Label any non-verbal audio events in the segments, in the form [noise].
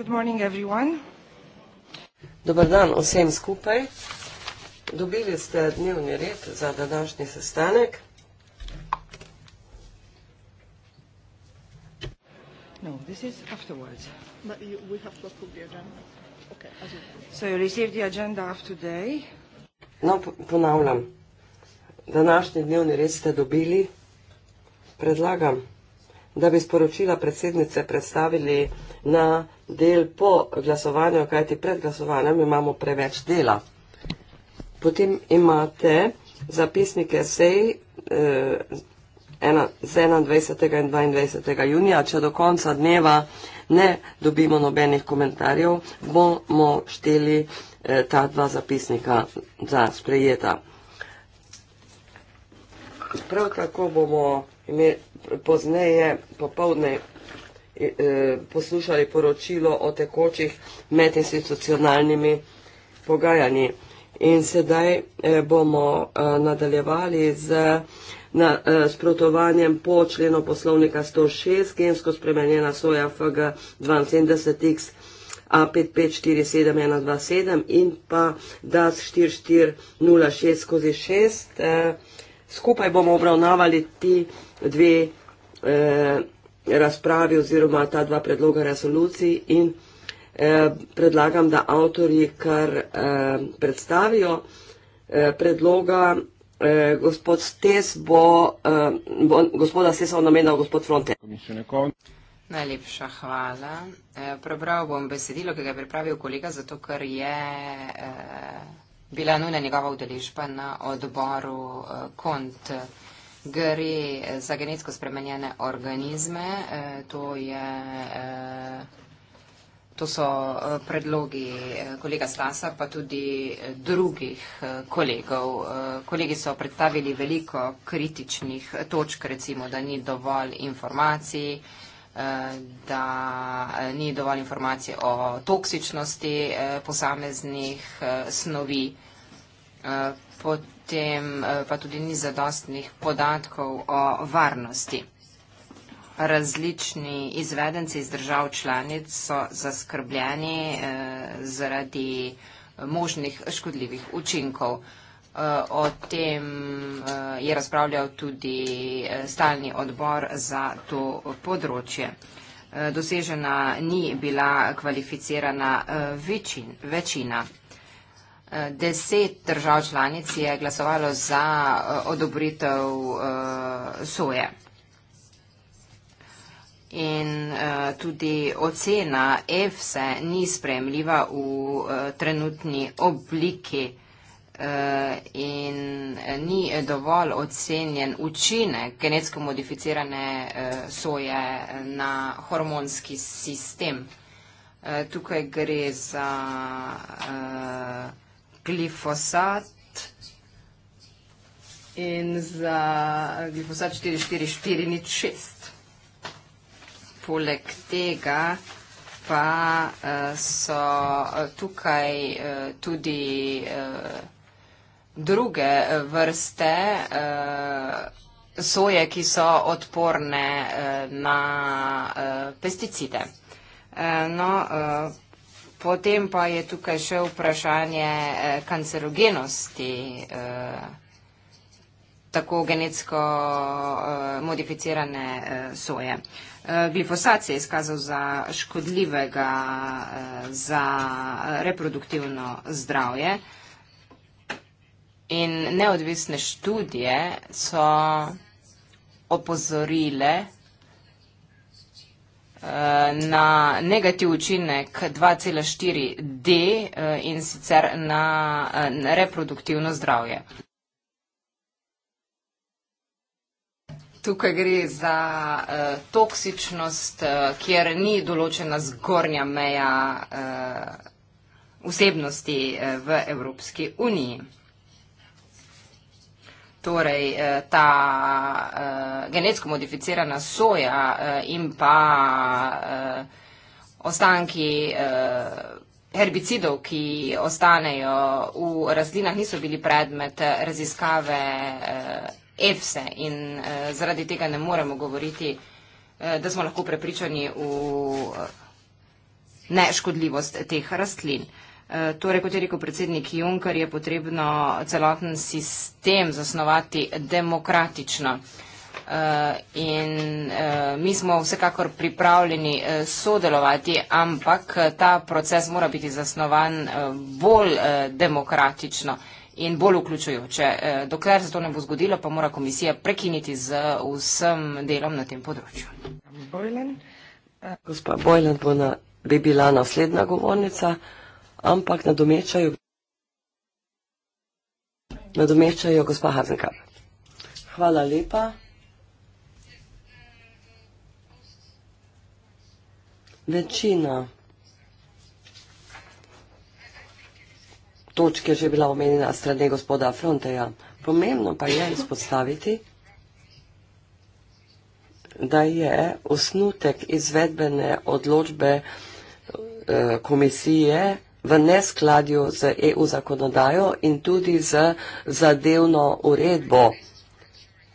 Good morning, everyone. Dobar dan vsem skupaj. Dobili ste dnevni red za današnji sestanek. No, this is afterwards. But you, we have to approve the agenda. Okay, as you so you received the agenda of today. No, ponavljam. Današnji dnevni red ste dobili. Predlagam da bi sporočila predsednice predstavili na del po glasovanju, kajti pred glasovanjem imamo preveč dela. Potem imate zapisnike sej eh, ena, z 21. in 22. junija. Če do konca dneva ne dobimo nobenih komentarjev, bomo šteli eh, ta dva zapisnika za sprejeta. Prav tako bomo imeli pozneje popovdne eh, poslušali poročilo o tekočih medinstitucionalnimi pogajanji. In sedaj eh, bomo eh, nadaljevali z na, sprotovanjem po členu poslovnika 106, gensko spremenjena soja FG 72X A5547127 in pa DAS 4406 skozi 6 skupaj bomo obravnavali ti dve eh, razpravi oziroma ta dva predloga resolucij in eh, predlagam, da avtori kar eh, predstavijo eh, predloga. Eh, gospod Stes bo, eh, bo gospoda Stesa omenil gospod Fronte. Najlepša hvala. Eh, prebral bom besedilo, ki ga je pripravil kolega, zato ker je. Eh, bila nujna njegova udeležba na odboru eh, KONT. Gre za genetsko spremenjene organizme. Eh, to, je, eh, to so predlogi kolega Slasa, pa tudi drugih kolegov. Kolegi so predstavili veliko kritičnih točk, recimo, da ni dovolj informacij, da ni dovolj informacij o toksičnosti posameznih snovi. Eh, potem eh, pa tudi ni zadostnih podatkov o varnosti. Različni izvedenci iz držav članic so zaskrbljeni eh, zaradi možnih škodljivih učinkov. O tem je razpravljal tudi stalni odbor za to področje. Dosežena ni bila kvalificirana večina. Deset držav članic je glasovalo za eh, odobritev eh, soje. In eh, tudi ocena EFSE ni spremljiva v trenutni obliki in ni dovolj ocenjen učinek genetsko modificirane soje na hormonski sistem. Tukaj gre za vsega, glifosat in za glifosat 44406. Poleg tega pa eh, so eh, tukaj eh, tudi druge vrste soje, ki so odporne na pesticide. No, Potem pa je tukaj še vprašanje eh, kancerogenosti eh, tako genetsko eh, modificirane soje. Glifosat se je izkazal za škodljivega za reproduktivno zdravje in neodvisne študije so opozorile, Eh, na negativ učinek 2,4 D eh, in sicer na eh, reproduktivno zdravje. Tukaj gre za uh, toksičnost, uh, kjer ni določena zgornja meja uh, vsebnosti uh, v Evropski uniji torej eh, ta uh, genetsko modificirana soja uh, in pa uh, ostanki uh, herbicidov, ki ostanejo v rastlinah, niso bili predmet raziskave uh, EFSE in uh, zaradi tega ne moremo govoriti, uh, da smo lahko prepričani v neškodljivost teh rastlin. Uh, Eh, torej, kot je rekel predsednik Juncker, je potrebno celoten sistem zasnovati demokratično. Eh, in eh, mi smo vsekakor pripravljeni sodelovati, ampak ta proces mora biti zasnovan bolj demokratično in bolj vključujoče. Dokler se to ne bo zgodilo, pa mora komisija prekiniti z vsem delom na tem področju. Gospa Bojlen bo na, bi bila naslednja govornica ampak nadomečajo, nadomečajo gospa Hazenka. Hvala lepa. Večina točk je že bila omenjena strani gospoda Fronteja. Pomembno pa je izpostaviti, da je osnutek izvedbene odločbe eh, komisije v neskladju z EU zakonodajo in tudi z zadevno uredbo,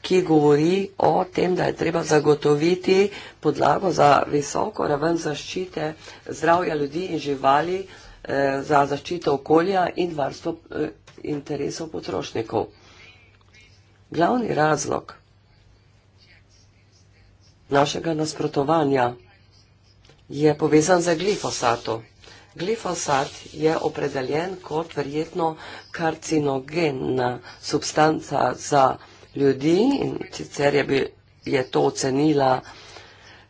ki govori o tem, da je treba zagotoviti podlago za visoko raven zaščite zdravja ljudi in živali eh, za zaščito okolja in varstvo eh, interesov potrošnikov. Glavni razlog našega nasprotovanja je povezan z glifosatom. Glifosat je opredeljen kot verjetno karcinogenna substanca za ljudi in sicer je, bi, je to ocenila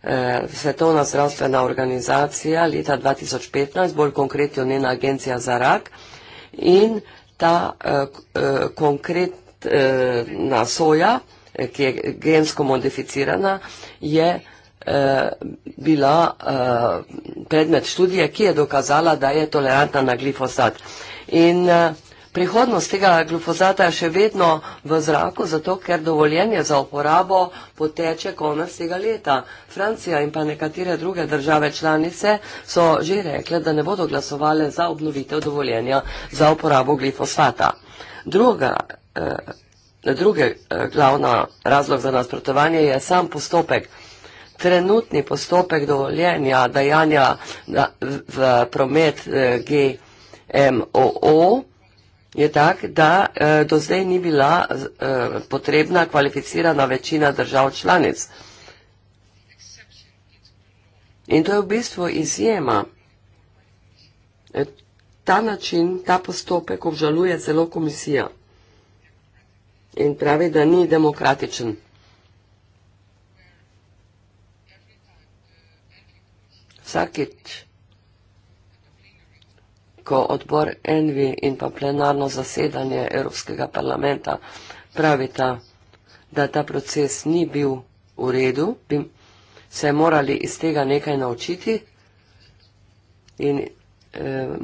eh, Svetovna zdravstvena organizacija leta 2015, bolj konkretno njena agencija za rak in ta eh, eh konkretna eh, soja, eh, ki je gensko modificirana, je. Eh, bila eh, predmet študije, ki je dokazala, da je tolerantna na glifosat. In eh, prihodnost tega glifosata je še vedno v zraku, zato ker dovoljenje za uporabo poteče konec tega leta. Francija in pa nekatere druge države članice so že rekle, da ne bodo glasovali za obnovitev dovoljenja za uporabo glifosata. Druga, druge glavna razlog za nasprotovanje je sam postopek trenutni postopek dovoljenja dajanja na, v, v promet eh, GMO je tak, da eh, do zdaj ni bila eh, potrebna kvalificirana večina držav članic. In to je v bistvu izjema. E, ta način, ta postopek obžaluje celo komisija in pravi, da ni demokratičen. vsakič, ko odbor Envi in pa plenarno zasedanje Evropskega parlamenta pravita, da ta proces ni bil v redu, bi se morali iz tega nekaj naučiti in e,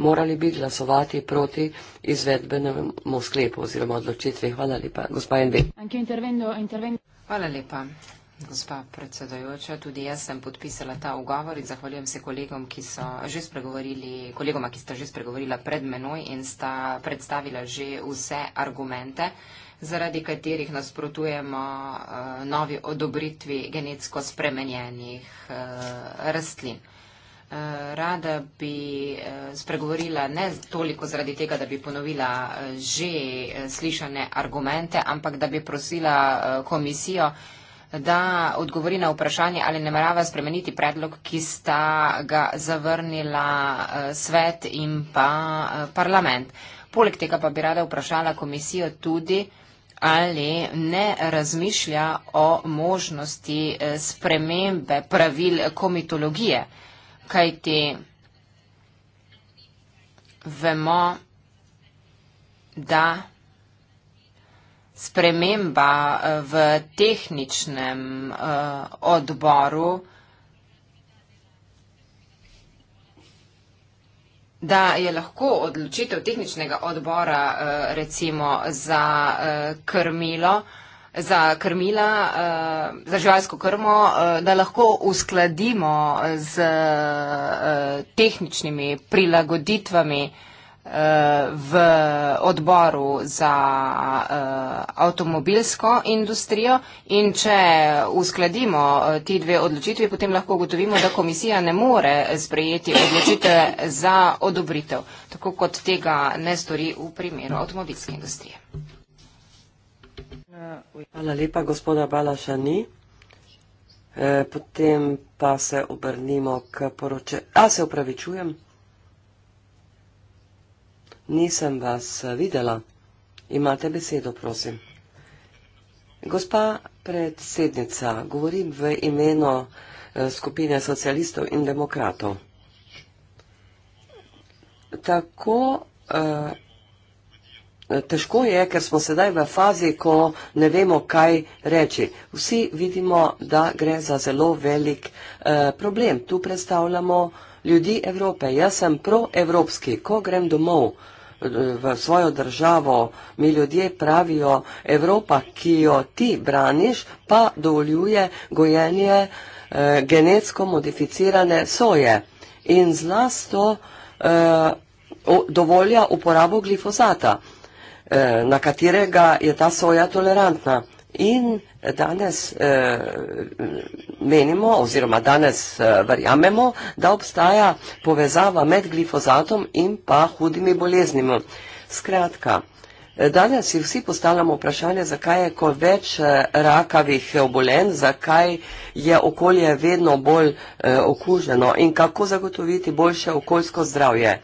morali bi glasovati proti izvedbenemu sklepu oziroma odločitvi. Hvala lepa, gospa Envi. Hvala lepa. Gospa predsedajoča, tudi jaz sem podpisala ta ugovor in zahvaljujem se kolegom, ki so že spregovorili, kolegoma, ki sta že spregovorila pred menoj in sta predstavila že vse argumente, zaradi katerih nasprotujemo eh, novi odobritvi genetsko spremenjenih eh, rastlin. Eh, rada bi spregovorila ne toliko zaradi tega, da bi ponovila že slišane argumente, ampak da bi prosila komisijo, da odgovori na vprašanje, ali ne marava spremeniti predlog, ki sta ga zavrnila eh, svet in pa eh, parlament. Poleg tega pa bi rada vprašala komisijo tudi, ali ne razmišlja o možnosti eh, spremembe pravil komitologije, kajti vemo, da sprememba eh, v tehničnem eh, odboru, da je lahko odločitev tehničnega odbora eh, recimo za krmilo, za krmila, za živalsko krmo, da lahko uskladimo z tehničnimi prilagoditvami, Eh, v odboru za eh, avtomobilsko industrijo in če uskladimo eh, ti dve odločitvi, potem lahko ugotovimo, da komisija ne more sprejeti odločitve za odobritev, tako kot tega ne stori v primeru avtomobilske industrije. Hvala lepa, gospoda Balaša ni. Potem pa se obrnimo k poroče. A se upravičujem? Nisem vas eh, videla. Imate besedo, prosim. Gospa predsednica, govorim v imenu eh, skupine socialistov in demokratov. Tako eh, težko je, ker smo sedaj v fazi, ko ne vemo, kaj reči. Vsi vidimo, da gre za zelo velik problem. Tu predstavljamo ljudi Evrope. Jaz sem proevropski. Ko grem domov, v svojo državo. Mi ljudje pravijo, Evropa, ki jo ti braniš, pa dovoljuje gojenje eh, genetsko modificirane soje in zlasto eh, dovolja uporabo glifosata, eh, na katerega je ta soja tolerantna. In danes eh, menimo, oziroma danes eh, verjamemo, da obstaja povezava med glifozatom in pa hudimi boleznimi. Skratka, eh, danes si vsi postavljamo vprašanje, zakaj je ko več eh, rakavih obolen, zakaj je okolje vedno bolj eh, okuženo in kako zagotoviti boljše okoljsko zdravje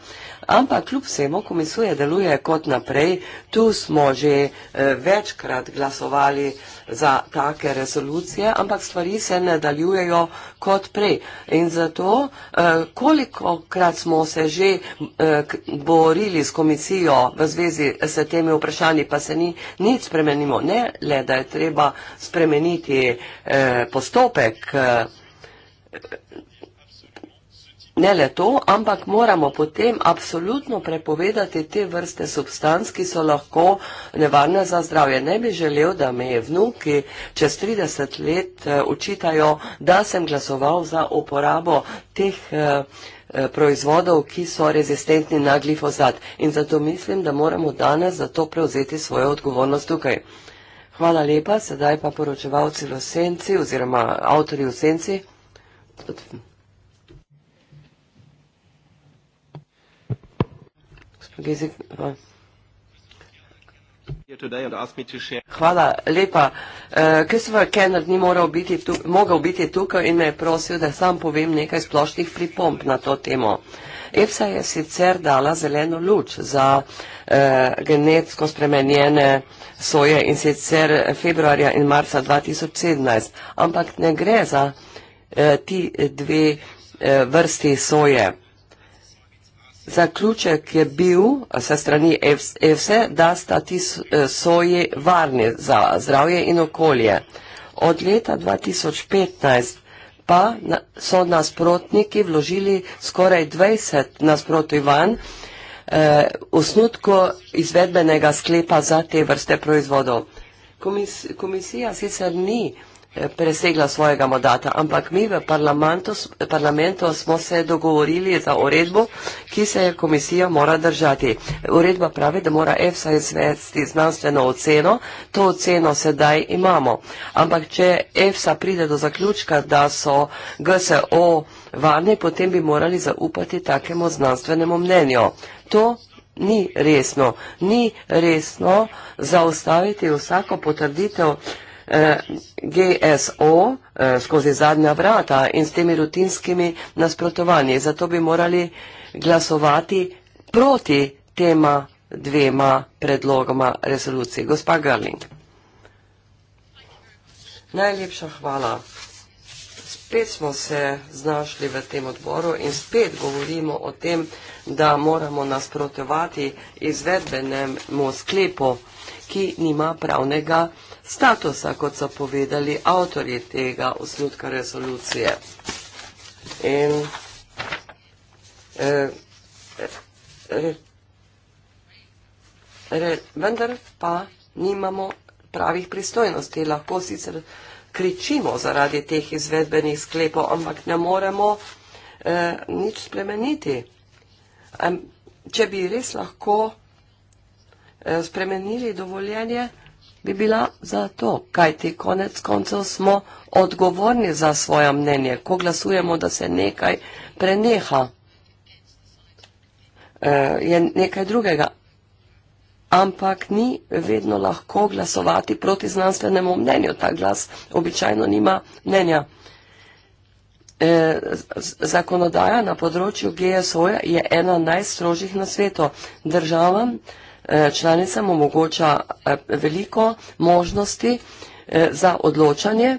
ampak kljub vsemu komisija deluje kot naprej. Tu smo že eh, večkrat glasovali za take resolucije, ampak stvari se nadaljujejo kot prej. In zato, eh, koliko krat smo se že eh, borili s komisijo v zvezi s temi vprašanji, pa se ni nič spremenimo. Ne le, da je treba spremeniti postopek Ne le to, ampak moramo potem absolutno prepovedati te vrste substanc, ki so lahko nevarne za zdravje. Ne bi želel, da me je vnuki čez 30 let učitajo, eh, da sem glasoval za uporabo teh eh, eh, proizvodov, ki so rezistentni na glifozat. In zato mislim, da moramo danes za to prevzeti svojo odgovornost tukaj. Hvala lepa, sedaj pa poročevalci v senci oziroma avtori v senci. Odvim. Hvala lepa. Christopher e, Kenner ni biti tuk, mogel biti tukaj in me je prosil, da sam povem nekaj splošnih pripomp na to temo. EFSA je sicer dala zeleno luč za eh, genetsko spremenjene soje in sicer februarja in marca 2017, ampak ne gre za eh, ti dve eh, vrsti soje zaključek je bil eh, sa strani EFSE da sta ti eh, soji varni za zdravje in okolje. Od leta 2015 pa so nasprotniki vložili skoraj 20 nasproti van eh, osnutko izvedbenega sklepa za te vrste proizvodov. Komisija sicer ni vložila presegla svojega mandata, ampak mi v parlamentu, parlamentu smo se dogovorili za uredbo, ki se je komisija mora držati. Uredba pravi, da mora EFSA izvesti znanstveno oceno, to oceno sedaj imamo. Ampak če EFSA pride do zaključka, da so GSO varni, potem bi morali zaupati takemu znanstvenemu mnenju. To ni resno. Ni resno zaustaviti vsako potrditev GSO eh, skozi zadnja vrata in s temi rutinskimi nasprotovanji. Zato bi morali glasovati proti tema dvema predlogoma resolucij. Gospa Garling. Najlepša hvala. Spet smo se znašli v tem odboru in spet govorimo o tem, da moramo nasprotovati izvedbenemu sklepu, ki nima pravnega statusa, kot so povedali avtori tega osnutka resolucije. In, eh, eh, vendar pa nimamo pravih pristojnosti, lahko sicer kričimo zaradi teh izvedbenih sklepov, ampak ne moremo eh, nič spremeniti. Eh, če bi res lahko eh, spremenili dovoljenje, bi bila za to, kaj ti konec koncev smo odgovorni za svoja mnenje, ko glasujemo, da se nekaj preneha, e, je nekaj drugega. Ampak ni vedno lahko glasovati proti znanstvenemu mnenju. Ta glas običajno nima mnenja. E, zakonodaja na področju GSO-ja je ena najstrožjih na svetu. Državam Eh, članicam omogoča eh, veliko možnosti eh, za odločanje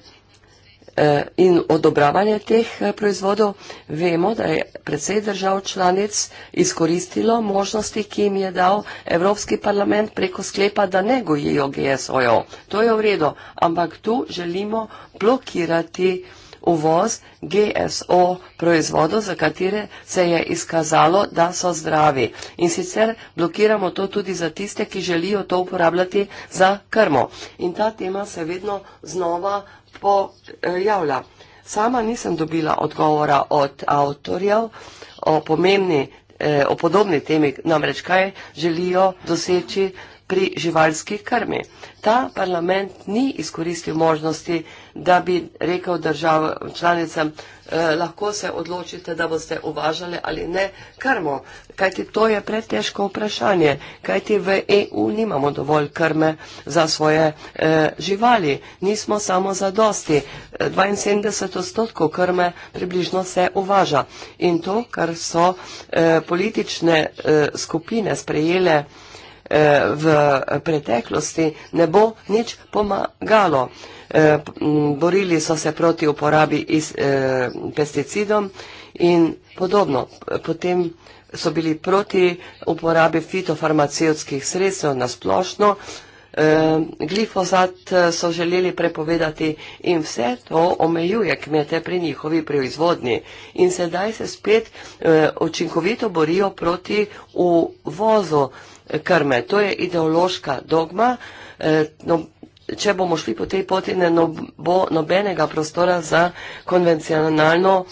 in odobravanje teh proizvodov. Vemo, da je predsej držav članic izkoristilo možnosti, ki jim je dal Evropski parlament preko sklepa, da ne gojijo GSO-jo. To je v redu, ampak tu želimo blokirati proizvodov uvoz GSO proizvodov, za katere se je izkazalo, da so zdravi. In sicer blokiramo to tudi za tiste, ki želijo to uporabljati za krmo. In ta tema se vedno znova pojavlja. Sama nisem dobila odgovora od avtorjev o pomembni, eh, o podobni temi, namreč kaj želijo doseči pri živalski krmi. Ta parlament ni izkoristil možnosti da bi rekel državam članicam, eh, lahko se odločite, da boste uvažali ali ne krmo. Kajti to je pretežko vprašanje. Kajti v EU nimamo dovolj krme za svoje eh, živali. Nismo samo za dosti. 72 odstotkov krme približno se uvaža. In to, kar so eh, politične eh, skupine sprejele eh, v preteklosti, ne bo nič pomagalo. E, borili so se proti uporabi iz, eh, pesticidom in podobno. Potem so bili proti uporabi fitofarmacijskih sredstev na splošno, eh, glifosat e, so želeli prepovedati in vse to omejuje kmete pri njihovi proizvodnji. In sedaj se spet eh, očinkovito borijo proti uvozu krme. To je ideološka dogma. Eh, no, če bomo šli po tej poti, ne no, bo nobenega prostora za konvencionalno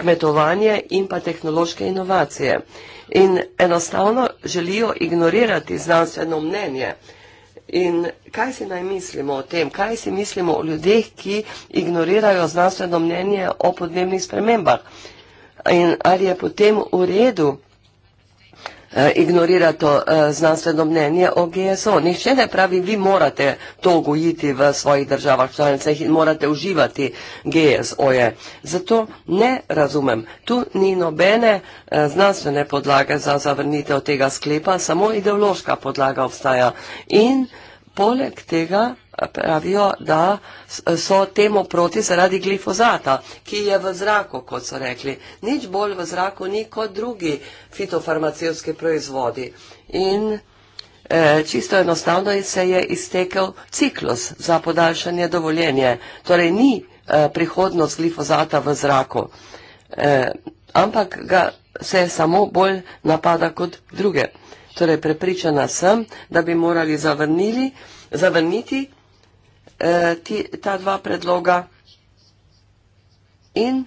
kmetovanje in pa tehnološke inovacije. In enostavno želijo ignorirati znanstveno mnenje. In kaj si naj mislimo o tem? Kaj si mislimo o ljudeh, ki ignorirajo znanstveno mnenje o podnebnih spremembah? In ali je potem v redu? Eh, ignorira to eh, znanstveno mnenje o GSO. Nihče ne pravi, vi morate to gojiti v svojih državah članicah in morate uživati GSO-je. Zato ne razumem. Tu ni nobene eh, znanstvene podlage za zavrnitev tega sklepa, samo ideološka podlaga obstaja. In Poleg tega pravijo, da so temu proti zaradi glifozata, ki je v zraku, kot so rekli. Nič bolj v zraku ni kot drugi fitofarmacijski proizvodi. In eh, Čisto enostavno se je iztekel ciklus za podaljšanje dovoljenja. Torej ni eh, prihodnost glifozata v zraku, eh, ampak ga se samo bolj napada kot druge torej prepričana sem, da bi morali zavrnili, zavrniti eh, ti, ta dva predloga in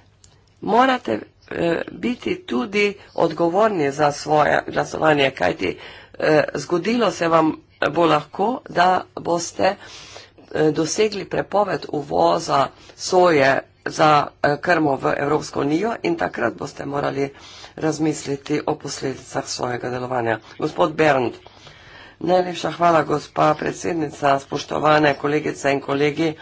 morate eh, biti tudi odgovorni za svoje glasovanje, kajti eh, zgodilo se vam bo lahko, da boste eh, dosegli prepoved uvoza soje za eh, krmo v Evropsko unijo in takrat boste morali eh, razmisliti o posledicah svojega delovanja. Gospod Bernd, najlepša hvala, gospa predsednica, spoštovane kolegice in kolegi,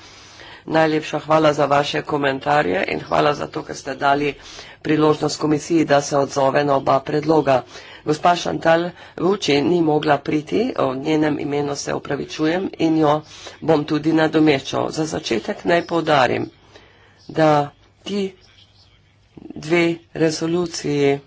najlepša hvala za vaše komentarje in hvala za to, ker ste dali priložnost komisiji, da se odzove na oba predloga. Gospa Šantal Vuči ni mogla priti, o njenem imenu se upravičujem in jo bom tudi nadomečal. Za začetek naj povdarim, da ti dve resoluciji.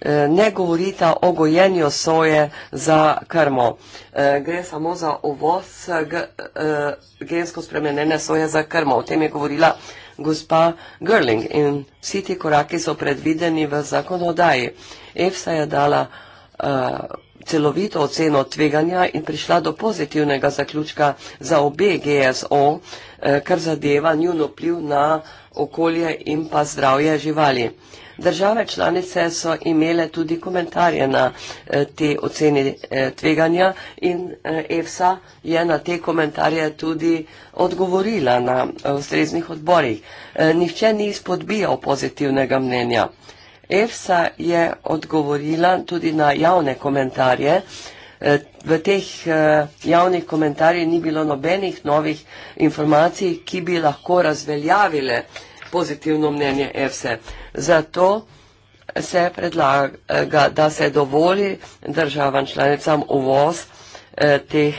E, ne govorita o gojenju soje za krmo. E, gre samo za uvoz e, gensko spremenjene soje za krmo. O tem je govorila gospa Gerling in vsi ti koraki so predvideni v zakonodaji. EFSA je dala celovito oceno tveganja in prišla do pozitivnega zaključka za obe GSO, kar zadeva njun vpliv na gospodinu okolje in pa zdravje živali. Države članice so imele tudi komentarje na eh, te oceni eh, tveganja in EFSA eh, je na te komentarje tudi odgovorila na ustreznih odborih. Nihče ni izpodbijal pozitivnega mnenja. EFSA je odgovorila tudi na javne komentarje, Eh, v teh eh, javnih komentarjih ni bilo nobenih novih informacij, ki bi lahko razveljavile pozitivno mnenje EFSE. Zato se predlaga, da se dovoli državam članicam uvoz eh, teh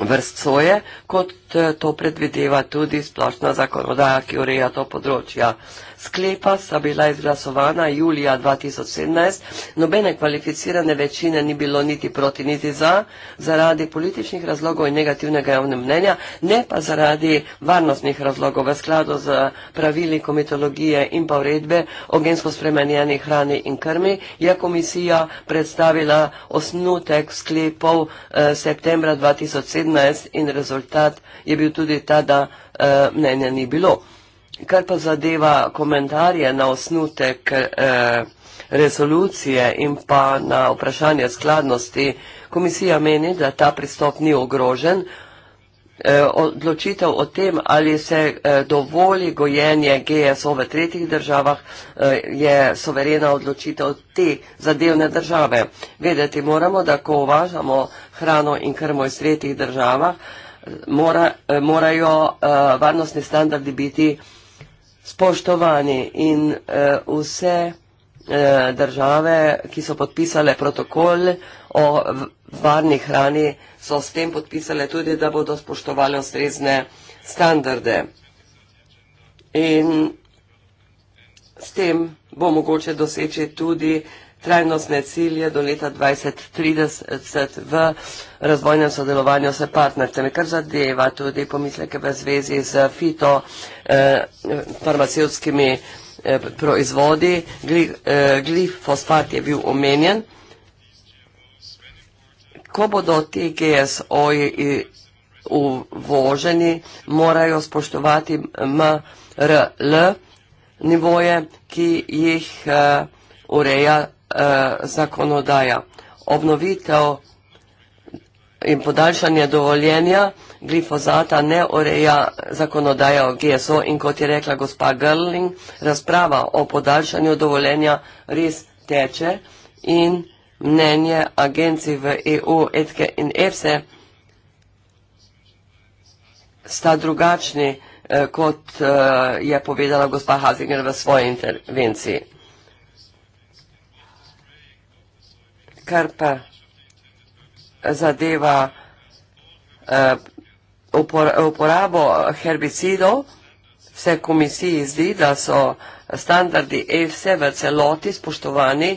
vrst soje, kot to predvideva tudi splošna zakonodaja, ki ureja to področje. Sklepa sta bila izglasovana julija 2017, nobene kvalificirane večine ni bilo niti proti niti za, zaradi političnih razlogov in negativnega javnega mnenja, ne pa zaradi varnostnih razlogov v skladu z pravili komitologije in pa uredbe o gensko spremenjeni hrani in krmi, je komisija predstavila osnutek sklepov eh, septembra 2017 in rezultat je bil tudi ta, da eh, mnenja ni bilo. Kar pa zadeva komentarje na osnutek eh, rezolucije in pa na vprašanje skladnosti, komisija meni, da ta pristop ni ogrožen. Eh, odločitev o tem, ali se eh, dovoli gojenje GSO v tretjih državah, eh, je soverena odločitev te zadevne države. Vedeti moramo, da ko uvažamo hrano in krmo iz tretjih državah, eh, mora, eh, morajo eh, varnostni standardi biti spoštovani in uh, vse uh, države, ki so podpisale protokol o varni hrani, so s tem podpisale tudi, da bodo spoštovali ustrezne standarde. In s tem bo mogoče doseči tudi trajnostne cilje do leta 2030 v razvojnem sodelovanju s partnercemi, kar zadeva tudi pomisleke v zvezi z fitofarmacijskimi eh, eh, proizvodi. Eh, Glifosfat je bil omenjen. Ko bodo ti GSO-ji uvoženi, morajo spoštovati MRL nivoje, ki jih ureja Eh, zakonodaja. Obnovitev in podaljšanje dovoljenja glifozata ne ureja zakonodaja o GSO in kot je rekla gospa Grling, razprava o podaljšanju dovoljenja res teče in mnenje agencij v EU, ETKE in EFSE sta drugačni, eh, kot eh, je povedala gospa Hazinger v svoji intervenciji. kar pa zadeva eh, uporabo herbicidov, vse komisiji zdi, da so standardi EFSE v celoti spoštovani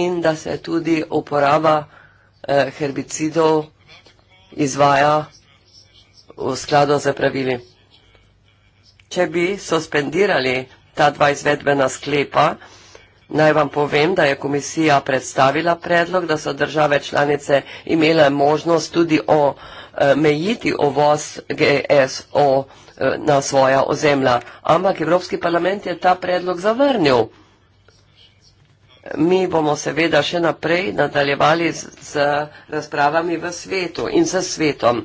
in da se tudi uporaba eh, herbicidov izvaja v skladu za pravili. Če bi suspendirali ta dva izvedbena sklepa, Naj vam povem, da je komisija predstavila predlog, da so države članice imele možnost tudi omejiti e, ovoz GSO e, na svoja ozemlja, ampak Evropski parlament je ta predlog zavrnil. Mi bomo seveda še naprej nadaljevali z razpravami v svetu in z svetom.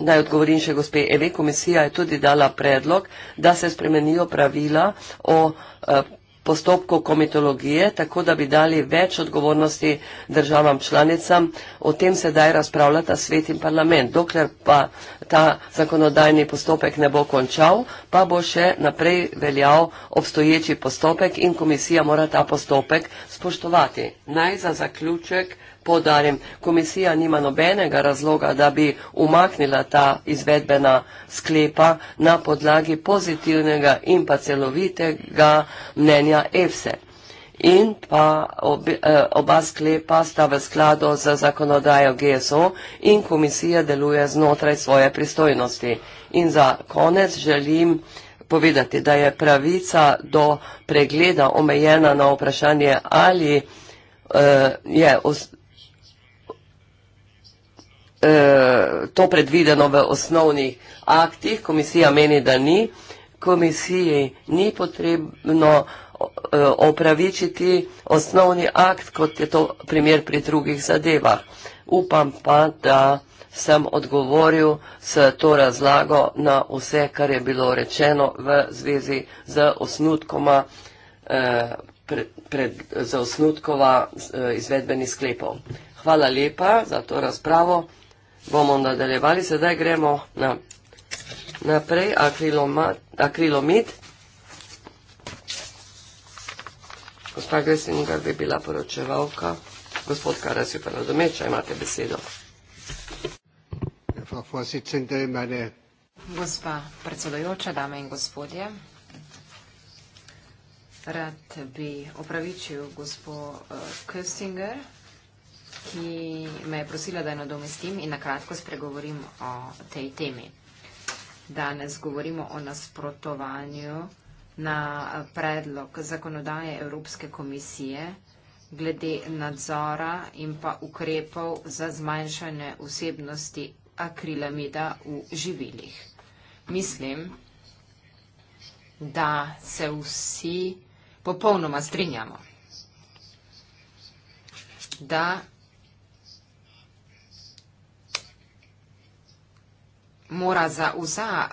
Naj odgovorim še gospe Eve, komisija je tudi dala predlog, da se spremenijo pravila o predlogu postopku komitologije, tako da bi dali več odgovornosti državam članicam. O tem sedaj razpravljata svet in parlament. Dokler pa ta zakonodajni postopek ne bo končal, pa bo še naprej veljal obstoječi postopek in komisija mora ta postopek spoštovati. Naj za zaključek podarim, komisija nima nobenega razloga, da bi umaknila ta izvedbena sklepa na podlagi pozitivnega in pa celovitega mnenja EFSE. In pa ob, eh, oba sklepa sta v skladu z zakonodajo GSO in komisija deluje znotraj svoje pristojnosti. In za konec želim povedati, da je pravica do pregleda omejena na vprašanje, ali uh, je. Os, Eh, to predvideno v osnovnih aktih, komisija meni, da ni. Komisiji ni potrebno eh, opravičiti osnovni akt, kot je to primer pri drugih zadevah. Upam pa, da sem odgovoril s to razlago na vse, kar je bilo rečeno v zvezi z osnutkoma eh, pred, pred, izvedbenih sklepov. Hvala lepa za to razpravo bomo nadaljevali. Sedaj gremo na, naprej akriloma, akrilomid. Gospa Gresinga bi bila poročevalka. Gospod Karas je pa na domeča, imate besedo. Ja, Gospa predsedojoča, dame in gospodje, rad bi opravičil gospo eh, Kristinger, ki me je prosila, da jo nadomestim in na kratko spregovorim o tej temi. Danes govorimo o nasprotovanju na predlog zakonodaje Evropske komisije glede nadzora in pa ukrepov za zmanjšanje vsebnosti akrilamida v živilih. Mislim, da se vsi popolnoma strinjamo, da mora za, vsa,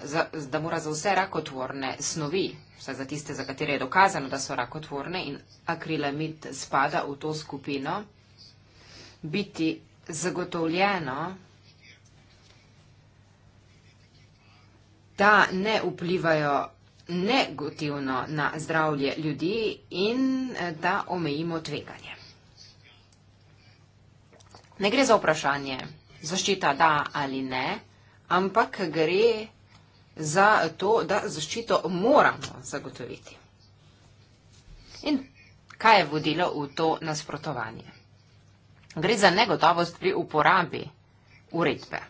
eh, za, da mora za vse rakotvorne snovi, vsaj za tiste, za katere je dokazano, da so rakotvorne in akrilamid spada v to skupino, biti zagotovljeno, da ne vplivajo negativno na zdravje ljudi in eh, da omejimo tveganje. Ne gre za vprašanje zaščita da ali ne ampak gre za to, da zaščito moramo zagotoviti. In kaj je vodilo v to nasprotovanje? Gre za negotovost pri uporabi uredbe.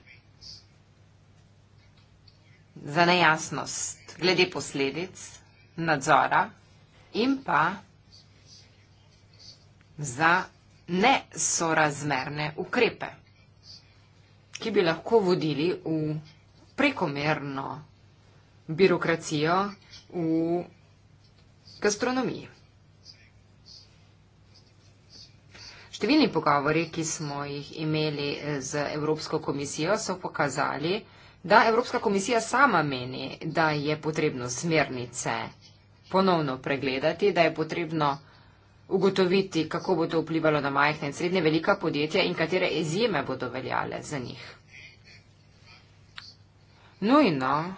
Za nejasnost glede posledic nadzora in pa za nesorazmerne ukrepe ki bi lahko vodili v prekomerno birokracijo v gastronomiji. Številni pogovori, ki smo jih imeli z Evropsko komisijo, so pokazali, da Evropska komisija sama meni, da je potrebno smernice ponovno pregledati, da je potrebno ugotoviti, kako bo to vplivalo na majhne in srednje velika podjetja in katere izjeme bodo veljale za njih. Nujno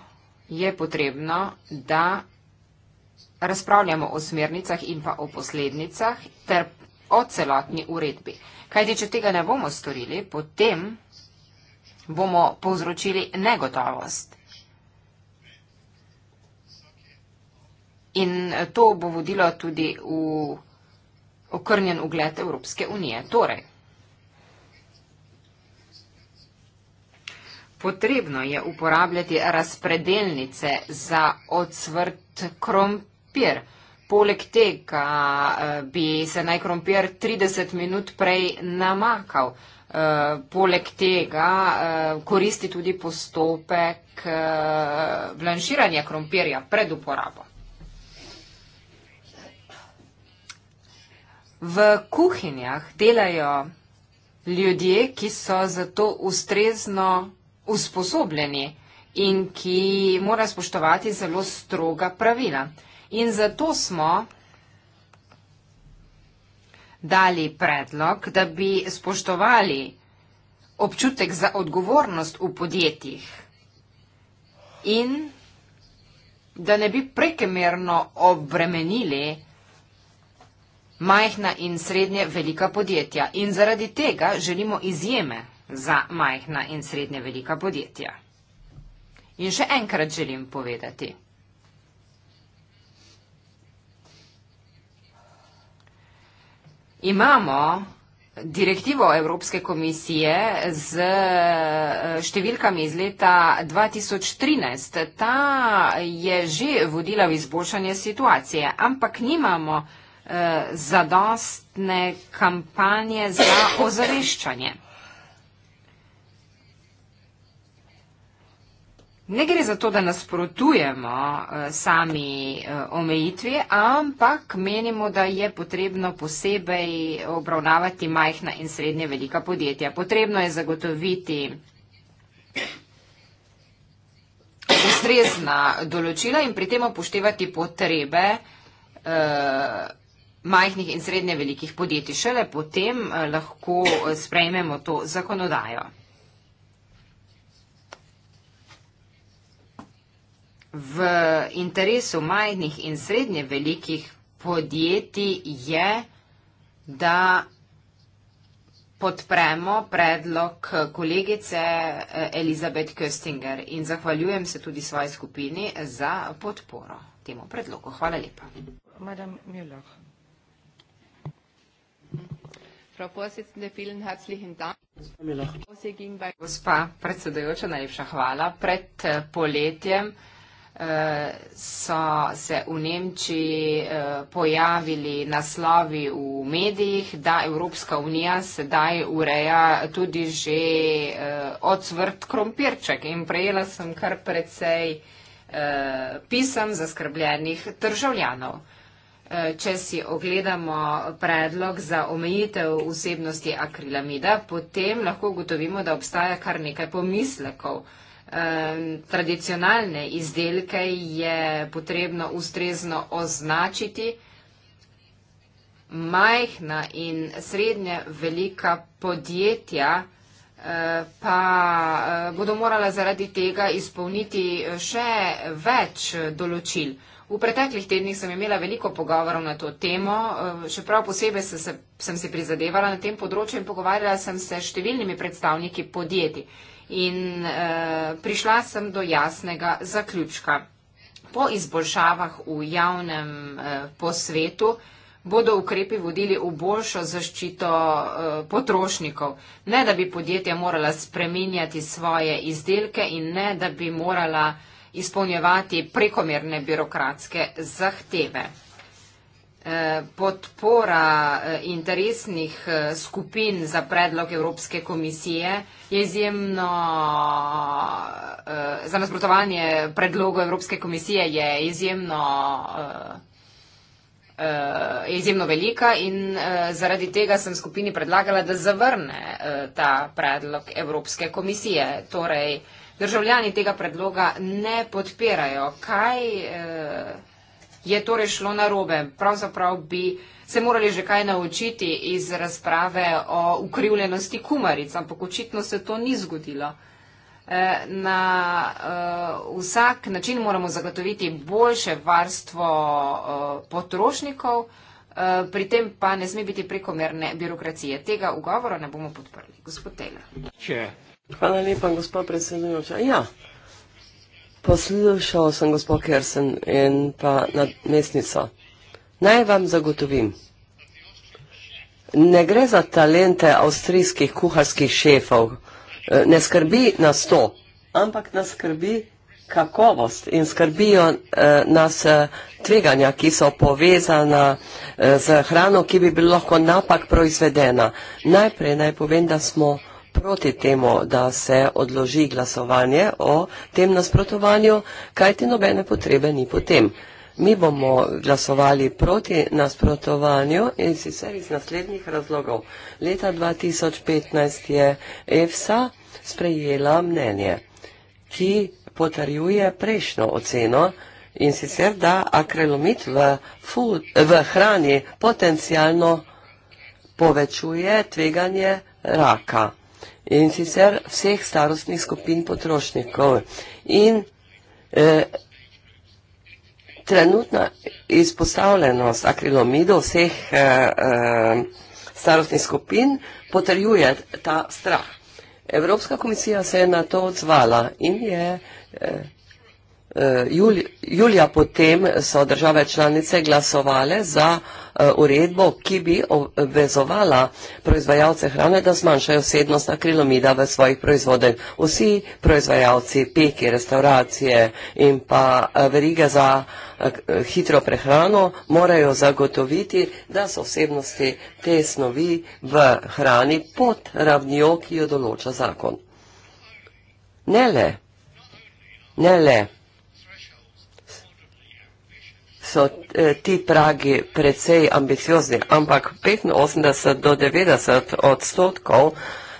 je potrebno, da razpravljamo o smernicah in pa o poslednicah ter o celotni uredbi. Kajti, če tega ne bomo storili, potem bomo povzročili negotovost. In to bo vodilo tudi v okrnjen ugled Evropske unije. Torej, potrebno je uporabljati razpredelnice za odsvrt krompir. Poleg tega eh, bi se naj krompir 30 minut prej namakal. Eh, poleg tega eh, koristi tudi postopek blanširanja krompirja pred uporabo. V kuhinjah delajo ljudje, ki so za to ustrezno usposobljeni in ki mora spoštovati zelo stroga pravila. In zato smo dali predlog, da bi spoštovali občutek za odgovornost v podjetjih in da ne bi prekemerno obremenili majhna in srednje velika podjetja in zaradi tega želimo izjeme za majhna in srednje velika podjetja. In še enkrat želim povedati. Imamo direktivo Evropske komisije z eh, številkami iz leta 2013. Ta je že vodila v izboljšanje situacije, ampak nimamo uh, zadostne kampanje za ozaveščanje. Ne gre za to, da nasprotujemo eh, sami eh, omejitvi, ampak menimo, da je potrebno posebej obravnavati majhna in srednje velika podjetja. Potrebno je zagotoviti ustrezna določila in pri tem upoštevati potrebe. Eh, majhnih in srednje velikih podjetij. Šele potem eh, lahko eh, sprejmemo to zakonodajo. V interesu majhnih in srednje velikih podjetij je, da podpremo predlog eh, kolegice Elizabeth Köstinger in zahvaljujem se tudi svoji skupini za podporo temu predlogu. Hvala lepa. Madame Müller. Frau Vorsitzende, vielen herzlichen Dank. Gospa predsedujoča, najlepša hvala. Pred eh, poletjem eh, so se v Nemčiji eh, pojavili naslovi v medijih, da Evropska unija sedaj ureja tudi že od svrt krompirček in prejela sem kar precej pisem zaskrbljenih državljanov. Eh, če si ogledamo predlog za omejitev vsebnosti akrilamida, potem lahko ugotovimo, da obstaja kar nekaj pomislekov. Eh, tradicionalne izdelke je potrebno ustrezno označiti majhna in srednje velika podjetja, eh, pa bodo morala zaradi tega izpolniti še več določil. V preteklih tednih sem imela veliko pogovorov na to temo, eh, še prav posebej sem se, sem se prizadevala na tem področju in pogovarjala sem se s številnimi predstavniki podjetij. In eh, prišla sem do jasnega zaključka. Po izboljšavah v javnem eh, posvetu bodo ukrepi vodili v boljšo zaščito eh, potrošnikov. Ne, da bi podjetja morala spreminjati svoje izdelke in ne, da bi morala eh, izpolnjevati prekomerne birokratske zahteve. Eh, podpora eh, interesnih eh, skupin za predlog Evropske komisije je izjemno, za nasprotovanje predlogu Evropske komisije je izjemno, je izjemno velika in zaradi tega sem skupini predlagala, da zavrne ta predlog Evropske komisije. Torej, državljani tega predloga ne podpirajo. Kaj eh, je torej šlo narobe? Pravzaprav bi se morali že kaj naučiti iz razprave o ukrivljenosti kumaric, ampak očitno se to ni zgodilo. Eh, na eh, vsak način moramo zagotoviti boljše varstvo potrošnikov, pri tem pa ne sme biti prekomerne birokracije. Tega ugovora ne bomo podprli. Gospod Taylor. Če Hvala lepa, gospod predsedujoča. Ja, poslušal sem gospod Kersen in pa nadmestnico. Naj vam zagotovim, ne gre za talente avstrijskih kuharskih šefov, e, ne skrbi na sto, ampak nas skrbi kakovost in skrbijo e, nas e, tveganja, ki so povezana z hrano, ki bi bila lahko napak proizvedena. Najprej naj povem, da smo proti temu, da se odloži glasovanje o tem nasprotovanju, kajti nobene potrebe ni potem. Mi bomo glasovali proti nasprotovanju in sicer iz naslednjih razlogov. Leta 2015 je EFSA sprejela mnenje, ki potrjuje prejšnjo oceno in sicer, da akrelomit v, food, v hrani potencijalno povečuje tveganje raka in sicer vseh starostnih skupin potrošnikov. In eh, trenutna izpostavljenost akrilomidov vseh eh, eh, starostnih skupin potrjuje ta strah. Evropska komisija se je na to odzvala in je. Eh, Eh, jul, julija potem so države članice glasovale za eh, uredbo, ki bi obvezovala proizvajalce hrane, da zmanjšajo sednost akrilomida v svojih proizvodeh. Vsi proizvajalci, peki, restauracije in pa eh, verige za hitro prehrano morajo zagotoviti, da so vsebnosti te snovi v hrani pod ravnjo, ki jo določa zakon. Ne le, ne le so eh, ti pragi precej ambiciozni, ampak 85 do 90 odstotkov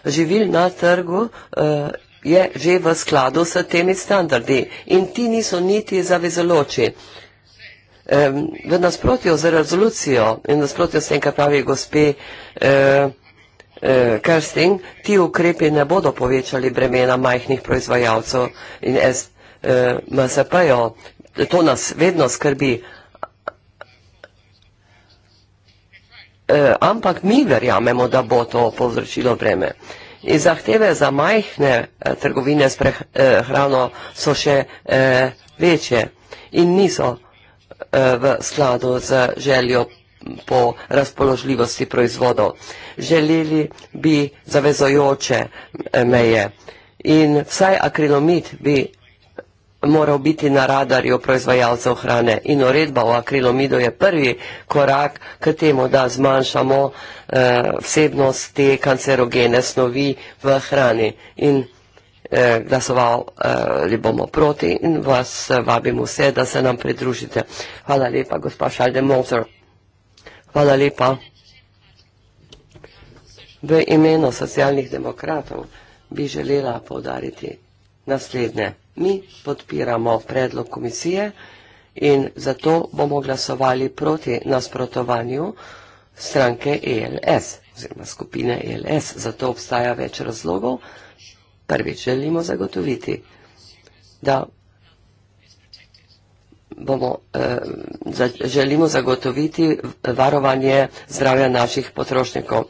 živil na trgu eh, je že v skladu s temi standardi in ti niso niti zavezoloči. V nasprotju z rezolucijo in v nasprotju s tem, kaj pravi gospe eh, Kersting, ti ukrepi ne bodo povečali bremena majhnih proizvajalcev in MSP-jo. To nas vedno skrbi, Eh, ampak mi verjamemo, da bo to povzročilo breme. In zahteve za majhne eh, trgovine s prehrano eh, so še večje in niso v skladu z željo po razpoložljivosti proizvodov. Želeli bi zavezojoče meje in vsaj akrilomit bi moral biti na radarju proizvajalcev hrane in uredba o akrilomidu je prvi korak k temu, da zmanjšamo eh, vsebnost te kancerogene snovi v hrani. In eh, glasovali eh, bomo proti in vas eh, vabim vse, da se nam pridružite. Hvala lepa, gospa Šaldemozer. Hvala lepa. V imenu socialnih demokratov bi želela povdariti naslednje. Mi podpiramo predlog komisije in zato bomo glasovali proti nasprotovanju stranke ELS oziroma skupine ELS. Zato obstaja več razlogov. Prvič želimo zagotoviti, da bomo, eh, za, želimo zagotoviti varovanje zdravja naših potrošnikov.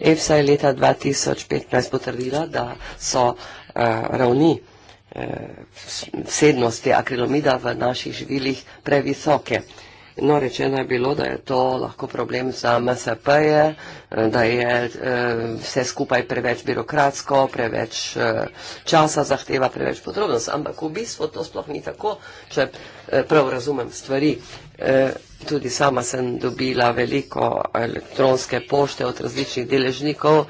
EFSA je leta 2015 potrdila, da so eh, ravni Eh, vsednosti akrilomida v naših živilih previsoke. No, rečeno je bilo, da je to lahko problem za MSP-je, eh, da je eh, vse skupaj preveč birokratsko, preveč časa zahteva, preveč podrobnost, ampak v bistvu to sploh ni tako, če prav razumem stvari. Tudi sama sem dobila veliko elektronske pošte od različnih deležnikov,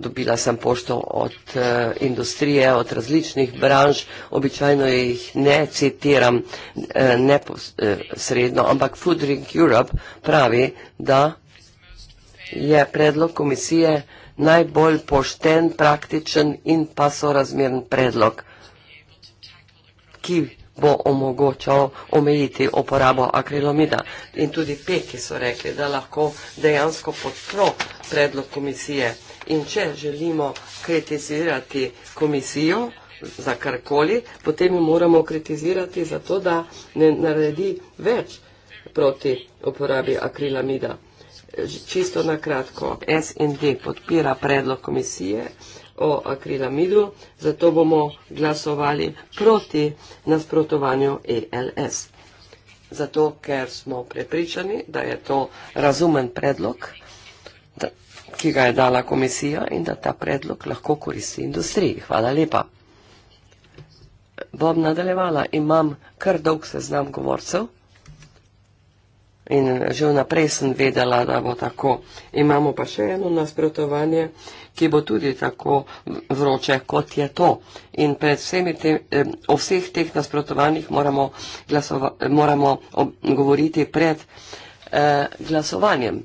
dobila sem pošto od eh, industrije, od različnih branž, običajno jih ne citiram eh, neposredno, eh, ampak Food Drink Europe pravi, da je predlog komisije najbolj pošten, praktičen in pa sorazmeren predlog, ki bo omogočal omejiti uporabo akrilomida. In tudi peki so rekli, da lahko dejansko podpro predlog komisije. In če želimo kritizirati komisijo za karkoli, potem jo moramo kritizirati za to, da ne naredi več proti uporabi akrilamida. Čisto na kratko, SND podpira predlog komisije, o akrilamidu, zato bomo glasovali proti nasprotovanju ELS. Zato, ker smo prepričani, da je to razumen predlog, da, ki ga je dala komisija in da ta predlog lahko koristi industriji. Hvala lepa. Bom nadaljevala. Imam kar dolg seznam govorcev. In že vnaprej sem vedela, da bo tako. Imamo pa še eno nasprotovanje, ki bo tudi tako vroče, kot je to. In pred vsemi te, eh, o vseh teh nasprotovanjih moramo, glasova, moramo govoriti pred eh, glasovanjem.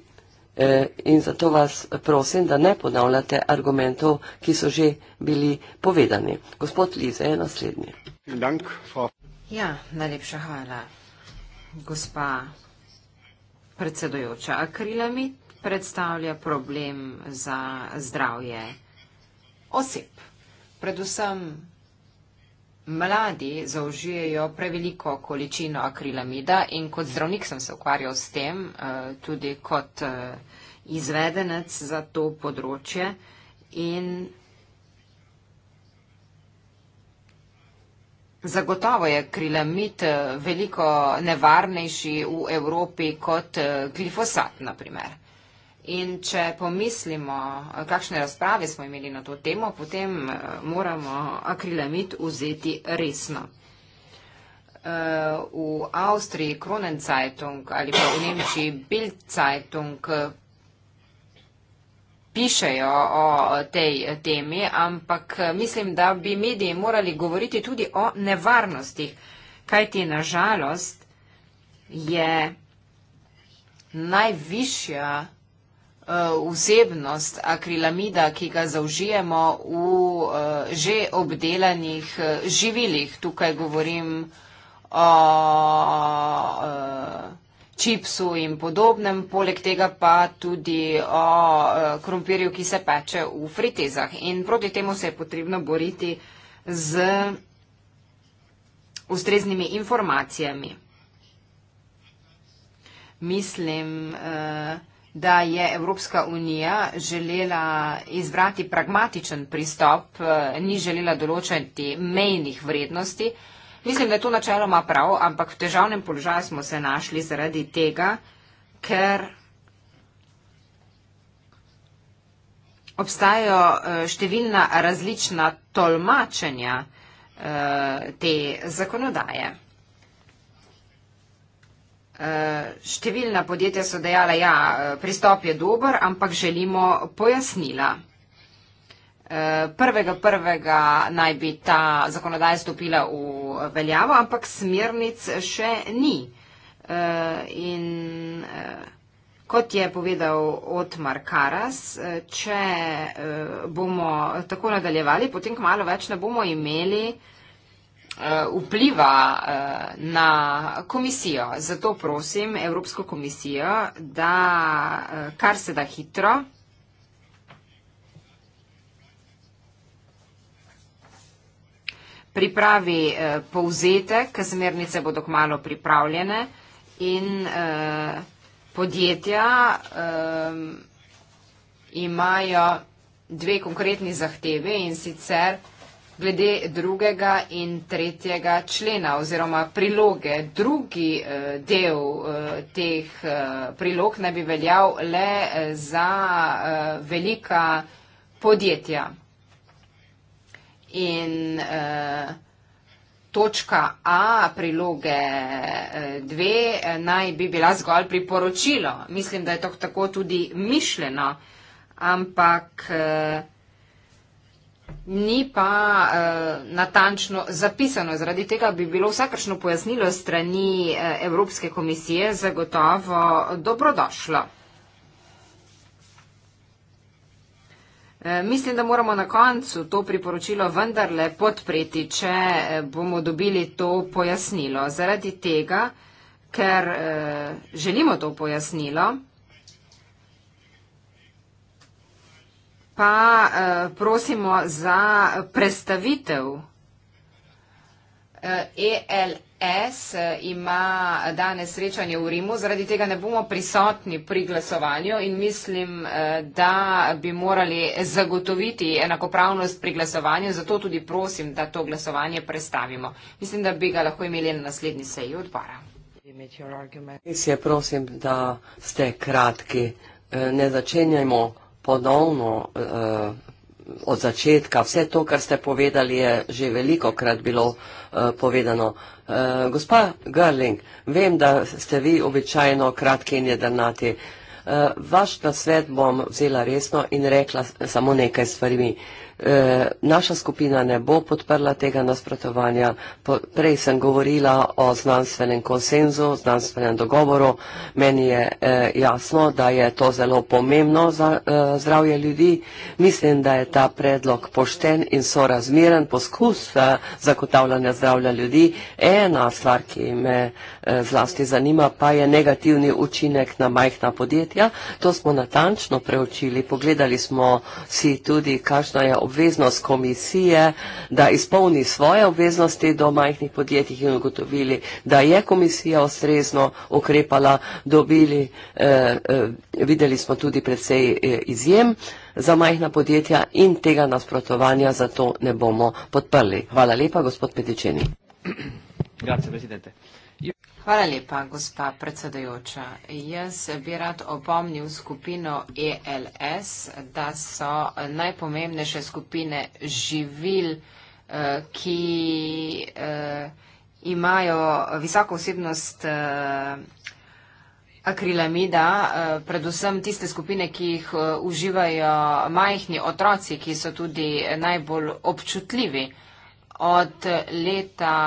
Eh, in zato vas prosim, da ne ponavljate argumentov, ki so že bili povedani. Gospod Lize, naslednji. Ja, najlepša hvala. Gospa predsedujoča. Akrilamid predstavlja problem za zdravje oseb. Predvsem mladi zaužijejo preveliko količino akrilamida in kot zdravnik sem se ukvarjal s tem, eh, tudi kot eh, izvedenec za to področje. In Zagotovo je krilamit eh, veliko nevarnejši v Evropi kot eh, glifosat, na primer. In če pomislimo, eh, kakšne razprave smo imeli na to temo, potem moramo akrilamit vzeti resno. V Avstriji Kronenzeitung ali pa v Nemčiji Bildzeitung pišejo o tej temi, ampak eh, mislim, da bi mediji morali govoriti tudi o nevarnostih, kajti nažalost je najvišja eh, vsebnost akrilamida, ki ga zaužijemo v eh, že obdelanih živilih. Tukaj govorim o čipsu in podobnem, poleg tega pa tudi o e, krompirju, ki se peče v fritezah. In proti temu se je potrebno boriti z ustreznimi informacijami. Mislim, e, da je Evropska unija želela izbrati pragmatičen pristop, e, ni želela določati mejnih vrednosti, Mislim, da je to načeloma prav, ampak v težavnem položaju smo se našli zaradi tega, ker obstajajo eh, številna različna tolmačenja eh, te zakonodaje. Eh, številna podjetja so dejala, ja, pristop je dober, ampak želimo pojasnila. Eh, prvega prvega naj bi ta zakonodaja stopila v veljavo, ampak smernic še ni. Eh, in eh, kot je povedal Otmar Karas, če bomo tako nadaljevali, potem malo več ne bomo imeli vpliva na komisijo. Zato prosim Evropsko komisijo, da kar se da hitro pripravi eh, povzetek, smernice bodo kmalo pripravljene in eh, podjetja eh, imajo dve konkretni zahteve in sicer glede drugega in tretjega člena oziroma priloge. Drugi eh, del eh, teh eh, prilog naj bi veljal le eh, za eh, velika podjetja in uh, točka A priloge 2 uh, eh, eh, naj bi bila zgolj priporočilo. Mislim, da je to tako tudi mišljeno, ampak uh, ni pa uh, natančno zapisano. Zaradi tega bi bilo vsakršno pojasnilo strani uh, Evropske komisije zagotovo dobrodošlo. Eh, mislim, da moramo na koncu to priporočilo vendarle podpreti, če eh, bomo dobili to pojasnilo. Zaradi tega, ker eh, želimo to pojasnilo, pa prosimo za predstavitev. ELF. E SDS ima danes srečanje v Rimu, zaradi tega ne bomo prisotni pri glasovanju in mislim, eh, da bi morali zagotoviti enakopravnost pri glasovanju, zato tudi prosim, da to glasovanje prestavimo. Mislim, da bi ga lahko imeli na naslednji seji odbora. Res je, prosim, da ste kratki. Eh, ne začenjajmo ponovno eh, od začetka, vse to, kar ste povedali, je že veliko krat bilo eh, povedano. Eh, gospa Garling, vem, da ste vi običajno kratki in jedrnati. Eh, vaš nasvet bom vzela resno in rekla samo nekaj stvarmi. Eh, naša skupina ne bo podprla tega nasprotovanja. Prej sem govorila o znanstvenem konsenzu, znanstvenem dogovoru. Meni je eh, jasno, da je to zelo pomembno za eh, zdravje ljudi. Mislim, da je ta predlog pošten in sorazmeren poskus zagotavljanja zdravja ljudi. Ena stvar, ki me Eh, zlasti zanima, pa je negativni učinek na majhna podjetja. To smo natančno preučili, pogledali smo si tudi, kakšna je obveznost komisije, da izpolni svoje obveznosti do majhnih podjetij in ugotovili, da je komisija ustrezno ukrepala, dobili, eh, eh, videli smo tudi predvsej izjem za majhna podjetja in tega nasprotovanja zato ne bomo podprli. Hvala lepa, gospod Petičeni. Grazie, Presidente. Hvala lepa, gospa predsedajoča. Jaz bi rad opomnil skupino ELS, da so najpomembnejše skupine živil, eh, ki eh, imajo visoko vsebnost eh, akrilamida, predvsem tiste skupine, ki jih uživajo majhni otroci, ki so tudi najbolj občutljivi od leta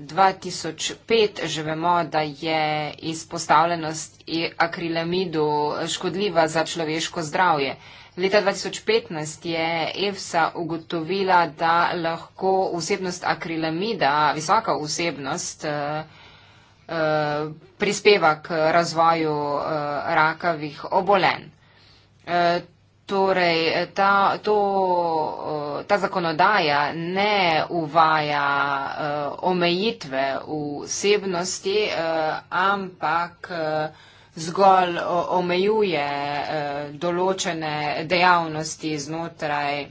2005 eh, že vemo, da je izpostavljenost akrilamidu škodljiva za človeško zdravje. Leta 2015 je EFSA ugotovila, da lahko vsebnost akrilamida, visoka vsebnost, eh, eh, prispeva k razvoju rakavih obolenj. Torej, ta, to, eh, ta zakonodaja ne uvaja uh, omejitve vsebnosti, uh, ampak uh, zgolj omejuje uh, določene dejavnosti znotraj uh,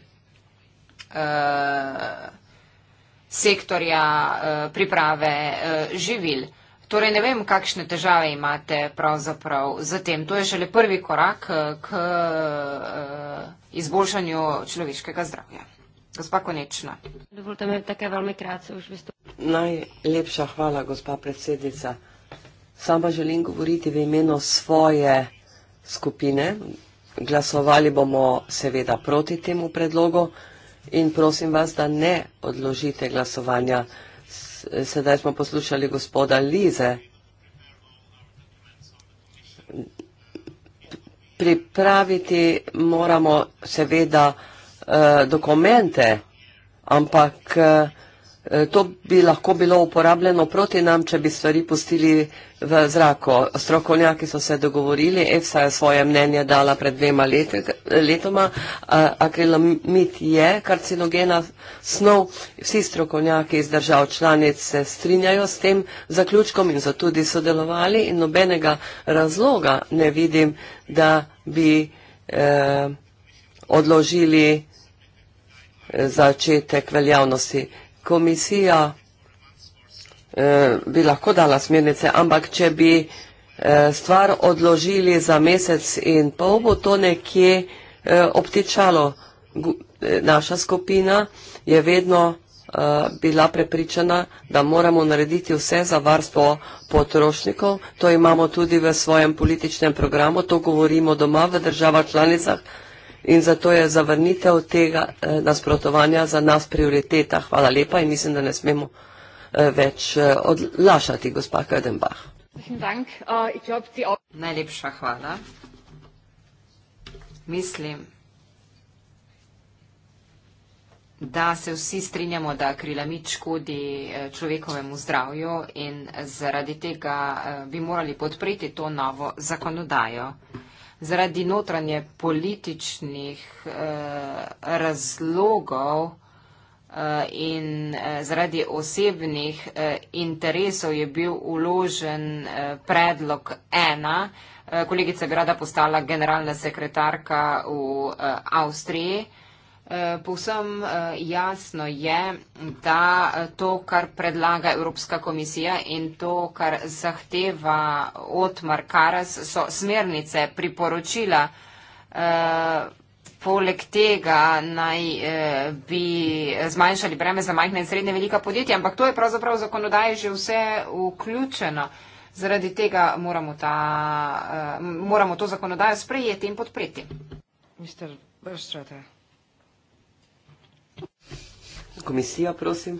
sektorja uh, priprave uh, živil. Uh, Torej, ne vem, kakšne težave imate pravzaprav z tem. To je šele prvi korak eh, k eh, izboljšanju človeškega zdravja. Gospa Konečna. Dovolite mi tako veoma kratko už vstopiti. Najlepša hvala, gospa predsednica. Sama želim govoriti v imenu svoje skupine. Glasovali bomo seveda proti temu predlogu in prosim vas, da ne odložite glasovanja sedaj smo poslušali gospoda Lize. Pripraviti moramo seveda eh, dokumente, ampak eh, Eh, to bi lahko bilo uporabljeno proti nam, če bi stvari pustili v zraku. Strokovnjaki so se dogovorili, EFSA je svoje mnenje dala pred dvema leti, letoma, akrilamid je karcinogena snov, vsi strokovnjaki iz držav članic se strinjajo s tem zaključkom in so tudi sodelovali in nobenega razloga ne vidim, da bi eh, odložili eh, začetek veljavnosti komisija eh, bi lahko dala smernice, ampak če bi eh, stvar odložili za mesec in pol, bo to nekje eh, obtičalo. Naša skupina je vedno bila prepričana, da moramo narediti vse za varstvo potrošnikov. To imamo tudi v svojem političnem programu, to govorimo doma v državah članicah in zato je zavrnitev tega eh, nasprotovanja za nas prioriteta. Hvala lepa in mislim, da ne smemo eh, več eh, odlašati, gospa Kredenbach. Äh, Najlepša hvala. Mislim, da se vsi strinjamo, da akrilamid škodi človekovemu zdravju in zaradi tega bi morali podpreti to novo zakonodajo zaradi notranje političnih eh, razlogov eh, in eh, zaradi osebnih interesov je bil uložen predlog ena. Kolegica bi rada postala generalna sekretarka v Avstriji. Eh, povsem eh, jasno je, da eh, to, kar predlaga Evropska komisija in to, kar zahteva od Markaras, so smernice, priporočila. Poleg tega naj bi zmanjšali breme za majhne in srednje velika podjetja, ampak to je pravzaprav v zakonodaji že vse vključeno. Zaradi tega moramo, ta, moramo to zakonodajo sprejeti in podpreti. Mr. Brstrata. Komisija, prosim.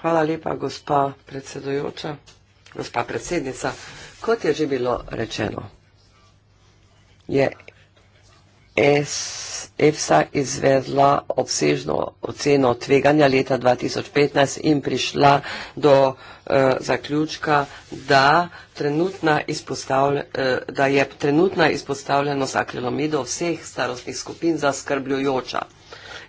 Hvala lepa, gospa predsedojoča, gospa predsednica. Kot je že bilo rečeno, je S... EFSA izvedla obsežno oceno tveganja leta 2015 in prišla do uh, zaključka, da, trenutna uh, da je trenutna izpostavljenost akrilomido vseh starostnih skupin zaskrbljujoča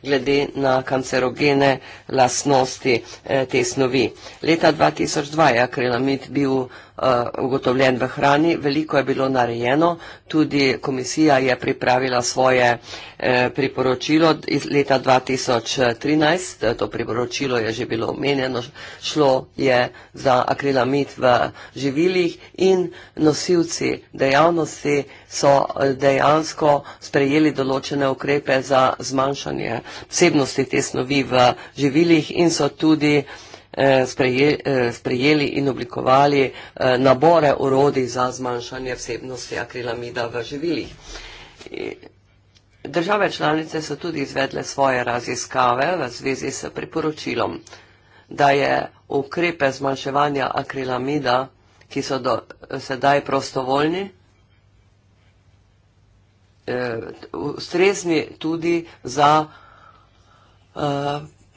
glede na kancerogene lasnosti eh, te snovi. Leta 2002 je akrilamid bil Eh, ugotovljen v hrani. Veliko je bilo narejeno, tudi komisija je pripravila svoje eh, priporočilo iz leta 2013. To priporočilo je že bilo omenjeno, šlo je za akrilamid v živilih in nosilci dejavnosti so eh, dejansko sprejeli določene ukrepe za zmanjšanje vsebnosti te snovi v živilih in so tudi Eh, eh, sprejeli in oblikovali eh, nabore urodi za zmanjšanje vsebnosti akrilamida v živilih. Države članice so tudi izvedle svoje raziskave v zvezi s priporočilom, da je ukrepe zmanjševanja akrilamida, ki so do sedaj prostovoljni, ustrezni tudi za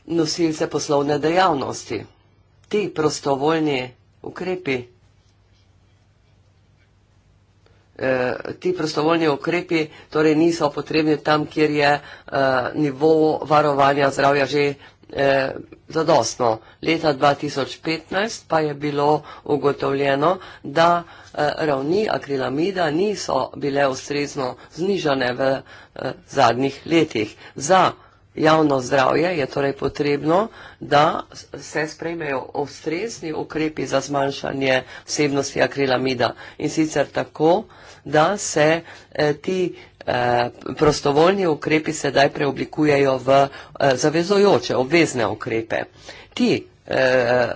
nosilce poslovne dejavnosti. Ti prostovoljni ukrepi, eh, ti prostovoljni ukrepi torej niso potrebni tam, kjer je eh, nivo varovanja zdravja že eh, zadostno. Leta 2015 pa je bilo ugotovljeno, da eh, ravni akrilamida niso bile ustrezno znižane v eh, zadnjih letih. Za javno zdravje, je torej potrebno, da se sprejmejo ostresni ukrepi za zmanjšanje vsebnosti akrilamida in sicer tako, da se eh, ti eh, prostovoljni ukrepi sedaj preoblikujejo v eh, zavezojoče, obvezne ukrepe. Ti, eh,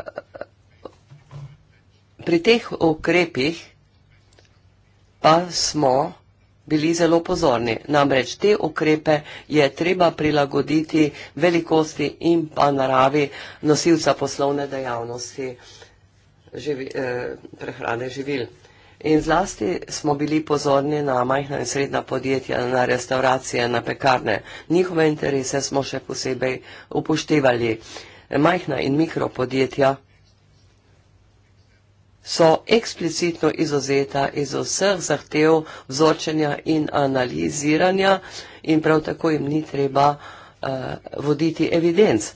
pri teh ukrepih pa smo bili zelo pozorni. Namreč te ukrepe je treba prilagoditi velikosti in pa naravi nosilca poslovne dejavnosti živi, eh, prehrane živil. In zlasti smo bili pozorni na majhna in srednja podjetja, na restauracije, na pekarne. Njihove interese smo še posebej upoštevali. Majhna in mikropodjetja so eksplicitno izuzeta iz vseh zahtev vzočenja in analiziranja in prav tako jim ni treba uh, voditi evidenc.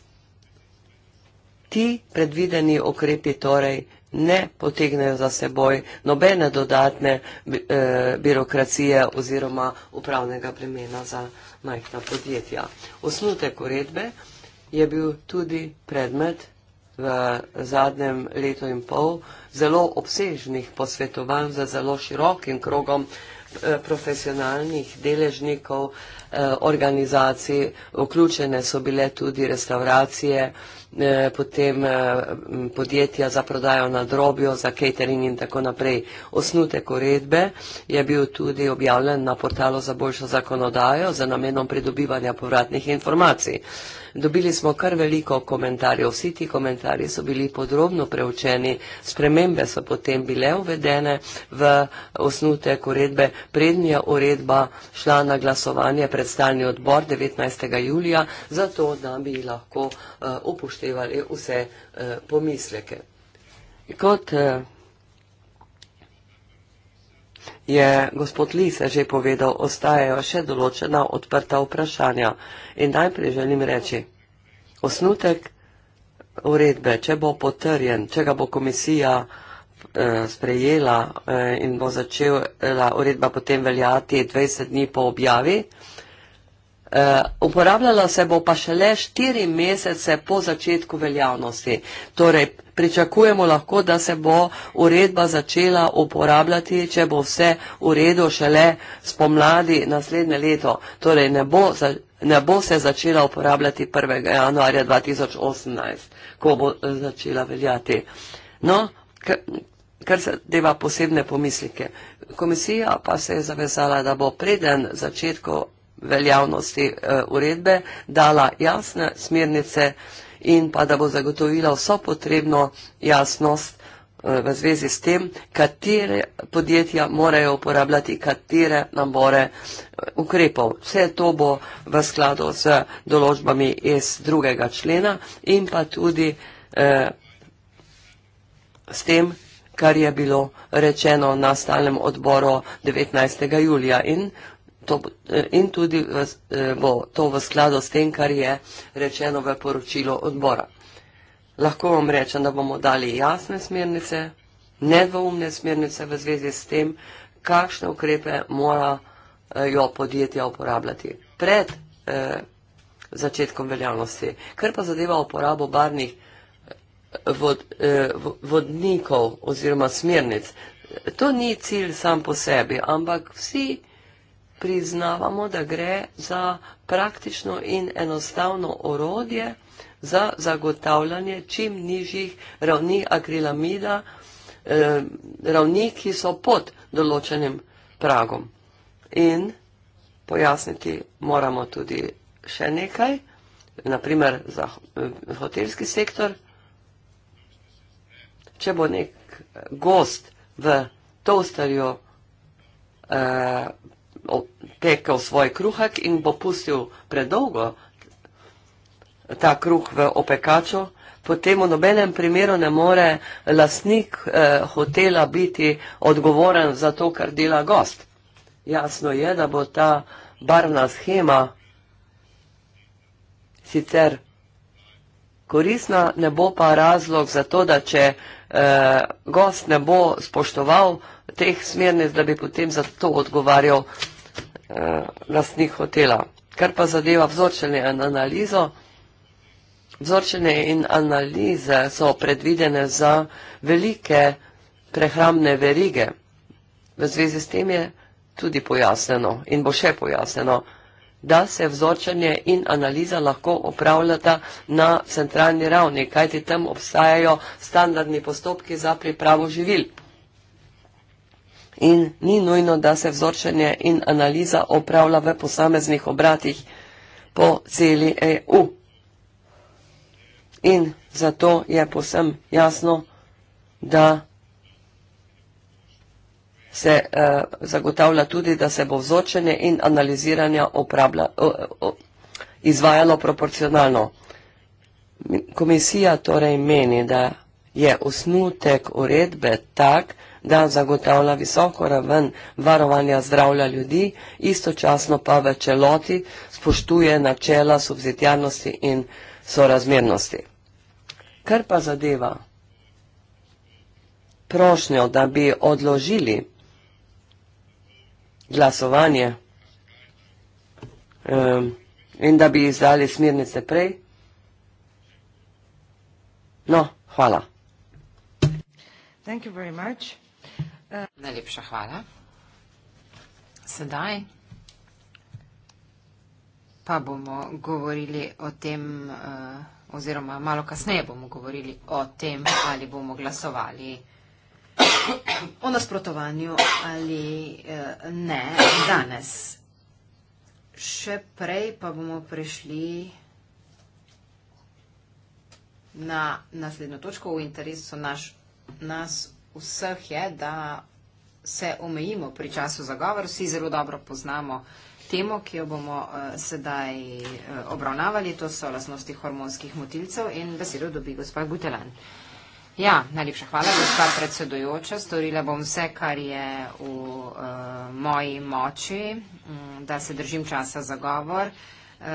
Ti predvideni okrepi torej ne potegnejo za seboj nobene dodatne eh, birokracije oziroma upravnega bremena za majhna podjetja. Osnutek uredbe je bil tudi predmet v zadnjem letu in pol uh, zelo obsežnih posvetovanj za zelo širokim krogom eh, profesionalnih deležnikov, eh, organizacij, vključene so bile tudi restauracije, eh, potem podjetja za prodajo na drobjo, za catering in tako naprej. Osnutek uredbe je bil tudi objavljen na portalu za boljšo zakonodajo za namenom pridobivanja povratnih informacij dobili smo kar veliko komentarjev. Vsi ti komentarji so bili podrobno preučeni, spremembe so potem bile uvedene v osnutek uredbe. Prednja uredba šla na glasovanje pred stalni odbor 19. julija, zato da bi lahko uh, upoštevali vse uh, pomisleke. Kot uh, je gospod Lise že povedal, ostajajo še določena odprta vprašanja. In najprej želim reči, osnutek uredbe, če bo potrjen, če ga bo komisija eh, sprejela eh, in bo začela uredba potem veljati 20 dni po objavi, Eh, uporabljala se bo pa šele štiri mesece po začetku veljavnosti. Torej, pričakujemo lahko, da se bo uredba začela uporabljati, če bo vse v redu šele spomladi naslednje leto. Torej, ne bo, za, ne bo se začela uporabljati 1. januarja 2018, ko bo eh, začela veljati. No, kar se deva posebne pomislike. Komisija pa se je zavezala, da bo preden začetku veljavnosti eh, uredbe dala jasne smernice in pa da bo zagotovila vso potrebno jasnost eh, v zvezi s tem, katere podjetja morajo uporabljati, katere nabore eh, ukrepov. Vse to bo v skladu z določbami iz drugega člena in pa tudi s tem, kar je bilo rečeno na stalnem odboru 19. julija. In to, eh, in tudi v, eh, bo to v skladu s tem, kar je rečeno v poročilu odbora. Lahko vam rečem, da bomo dali jasne smernice, nedvoumne smernice v zvezi s tem, kakšne ukrepe morajo podjetja uporabljati pred eh, začetkom veljavnosti. Ker pa zadeva uporabo barnih eh, vod, eh, vodnikov oziroma smernic, to ni cilj sam po sebi, ampak vsi priznavamo, da gre za praktično in enostavno orodje za zagotavljanje čim nižjih ravni akrilamida, eh, ravni, ki so pod določenim pragom. In pojasniti moramo tudi še nekaj, naprimer za eh, hotelski sektor. Če bo nek gost v Toasterju eh, pekel svoj kruhek in bo pustil predolgo ta kruh v opekaču, potem v nobenem primeru ne more lasnik eh, hotela biti odgovoren za to, kar dela gost. Jasno je, da bo ta barvna schema sicer korisna, ne bo pa razlog za to, da če eh, gost ne bo spoštoval teh smernic, da bi potem za to odgovarjal Eh, lastnih hotela. Kar pa zadeva vzorčenje in analizo, vzorčenje in analize so predvidene za velike prehramne verige. V zvezi s tem je tudi pojasneno in bo še pojasneno, da se vzorčenje in analiza lahko opravljata na centralni ravni, kajti tam obstajajo standardni postopki za pripravo živil in ni nujno, da se vzorčenje in analiza opravlja v posameznih obratih po celi EU. In zato je posem jasno, da se eh, zagotavlja tudi, da se bo vzorčenje in analiziranje opravlja, o, o, izvajalo proporcionalno. Komisija torej meni, da je osnutek uredbe tak, da zagotavlja visoko raven varovanja zdravja ljudi, istočasno pa v celoti spoštuje načela subsidijarnosti in sorazmernosti. Kar pa zadeva prošnjo, da bi odložili glasovanje um, in da bi izdali smernice prej. No, hvala. Thank you very much. Najlepša hvala. Sedaj pa bomo govorili o tem, eh, oziroma malo kasneje bomo govorili o tem, ali bomo glasovali o nasprotovanju ali eh, ne danes. Še prej pa bomo prišli na naslednjo točko v interesu naš, nas vseh je, da se omejimo pri času zagovora. Vsi zelo dobro poznamo temo, ki jo bomo uh, sedaj uh, obravnavali, to so lasnosti hormonskih motilcev in besedo dobi gospod Butelan. Ja, najlepša hvala, gospod predsedujoča. Storila bom vse, kar je v uh, moji moči, um, da se držim časa za govor. Uh,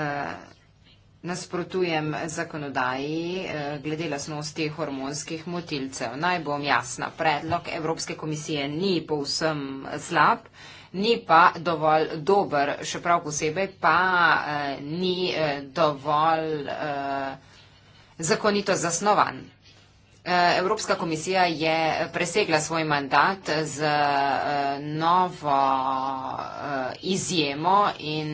nasprotujem zakonodaji eh, glede lasnosti hormonskih motilcev. Naj bom jasna, predlog Evropske komisije ni povsem slab, ni pa dovolj dober, še prav posebej pa eh, ni eh, dovolj zakonito zasnovan. Evropska komisija je presegla svoj mandat z novo izjemo in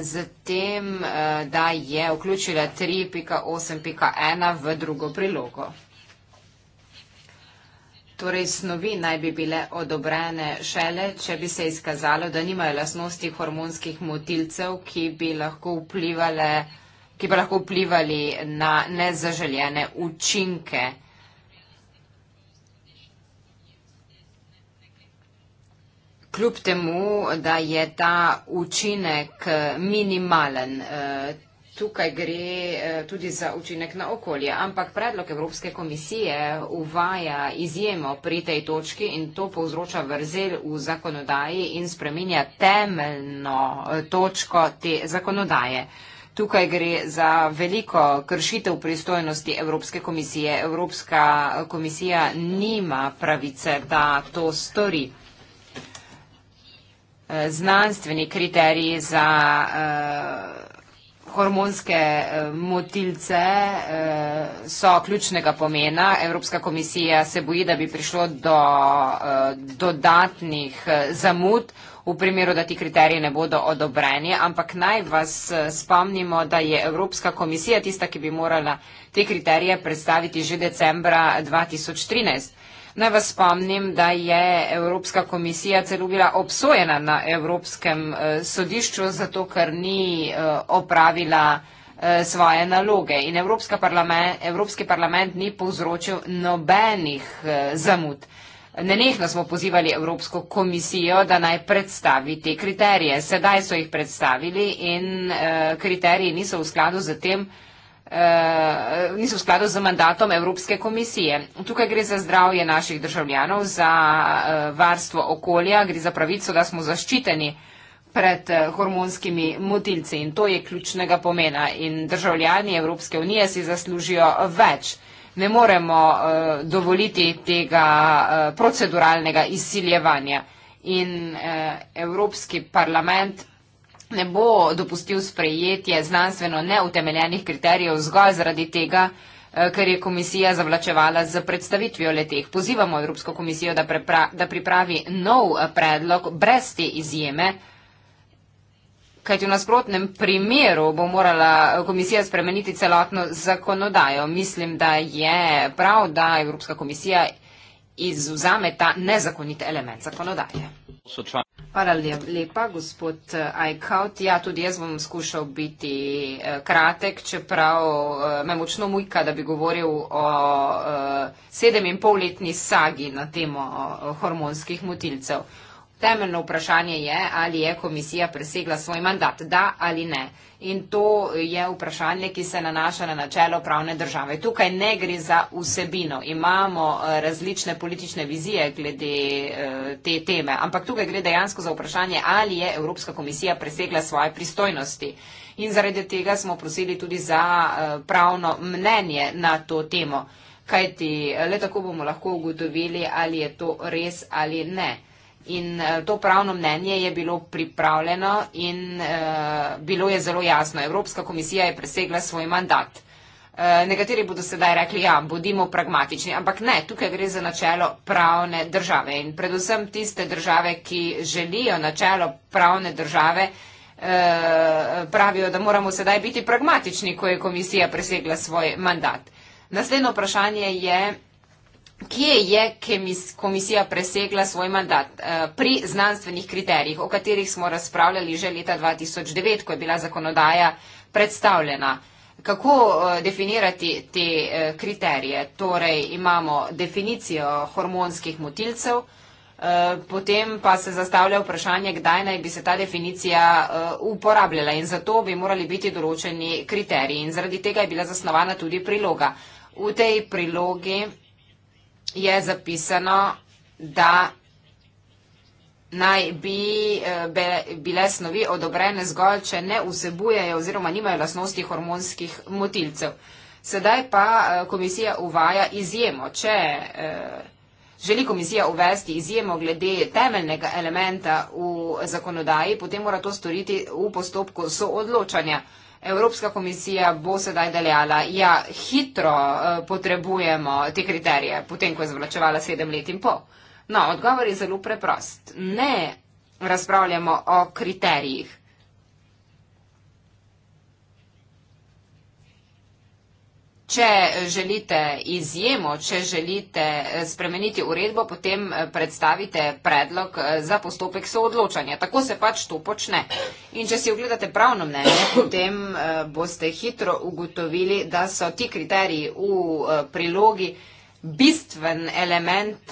z tem, eh, da je vključila 3.8.1 v drugo prilogo. Torej, snovi naj bi bile odobrene šele, če bi se izkazalo, da nimajo lasnosti hormonskih motilcev, ki bi lahko vplivali, ki bi lahko vplivali na nezaželjene učinke. kljub temu, da je ta učinek eh, minimalen. Eh, tukaj gre eh, tudi za učinek na okolje, ampak predlog Evropske komisije uvaja izjemo pri tej točki in to povzroča vrzel v zakonodaji in spreminja temeljno točko te zakonodaje. Tukaj gre za veliko kršitev pristojnosti Evropske komisije. Evropska komisija nima pravice, da to stori. Eh, znanstveni kriteriji za eh, hormonske eh, motilce eh, so ključnega pomena. Evropska komisija se boji, da bi prišlo do eh, dodatnih eh, zamud v primeru, da ti kriteriji ne bodo odobreni, ampak naj vas eh, spomnimo, da je Evropska komisija tista, ki bi morala te kriterije predstaviti že decembra 2013. Naj vas spomnim, da je Evropska komisija celo bila obsojena na Evropskem eh, sodišču, zato ker ni eh, opravila eh, svoje naloge in parlament, Evropski parlament ni povzročil nobenih zamud. Nenehno smo pozivali Evropsko komisijo, da naj predstavi te kriterije. Sedaj so jih predstavili in kriteriji niso v skladu z tem, uh, niso v skladu z mandatom Evropske komisije. Tukaj gre za zdravje naših državljanov, za uh, varstvo okolja, gre za pravico, da smo zaščiteni pred eh, hormonskimi motilci in to je ključnega pomena. In državljani Evropske unije si zaslužijo več. Ne moremo uh, dovoliti tega uh, proceduralnega izsiljevanja. In uh, Evropski parlament ne bo dopustil sprejetje znanstveno neutemeljenih kriterijev zgolj zaradi tega, eh, ker je komisija zavlačevala z predstavitvijo leteh. Pozivamo Evropsko komisijo, da, prepra, da pripravi nov eh, predlog brez te izjeme, kajti v nasprotnem primeru bo morala eh, komisija spremeniti celotno zakonodajo. Mislim, da je prav, da Evropska komisija izuzame ta nezakonit element zakonodaje. Hvala lepa, gospod Ajkaut. Eh, ja, tudi jaz bom skušal biti eh, kratek, čeprav eh, me močno mujka, da bi govoril o sedem in pol letni sagi na temo hormonskih motilcev. Temeljno vprašanje je, ali je komisija presegla svoj mandat, da ali ne. In to je vprašanje, ki se nanaša na načelo pravne države. Tukaj ne gre za vsebino. Imamo eh, različne politične vizije glede eh, te teme, ampak tukaj gre dejansko za vprašanje, ali je Evropska komisija presegla svoje pristojnosti. In zaradi tega smo prosili tudi za eh, pravno mnenje na to temo. Kajti le tako bomo lahko ugotovili, ali je to res ali ne. In eh, to pravno mnenje je bilo pripravljeno in uh, bilo je zelo jasno. Evropska komisija je presegla svoj mandat. Uh, nekateri bodo sedaj rekli, ja, bodimo pragmatični, ampak ne, tukaj gre za načelo pravne države in predvsem tiste države, ki želijo načelo pravne države, uh, pravijo, da moramo sedaj biti pragmatični, ko je komisija presegla svoj mandat. Naslednje vprašanje je kje je komisija presegla svoj mandat eh, pri znanstvenih kriterijih, o katerih smo razpravljali že leta 2009, ko je bila zakonodaja predstavljena. Kako eh, definirati te eh, kriterije? Torej imamo definicijo hormonskih motilcev, potem pa se zastavlja vprašanje, kdaj naj bi se ta definicija uporabljala in zato bi morali biti določeni kriteriji. In zaradi tega je bila zasnovana tudi priloga. V tej prilogi je zapisano, da naj bi eh, be, bile snovi odobrene zgolj, če ne vsebujejo oziroma nimajo lasnosti hormonskih motilcev. Sedaj pa eh, komisija uvaja izjemo. Če eh, želi komisija uvesti izjemo glede temeljnega elementa v zakonodaji, potem mora to storiti v postopku soodločanja. Evropska komisija bo sedaj deljala, ja, hitro uh, potrebujemo te kriterije, potem, ko je zavlačevala sedem let in pol. No, odgovor je zelo preprost. Ne razpravljamo o kriterijih. Če želite izjemo, če želite eh, spremeniti uredbo, potem eh, predstavite predlog eh, za postopek soodločanja. Tako se pač to počne. In če si ogledate pravno mnenje, potem boste hitro ugotovili, da so ti kriteriji v prilogi bistven element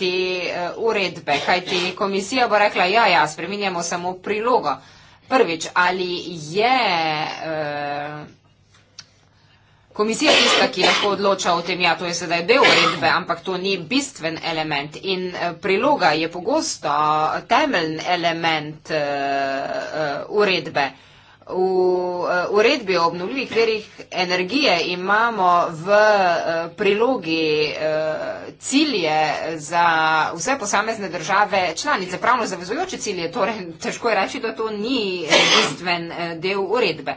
te uredbe. Kaj ti komisija bo rekla, ja, ja, spreminjamo samo prilogo. Prvič, ali je. Uh, komisija tista, ki lahko odloča o tem, ja, to je sedaj del uredbe, ampak to ni bistven element in eh, priloga je pogosto temeljn element eh, eh, uredbe. V uredbi o obnovljivih verjih energije imamo v prilogi cilje za vse posamezne države članice, pravno zavezujoče cilje, torej [laughs] težko je reči, da to ni bistven del uredbe.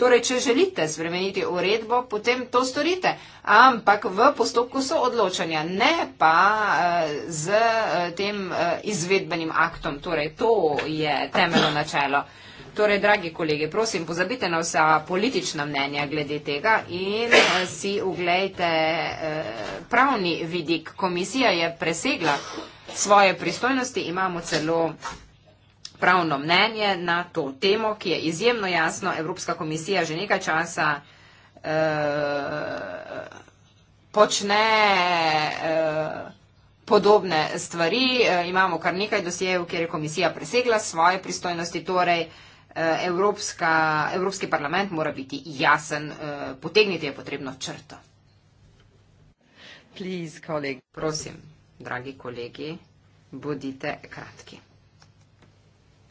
Torej, če želite spremeniti uredbo, potem to storite, ampak v postopku so odločanja, ne pa eh, z eh, tem eh, izvedbenim aktom. Torej, to je temeljno načelo. Torej, dragi kolegi, prosim, pozabite na vsa politična mnenja glede tega in eh, si uglejte eh, pravni vidik. Komisija je presegla svoje pristojnosti, imamo celo pravno mnenje na to temo, ki je izjemno jasno. Evropska komisija že nekaj časa eh, počne eh, podobne stvari. Eh, imamo kar nekaj dosjejev, kjer je komisija presegla svoje pristojnosti. Torej, eh, Evropska, Evropski parlament mora biti jasen. Eh, potegniti je potrebno črto. Please, Prosim, dragi kolegi, bodite kratki.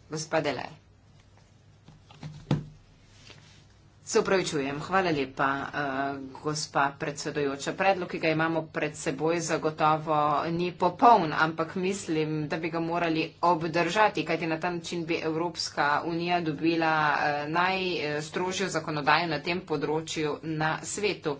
Gospa Delaj. Se upravičujem. Hvala lepa, uh, gospa predsedojoča. Predlog, ki ga imamo pred seboj, zagotovo ni popoln, ampak mislim, da bi ga morali obdržati, kajti na ta način bi Evropska unija dobila uh, najstrožjo zakonodajo na tem področju na svetu.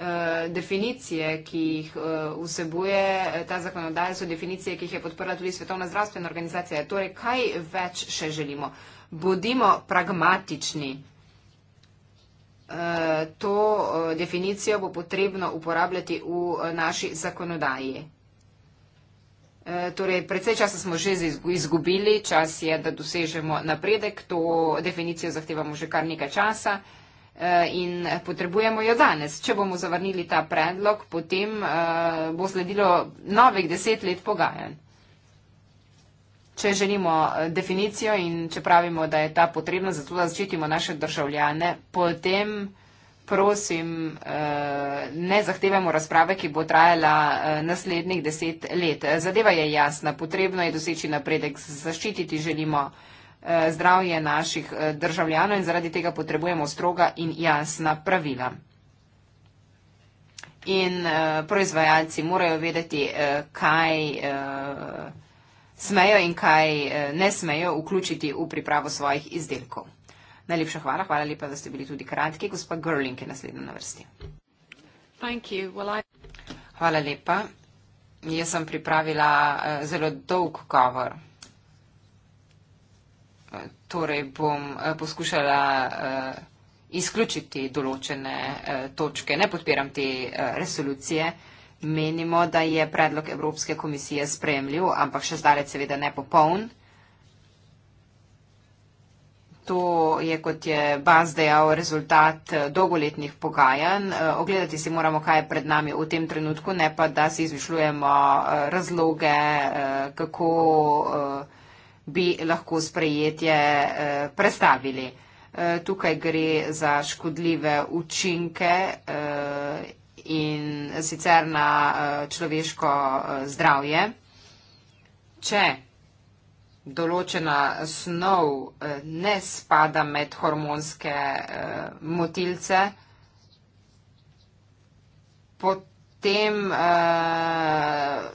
Eh, definicije, ki jih eh, vsebuje eh, ta zakonodaja, so definicije, ki jih je podprla tudi Svetovna zdravstvena organizacija. Torej, kaj več še želimo? Bodimo pragmatični. To definicijo bo potrebno uporabljati v naši zakonodaji. Torej, predvsej časa smo že izgubili, čas je, da dosežemo napredek, to definicijo zahtevamo že kar nekaj časa. Eh, in potrebujemo jo danes. Če bomo zavrnili ta predlog, potem eh, bo sledilo novih deset let pogajanj. Če želimo eh, definicijo in če pravimo, da je ta potrebna za to, da zaščitimo naše državljane, potem prosim, ne zahtevamo razprave, ki bo trajala naslednjih deset let. Zadeva je jasna, potrebno je doseči napredek, zaščititi želimo. Eh, zdravje naših eh, državljanov in zaradi tega potrebujemo stroga in jasna pravila. In eh, proizvajalci morajo vedeti, kaj smejo in kaj ne smejo vključiti v pripravo svojih izdelkov. Najlepša hvala, hvala lepa, da ste bili tudi kratki. Gospa Gerling je naslednja na vrsti. Hvala lepa. Jaz sem pripravila zelo dolg govor torej bom eh, poskušala eh, izključiti določene eh, točke. Ne podpiram te resolucije. Menimo, da je predlog Evropske komisije spremljiv, ampak še zdaleč seveda nepopoln. To je, kot je Bas dejal, rezultat dolgoletnih pogajanj. Ogledati si moramo, kaj je pred nami v tem trenutku, ne pa, da si izmišljujemo razloge, kako bi lahko sprejetje eh, prestavili. Eh, tukaj gre za škodljive učinke eh, in sicer na eh, človeško eh, zdravje. Če določena snov eh, ne spada med hormonske eh, motilce, potem eh,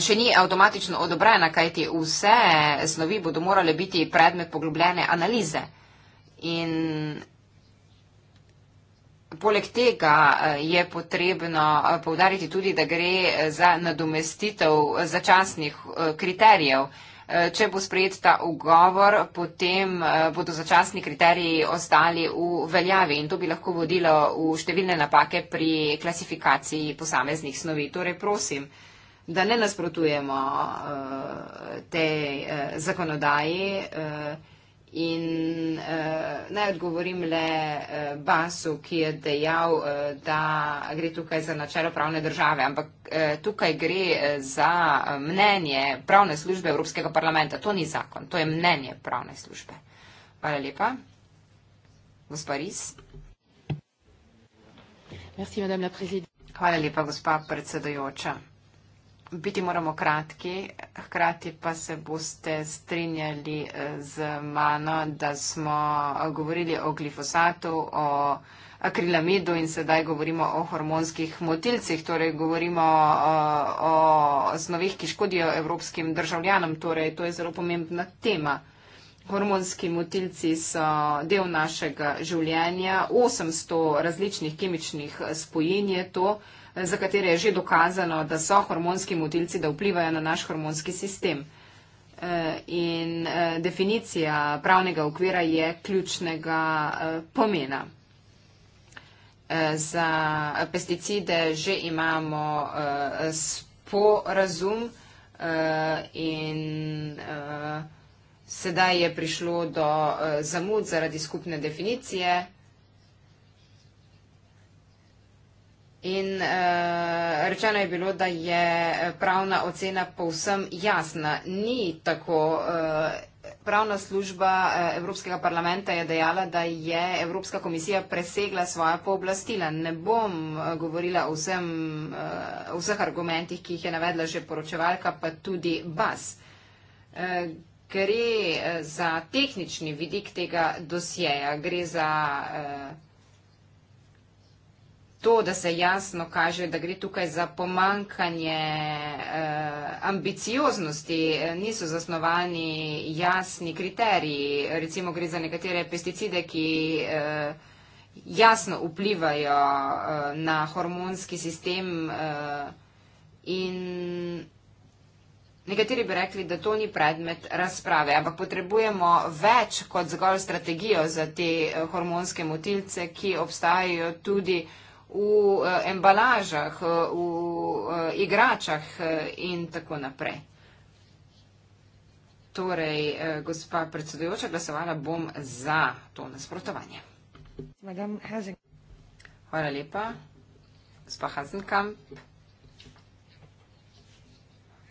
še ni avtomatično odobrena, kajti vse snovi bodo morale biti predmet poglobljene analize. In poleg tega eh, je potrebno eh, povdariti tudi, da gre eh, za nadomestitev začasnih kriterijev. Če bo sprejet ta ugovor, potem bodo začasni kriteriji ostali v veljavi in to bi lahko vodilo v številne napake pri klasifikaciji posameznih snovi. Torej, prosim da ne nasprotujemo uh, tej uh, zakonodaji uh, in uh, naj odgovorim le uh, Basu, ki je dejal, uh, da gre tukaj za načelo pravne države, ampak uh, tukaj gre za mnenje pravne službe Evropskega parlamenta. To ni zakon, to je mnenje pravne službe. Hvala lepa. Gospa Riz. Hvala lepa, gospa predsedojoča biti moramo kratki, hkrati pa se boste strinjali eh, z mano, da smo eh, govorili o glifosatu, o akrilamidu in sedaj govorimo o hormonskih motilcih, torej govorimo eh, o, o snovih, ki škodijo evropskim državljanom, torej to je zelo pomembna tema. Hormonski motilci so del našega življenja, 800 različnih kemičnih spojin je to za katere je že dokazano, da so hormonski motilci, da vplivajo na naš hormonski sistem. E, in e, definicija pravnega okvira je ključnega e, pomena. Za pesticide že imamo sporazum in sedaj je prišlo do zamud zaradi skupne definicije. In uh, rečeno je bilo, da je pravna ocena povsem jasna. Ni tako. Uh, Pravna služba eh, Evropskega parlamenta je dejala, da je Evropska komisija presegla svoja pooblastila. Ne bom govorila o, vsem, o vseh argumentih, ki jih je navedla že poročevalka, pa tudi BAS. Gre za tehnični vidik tega dosjeja, gre za to, da se jasno kaže, da gre tukaj za pomankanje eh, ambicioznosti, niso zasnovani jasni kriteriji. Recimo gre za nekatere pesticide, ki eh, jasno vplivajo eh, na hormonski sistem eh, in nekateri bi rekli, da to ni predmet razprave, ampak potrebujemo več kot zgolj strategijo za te eh, hormonske motilce, ki obstajajo tudi v eh, embalažah, eh, v eh, igračah in tako naprej. Torej, gospa predsedujoča, glasovala bom za to nasprotovanje. Hvala lepa, gospa Hazenkamp.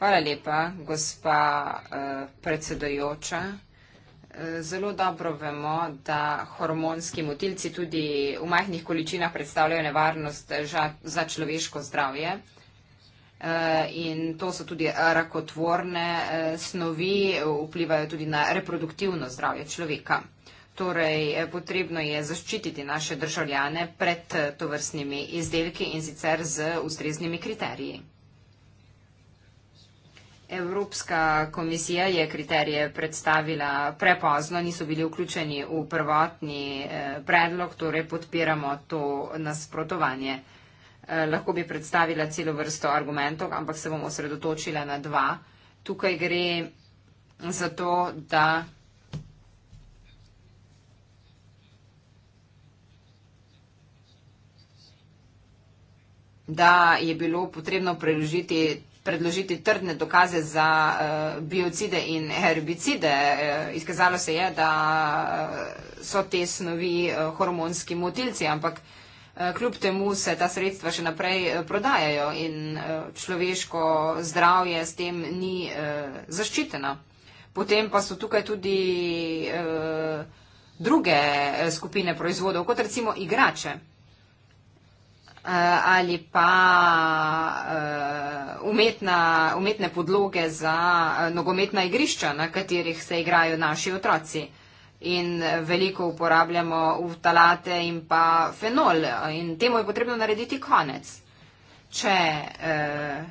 Hvala lepa, gospa uh, predsedujoča zelo dobro vemo, da hormonski motilci tudi v majhnih količinah predstavljajo nevarnost za človeško zdravje. Eh, in to so tudi rakotvorne eh, snovi, vplivajo tudi na reproduktivno zdravje človeka. Torej, eh, potrebno je zaščititi naše državljane pred tovrstnimi izdelki in sicer z ustreznimi kriteriji. Evropska komisija je kriterije predstavila prepozno, niso bili vključeni v prvotni eh, predlog, torej podpiramo to nasprotovanje. Eh, lahko bi predstavila celo vrsto argumentov, ampak se bom osredotočila na dva. Tukaj gre za to, da da je bilo potrebno preložiti predložiti trdne dokaze za uh, biocide in herbicide. Uh, izkazalo se je, da uh, so te snovi uh, hormonski motilci, ampak uh, kljub temu se ta sredstva še naprej uh, prodajajo in uh, človeško zdravje s tem ni uh, zaščiteno. Potem pa so tukaj tudi uh, druge skupine proizvodov, kot recimo igrače. Eh, ali pa eh, umetna, umetne podloge za eh, nogometna igrišča, na katerih se igrajo naši otroci. In veliko uporabljamo vtalate in pa fenol. In temu je potrebno narediti konec. Če eh,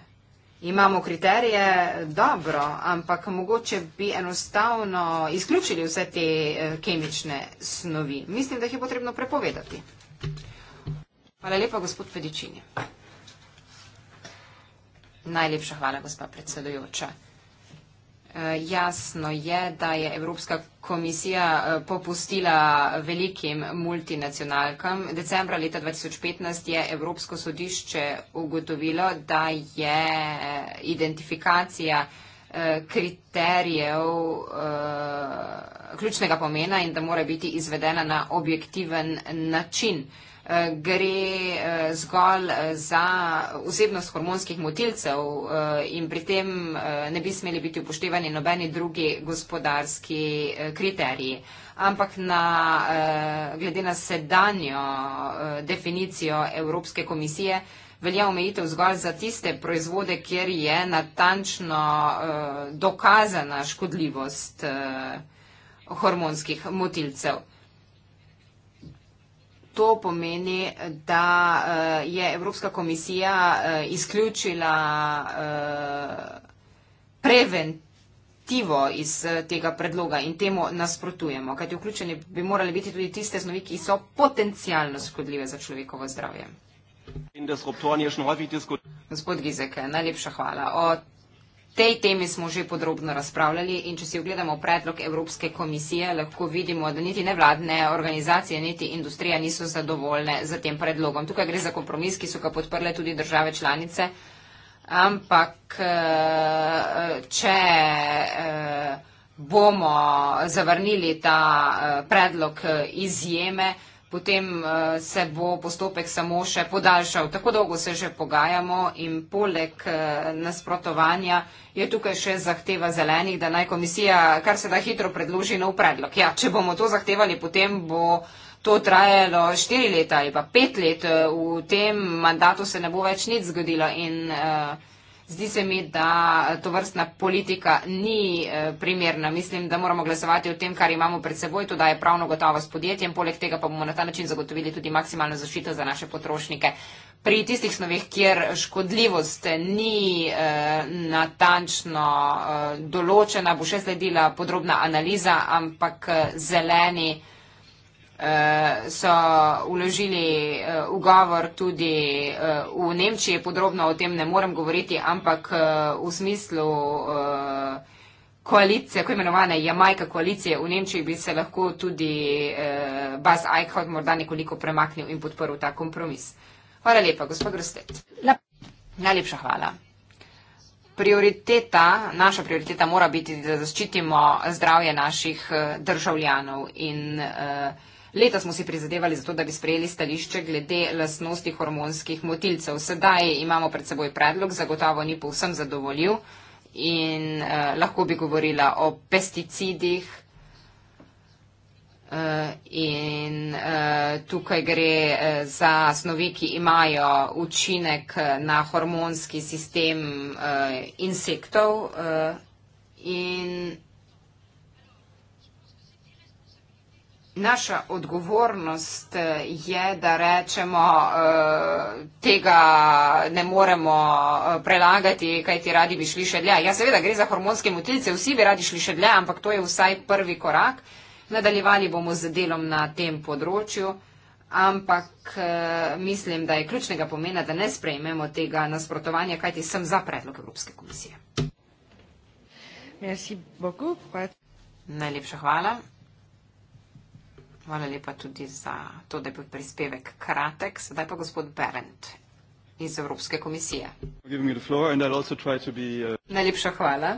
imamo kriterije, dobro, ampak mogoče bi enostavno izključili vse te eh, kemične snovi. Mislim, da jih je potrebno prepovedati. Hvala lepa, gospod Fedičini. Najlepša hvala, gospa predsedujoča. E, jasno je, da je Evropska komisija e, popustila velikim multinacionalkam. Decembra leta 2015 je Evropsko sodišče ugotovilo, da je e, identifikacija kriterijev ključnega pomena in da mora biti izvedena na objektiven način gre eh, zgolj eh, za vsebnost hormonskih motilcev eh, in pri tem ne bi smeli biti upoštevani nobeni drugi gospodarski kriteriji. Ampak na, glede na sedanjo definicijo Evropske komisije velja omejitev zgolj za tiste proizvode, kjer je natančno dokazana škodljivost hormonskih motilcev to pomeni, da eh, je Evropska komisija eh, izključila eh, preventivo iz tega predloga in temu nasprotujemo, kajti vključeni bi morali biti tudi tiste snovi, ki so potencijalno škodljive za človekovo zdravje. Gospod Gizek, najlepša hvala. O tej temi smo že podrobno razpravljali in če si ogledamo predlog Evropske komisije, lahko vidimo, da niti nevladne organizacije, niti industrija niso zadovoljne za tem predlogom. Tukaj gre za kompromis, ki so ga podprle tudi države članice, ampak eh, če eh, bomo zavrnili ta eh, predlog izjeme, iz potem uh, se bo postopek samo še podaljšal. Tako dolgo se že pogajamo in poleg uh, nasprotovanja je tukaj še zahteva zelenih, da naj komisija kar se da hitro predloži nov predlog. Ja, če bomo to zahtevali, potem bo to trajalo štiri leta ali pa pet let. Eh, v tem mandatu se ne bo več nič zgodilo. In, uh, Zdi se mi, da to vrstna politika ni eh, primerna. Mislim, da moramo glasovati o tem, kar imamo pred seboj, to da je pravno gotovo s podjetjem, poleg tega pa bomo na ta način zagotovili tudi maksimalno zaščito za naše potrošnike. Pri tistih snovih, kjer škodljivost ni eh, natančno eh, določena, bo še sledila podrobna analiza, ampak zeleni. Eh, so uložili eh, ugovor tudi eh, v Nemčiji, podrobno o tem ne morem govoriti, ampak v smislu koalicije, ko imenovane Jamajka koalicije v Nemčiji, bi se lahko tudi Bas Eichhardt morda nekoliko premaknil in podporil ta kompromis. Hvala lepa, gospod Grstet. Najlepša hvala. Prioriteta, naša prioriteta mora biti, da zaščitimo zdravje naših državljanov in uh, Leta smo si prizadevali za to, da bi sprejeli stališče glede lasnosti hormonskih motilcev. Sedaj imamo pred seboj predlog, zagotovo ni povsem zadovoljiv in eh, lahko bi govorila o pesticidih. Uh, in uh, tukaj gre uh, za snovi, ki imajo učinek na hormonski sistem uh, insektov uh, in Naša odgovornost eh, je, da rečemo, eh, tega ne moremo eh, prelagati, kaj ti radi bi šli še dlje. Ja, seveda gre za hormonske motilce, vsi bi radi šli še dlje, ampak to je vsaj prvi korak. Nadaljevali bomo z delom na tem področju, ampak mislim, da je ključnega pomena, da ne sprejmemo tega nasprotovanja, kaj ti sem za predlog Evropske komisije. Najlepša hvala. Hvala lepa tudi za to, da je bil prispevek kratek. Sedaj pa gospod Berendt iz Evropske komisije. Uh, Najlepša hvala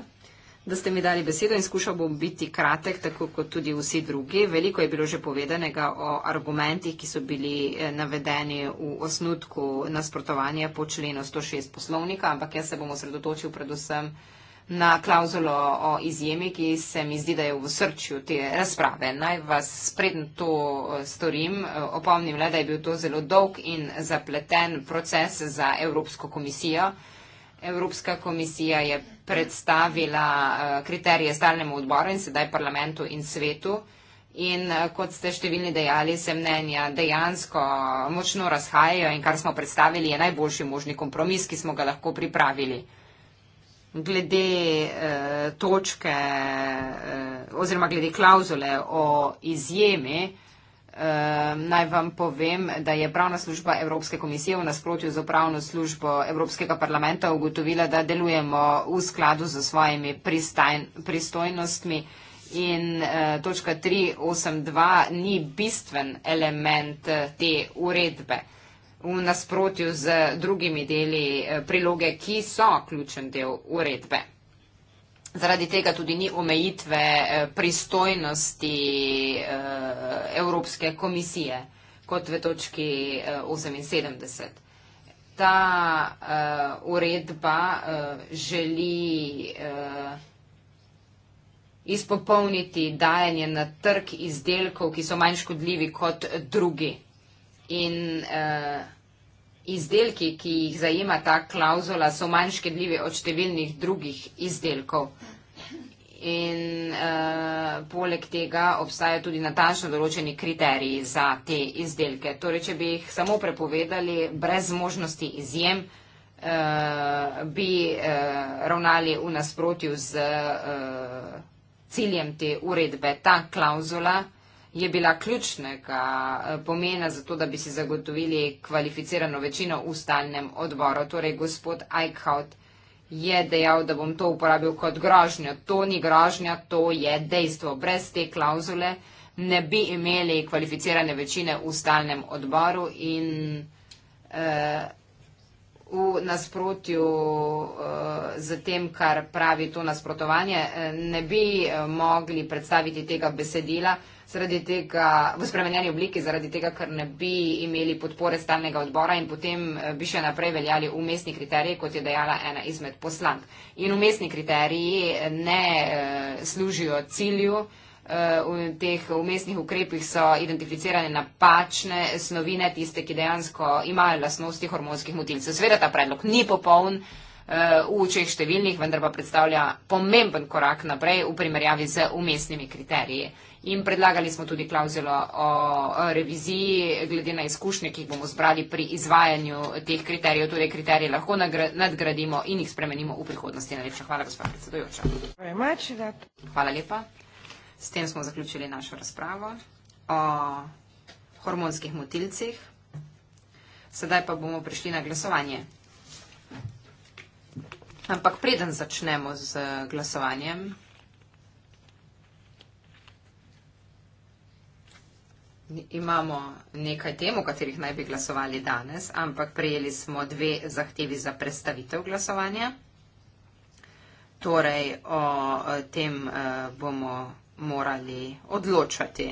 da ste mi dali besedo in skušal bom biti kratek, tako kot tudi vsi drugi. Veliko je bilo že povedanega o argumentih, ki so bili eh, navedeni v osnutku nasprotovanja po členu 106 poslovnika, ampak jaz se bom osredotočil predvsem na klauzulo o izjemi, ki se mi zdi, da je v srčju te razprave. Naj vas predn to eh, storim, eh, opomnim le, da je bil to zelo dolg in zapleten proces za Evropsko komisijo. Evropska komisija je predstavila eh, kriterije stalnemu odboru in sedaj parlamentu in svetu. In kot ste številni dejali, se mnenja dejansko močno razhajajo in kar smo predstavili je najboljši možni kompromis, ki smo ga lahko pripravili glede eh, točke eh, oziroma glede klauzule o izjemi, eh, naj vam povem, da je pravna služba Evropske komisije v nasprotju z upravno službo Evropskega parlamenta ugotovila, da delujemo v skladu z svojimi pristajn, pristojnostmi in eh, točka 382 ni bistven element eh, te uredbe v nasprotju z drugimi deli eh, priloge, ki so ključen del uredbe. Zaradi tega tudi ni omejitve eh, pristojnosti eh, Evropske komisije, kot v točki 78. Ta uredba želi izpopolniti dajanje na trg izdelkov, ki so manj škodljivi kot drugi in uh, izdelki, ki jih zajema ta klauzula, so manj škedljivi od številnih drugih izdelkov. In uh, poleg tega obstajajo tudi natančno določeni kriteriji za te izdelke. Torej, če bi jih samo prepovedali brez možnosti izjem, uh, bi uh, ravnali v nasprotju z uh, ciljem te uredbe. Ta klauzula uh, je bila ključnega eh, pomena za to, da bi si zagotovili kvalificirano večino v stalnem odboru. Torej, gospod Eichhout je dejal, da bom to uporabil kot grožnjo. To ni grožnja, to je dejstvo. Brez te klauzule ne bi imeli kvalificirane večine v stalnem odboru in eh, v nasprotju eh, z tem, kar pravi to nasprotovanje. Eh, ne bi eh, mogli predstaviti tega besedila tega, v spremenjeni obliki, zaradi tega, ker ne bi imeli podpore stalnega odbora in potem bi še naprej veljali umestni kriteriji, kot je dejala ena izmed poslank. In umestni kriteriji ne služijo cilju, Eh, v teh umestnih ukrepih so identificirane napačne snovine, tiste, ki dejansko imajo lasnosti hormonskih motilcev. Sveda ta predlog ni popoln eh, v učeh številnih, vendar pa predstavlja pomemben korak naprej v primerjavi z umestnimi kriteriji. In predlagali smo tudi klauzulo o eh, reviziji, glede na izkušnje, ki jih bomo zbrali pri izvajanju teh kriterijev. Torej, kriterije lahko nadgradimo in jih spremenimo v prihodnosti. Najlepša hvala, gospod predsedujoča. Hvala lepa. S tem smo zaključili našo razpravo o hormonskih motilcih. Sedaj pa bomo prišli na glasovanje. Ampak preden začnemo z glasovanjem, imamo nekaj tem, o katerih naj bi glasovali danes, ampak prejeli smo dve zahtevi za predstavitev glasovanja. Torej o tem eh, bomo morali odločati.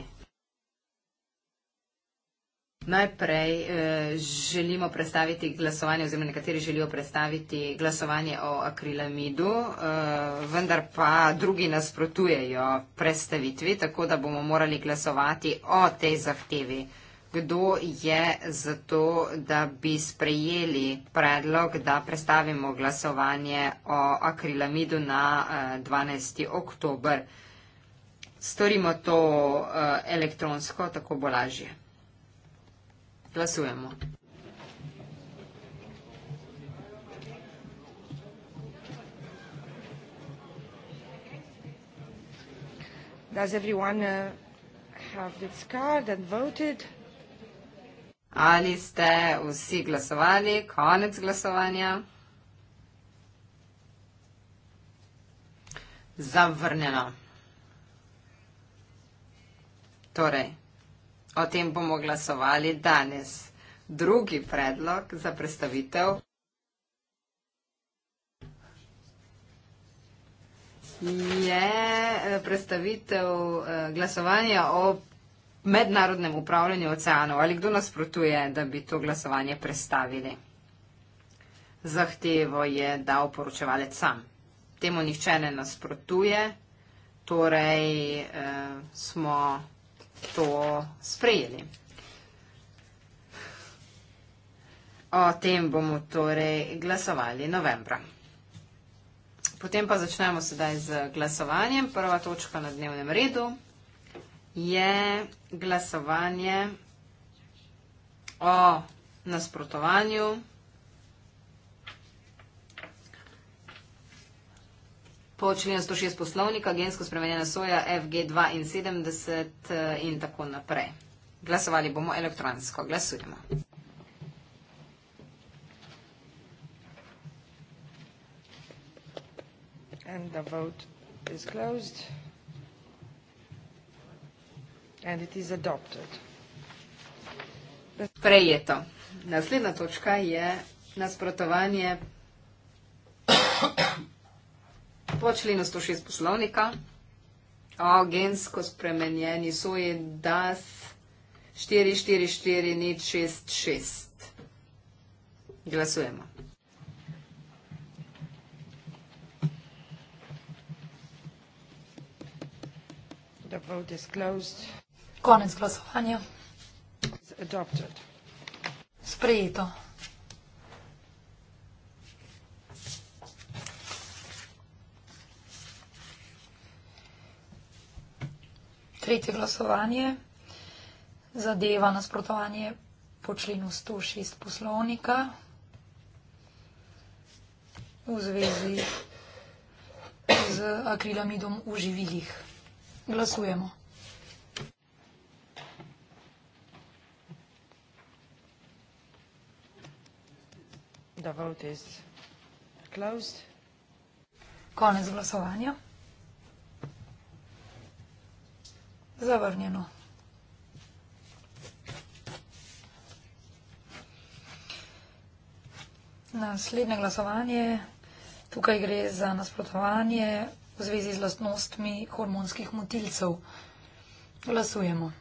Najprej eh, želimo predstaviti glasovanje oziroma nekateri želijo predstaviti glasovanje o akrilamidu, eh, vendar pa drugi nasprotujejo predstavitvi, tako da bomo morali glasovati o tej zahtevi. Kdo je za to, da bi sprejeli predlog, da predstavimo glasovanje o akrilamidu na eh, 12. oktober? storimo to uh, elektronsko, tako bo lažje. Glasujemo. Does everyone uh, have this card and voted? Ali ste vsi glasovali? Konec glasovanja. Zavrnjeno. Torej, o tem bomo glasovali danes. Drugi predlog za predstavitev je eh, predstavitev eh, glasovanja o mednarodnem upravljanju oceanov. Ali kdo nasprotuje, da bi to glasovanje predstavili? Zahtevo je dal poročevalec sam. Temu nihče ne nasprotuje, torej eh, smo to sprejeli. O tem bomo torej glasovali novembra. Potem pa začnemo sedaj z glasovanjem. Prva točka na dnevnem redu je glasovanje o nasprotovanju po členu 106 poslovnika, gensko spremenjena soja FG72 in, eh, in tako naprej. Glasovali bomo elektronsko. Glasujemo. And the vote is closed. And it is adopted. Prejeto. Naslednja točka je nasprotovanje Po členu 106 poslovnika, o gensko spremenjeni soji DAS 444066. Glasujemo. The vote is closed. Konec glasovanja. Sprejeto. tretje glasovanje zadeva nasprotovanje po členu 106 poslovnika v zvezi z akrilamidom v živilih. Glasujemo. The vote is closed. Konec glasovanja. zavrnjeno. Naslednje glasovanje, tukaj gre za nasprotovanje v zvezi z lastnostmi hormonskih motilcev. Glasujemo.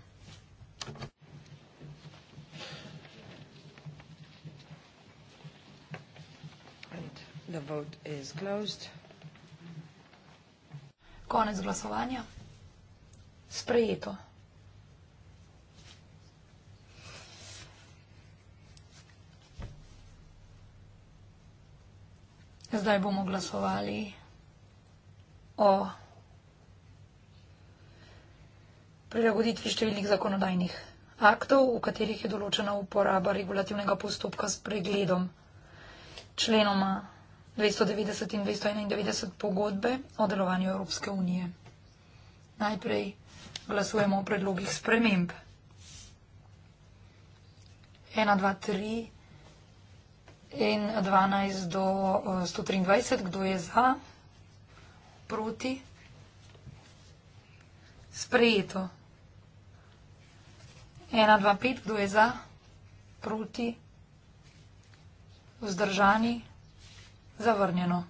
Konec glasovanja sprejeto. Zdaj bomo glasovali o prilagoditvi številnih zakonodajnih aktov, v katerih je določena uporaba regulativnega postopka s pregledom členoma 290 in 291 pogodbe o delovanju Evropske unije. Najprej glasujemo o predlogih sprememb. 1, 2, 3 in 12 do 123, eh, kdo je za, proti, sprejeto. 1, 2, 5, kdo je za, proti, vzdržani, zavrnjeno.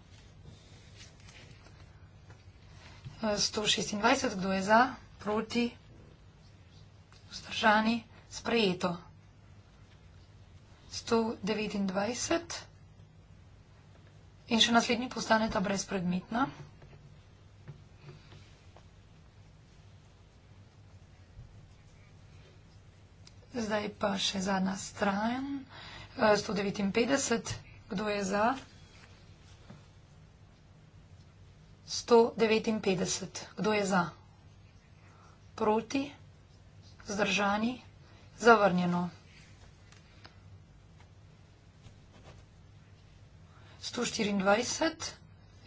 126, eh, kdo je za, proti, vzdržani, zavrnjeno proti, vzdržani, sprejeto. 129 in še naslednji postane ta brezpredmetna. Zdaj pa še zadnja stran, 159, eh, kdo je za? 159, kdo je za? 159. Proti, zdržani, zavrnjeno. 124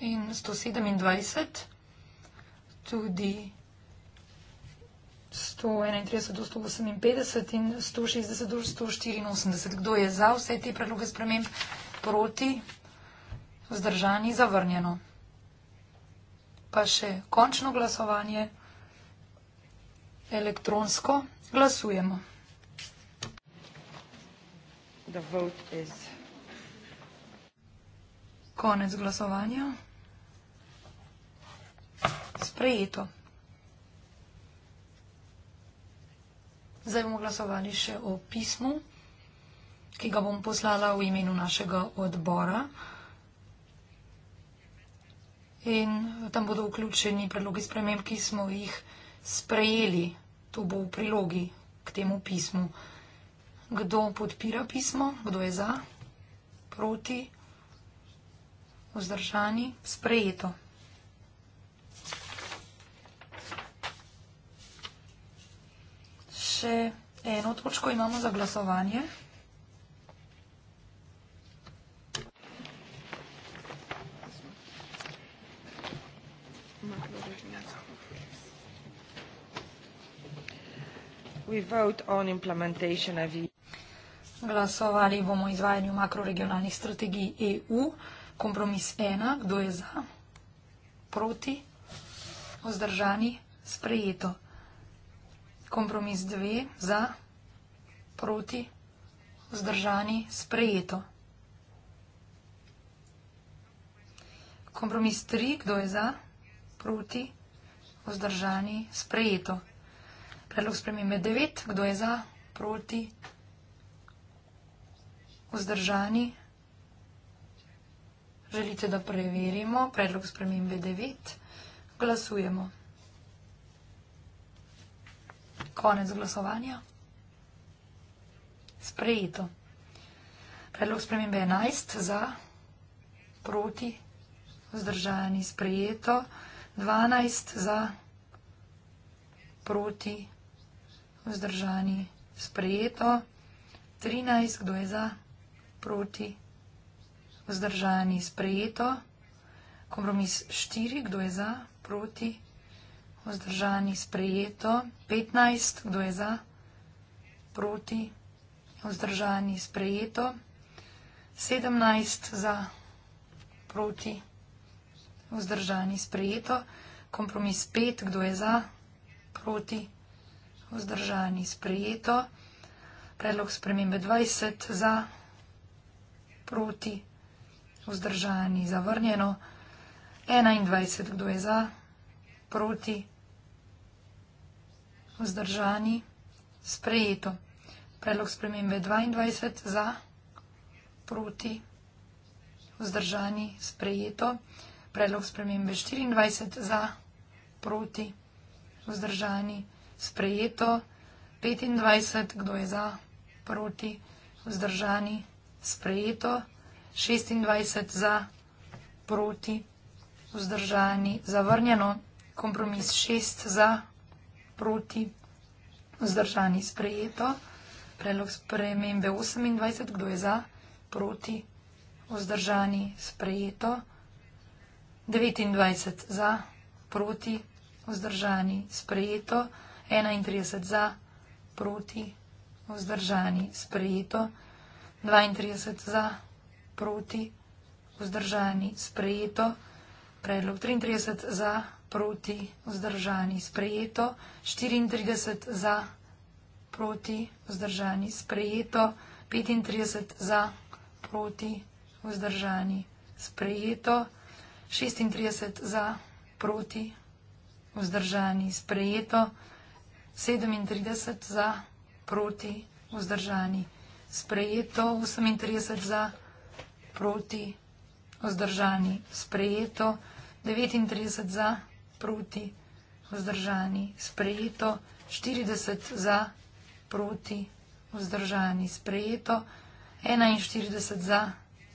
in 127, tudi 131 do 158 in 160 do 184. Kdo je za vse te predloge sprememb? Proti, zdržani, zavrnjeno. Pa še končno glasovanje elektronsko glasujemo. Konec glasovanja. Sprejeto. Zdaj bomo glasovali še o pismu, ki ga bom poslala v imenu našega odbora. In tam bodo vključeni predlogi sprememb, ki smo jih sprejeli to bo v prilogi k temu pismu. Kdo podpira pismo, kdo je za, proti, vzdržani, sprejeto. Še eno točko imamo za glasovanje. we vote on implementation of EU. Glasovali bomo o izvajanju makroregionalnih strategij EU. Kompromis ena. Kdo je za? Proti? Ozdržani? Sprejeto. Kompromis dve. Za? Proti? Ozdržani? Sprejeto. Kompromis tri. Kdo je za? Proti? Ozdržani? Sprejeto. Predlog spremembe 9. Kdo je za, proti, vzdržani? Želite, da preverimo predlog spremembe 9? Glasujemo. Konec glasovanja. Sprejeto. Predlog spremembe 11. Za, proti, vzdržani. Sprejeto. 12. Za, proti, vzdržani vzdržani, sprejeto. 13, kdo je za, proti, vzdržani, sprejeto. Kompromis 4, kdo je za, proti, vzdržani, sprejeto. 15, kdo je za, proti, vzdržani, sprejeto. 17 za, proti, vzdržani, sprejeto. Kompromis 5, kdo je za, proti, vzdržani, sprejeto vzdržani, sprejeto. Predlog spremembe 20 za, proti, vzdržani, zavrnjeno. 21, kdo je za, proti, vzdržani, sprejeto. Predlog spremembe 22 za, proti, vzdržani, sprejeto. Predlog spremembe 24 za, proti, vzdržani, sprejeto sprejeto. 25, kdo je za, proti, vzdržani, sprejeto. 26 za, proti, vzdržani, zavrnjeno. Kompromis 6 za, proti, vzdržani, sprejeto. Predlog spremembe 28, kdo je za, proti, vzdržani, sprejeto. 29 za, proti, vzdržani, sprejeto. 31 za, proti, vzdržani, sprejeto. 32 za, proti, vzdržani, sprejeto. Predlog 33 za, proti, vzdržani, sprejeto. 34 za, proti, vzdržani, sprejeto. 35 za, proti, vzdržani, sprejeto. 36 za, proti, vzdržani, sprejeto. 37 za, proti, vzdržani. Sprejeto 38 za, proti, vzdržani. Sprejeto 39 za, proti, vzdržani. Sprejeto 40 za, proti, vzdržani. Sprejeto 41 za,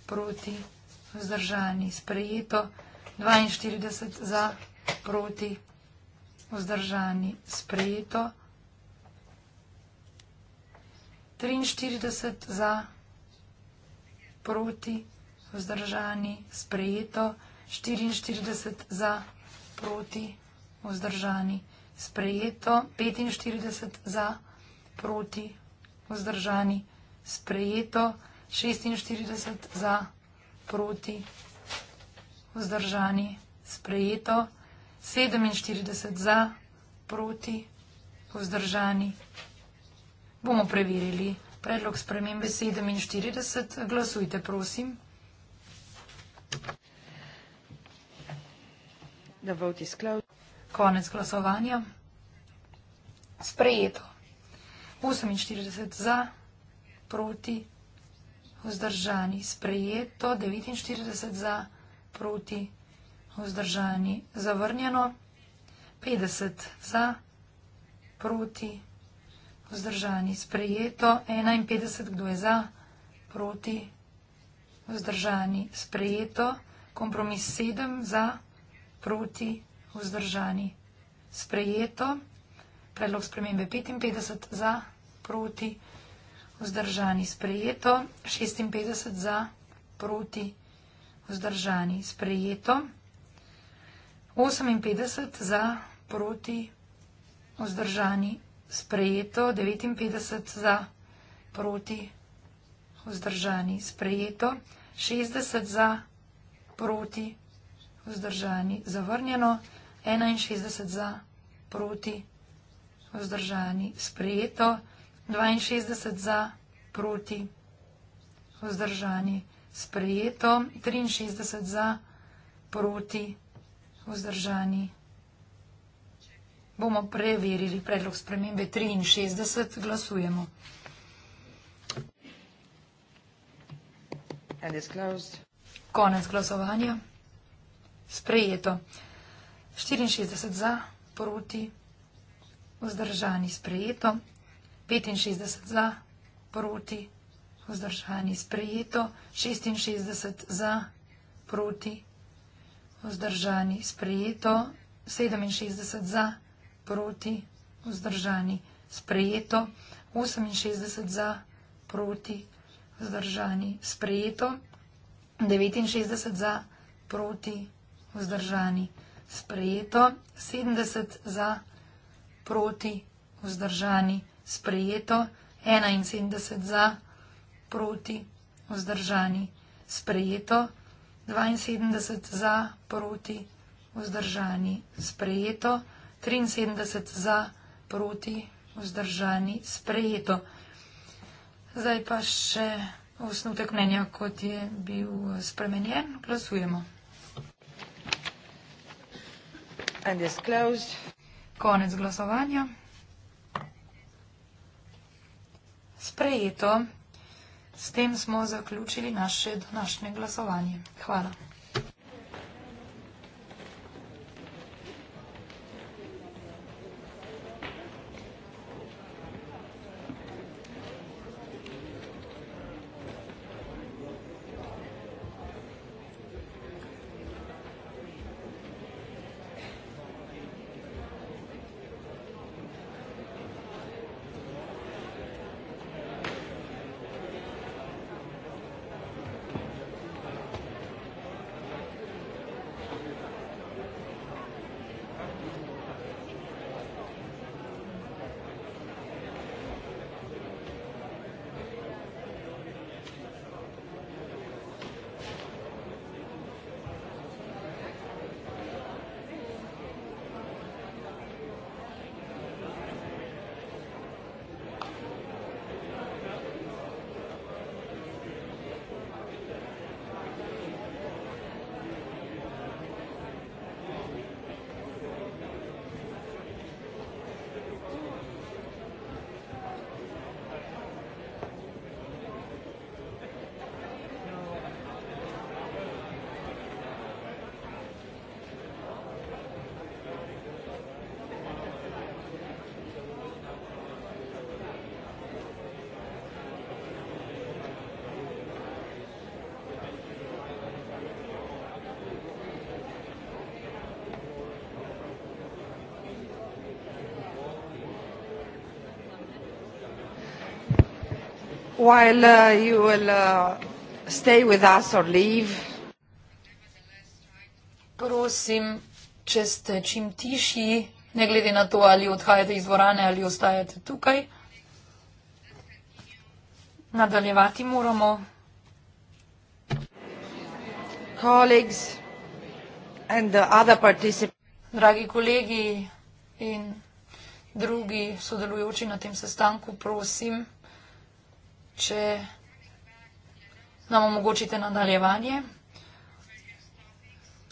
proti, vzdržani. Sprejeto 42 za, proti, vzdržani vzdržani, sprejeto. 43 za, proti, vzdržani, sprejeto. 44 za, proti, vzdržani, sprejeto. 45 za, proti, vzdržani, sprejeto. 46 za, proti, vzdržani, sprejeto. 47 za, proti, vzdržani. Bomo preverili predlog spremembe 47. Glasujte, prosim. Konec glasovanja. Sprejeto. 48 za, proti, vzdržani. Sprejeto. 49 za, proti, vzdržani vzdržani, zavrnjeno, 50 za, proti, vzdržani, sprejeto, 51 kdo je za, proti, vzdržani, sprejeto, kompromis 7 za, proti, vzdržani, sprejeto, predlog spremembe 55 za, proti, vzdržani, sprejeto, 56 za, proti, vzdržani, sprejeto. 58 za, proti, vzdržani, sprejeto, 59 za, proti, vzdržani, sprejeto, 60 za, proti, vzdržani, zavrnjeno, 61 za, proti, vzdržani, sprejeto, 62 za, proti, vzdržani, sprejeto, 63 za, proti, vzdržani, sprejeto, vzdržani. Bomo preverili predlog spremembe 63. Glasujemo. Konec glasovanja. Sprejeto. 64 za, proti, vzdržani sprejeto. 65 za, proti, vzdržani sprejeto. 66 za, proti, vzdržani sprejeto vzdržani, sprejeto 67 za, proti, vzdržani, sprejeto 68 za, proti, vzdržani, sprejeto 69 za, proti, vzdržani, sprejeto 70 za, proti, vzdržani, sprejeto 71 za, proti, vzdržani, sprejeto 72 za, proti, vzdržani, sprejeto, 73 za, proti, vzdržani, sprejeto. Zdaj pa še osnutek mnenja, kot je bil spremenjen. Glasujemo. Konec glasovanja. Sprejeto. S tem smo zaključili naše današnje glasovanje. Hvala. while uh, you will uh, stay with us or leave. Prosim, če ste čim tišji, ne glede na to, ali odhajate iz dvorane ali ostajate tukaj. Nadaljevati moramo. Colleagues and the other participants. Dragi kolegi in drugi sodelujoči na tem sestanku, prosim če nam omogočite nadaljevanje.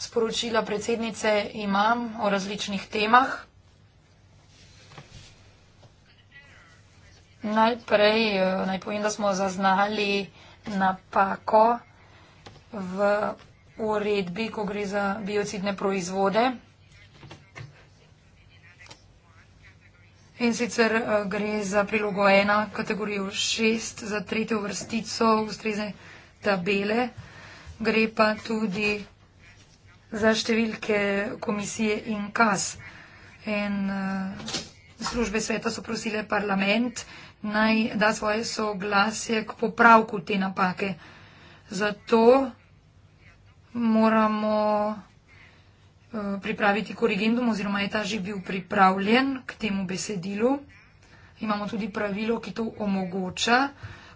Sporočila predsednice imam o različnih temah. Najprej eh, naj povem, da smo zaznali napako v uredbi, ko gre za biocidne proizvode. In sicer uh, gre za prilogo 1, kategorijo 6, za tretjo vrstico ustrezne tabele. Gre pa tudi za številke komisije in kas. In uh, službe sveta so prosile parlament naj da svoje soglasje k popravku te napake. Zato moramo Eh, pripraviti korigendum oziroma je ta že bil pripravljen k temu besedilu. Imamo tudi pravilo, ki to omogoča.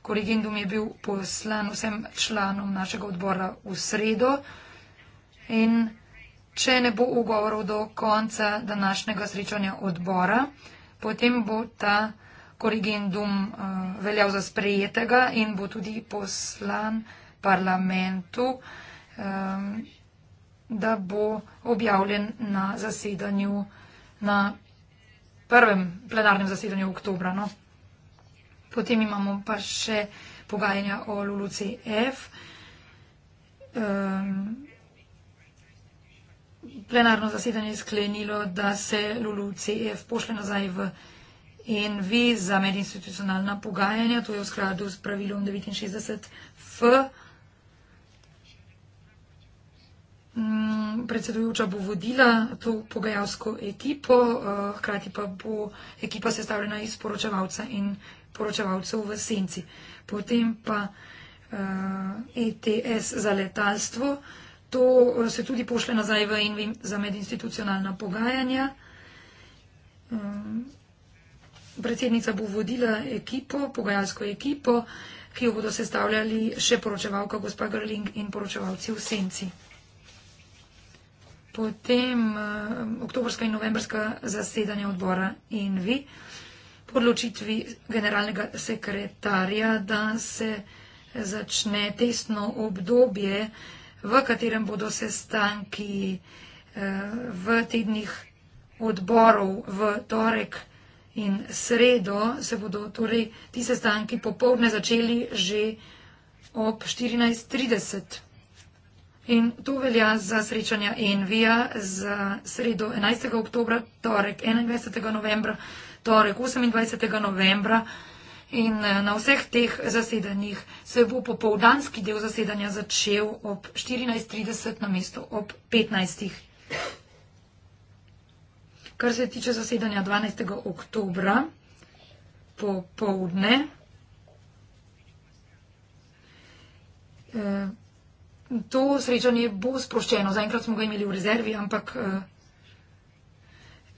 Korigendum je bil poslan vsem članom našega odbora v sredo in če ne bo ugovorov do konca današnjega srečanja odbora, potem bo ta korigendum uh, veljal za sprejetega in bo tudi poslan parlamentu. Um, da bo objavljen na zasedanju, na prvem plenarnem zasedanju oktobra. No. Potem imamo pa še pogajanja o LULUCF. Um, ehm, plenarno zasedanje je sklenilo, da se LULUCF pošle nazaj v NV za medinstitucionalna pogajanja, to je v skladu s pravilom 69F Mm, predsedujoča bo vodila to pogajalsko ekipo, eh, hkrati pa bo ekipa sestavljena iz poročevalca in poročevalcev v senci. Potem pa ETS eh, e za letalstvo, to eh, se tudi pošle nazaj v Envi za medinstitucionalna pogajanja. Predsednica bo vodila ekipo, pogajalsko ekipo, ki jo bodo sestavljali še poročevalka gospa Grling in poročevalci v senci potem uh, oktobrska in novembrska zasedanja odbora in vi, po odločitvi generalnega sekretarja, da se začne tesno obdobje, v katerem bodo sestanki uh, v tednih odborov v torek in sredo, se bodo torej ti sestanki popovdne začeli že ob 14.30. In to velja za srečanja Envija za sredo 11. oktobra, torek 21. novembra, torek 28. novembra. In eh, na vseh teh zasedanjih se bo popovdanski del zasedanja začel ob 14.30 na mesto, ob 15. Kar se tiče zasedanja 12. oktobra, popovdne. Eh, to srečanje bo sproščeno. Zaenkrat smo ga imeli v rezervi, ampak eh,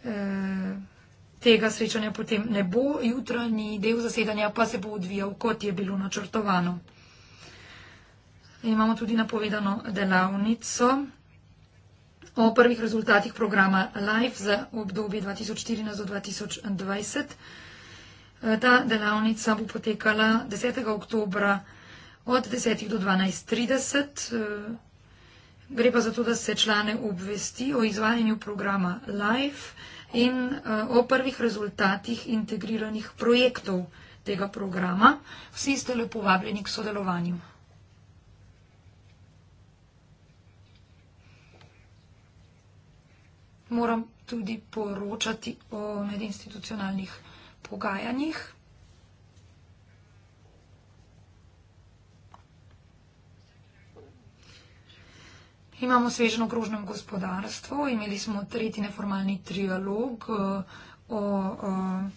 eh, tega srečanja potem ne bo. Jutranji del zasedanja pa se bo odvijal, kot je bilo načrtovano. Imamo tudi napovedano delavnico o prvih rezultatih programa LIFE za obdobje 2014 do 2020. Eh, ta delavnica bo potekala 10. oktobra od 10 do 12.30. Eh, gre pa za to, da se člane obvesti o izvajanju programa Life in eh, o prvih rezultatih integriranih projektov tega programa. Vsi ste lepo povabljeni k sodelovanju. Moram tudi poročati o medinstitucionalnih pogajanjih. imamo svežen okrožnem gospodarstvu, imeli smo tretji neformalni trialog eh, o, o eh,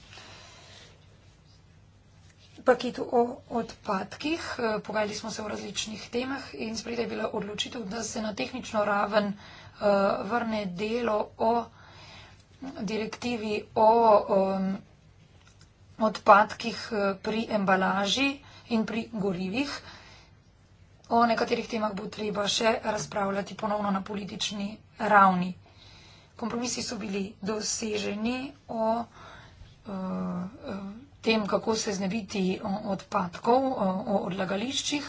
paketu o odpadkih. Eh, pogajali smo se o različnih temah in spredaj je bila odločitev, da se na tehnično raven vrne delo o direktivi o, o odpadkih pri embalaži in pri gorivih o nekaterih temah bo treba še razpravljati ponovno na politični ravni. Kompromisi so bili doseženi o eh, tem, kako se znebiti odpadkov, o odlagališčih.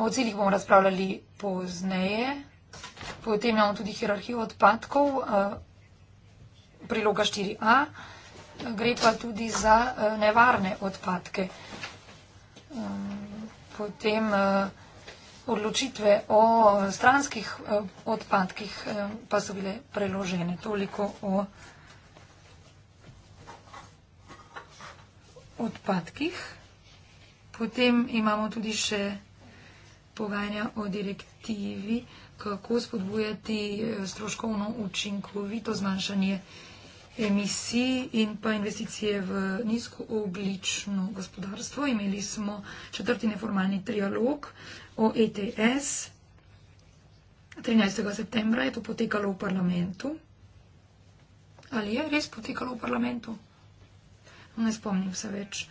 O ciljih bomo razpravljali pozneje. Potem imamo tudi hierarhijo odpadkov, eh, priloga 4a, gre pa tudi za eh, nevarne odpadke potem eh, odločitve o eh, stranskih eh, odpadkih pa so bile preložene. Toliko o odpadkih. Potem imamo tudi še pogajanja o direktivi, kako spodbujati stroškovno učinkovito zmanjšanje odpadkov emisij in pa investicije v nizkooglično gospodarstvo. Imeli smo četrti neformalni trialog o ETS. 13. septembra je to potekalo v parlamentu. Ali je res potekalo v parlamentu? Ne spomnim se več.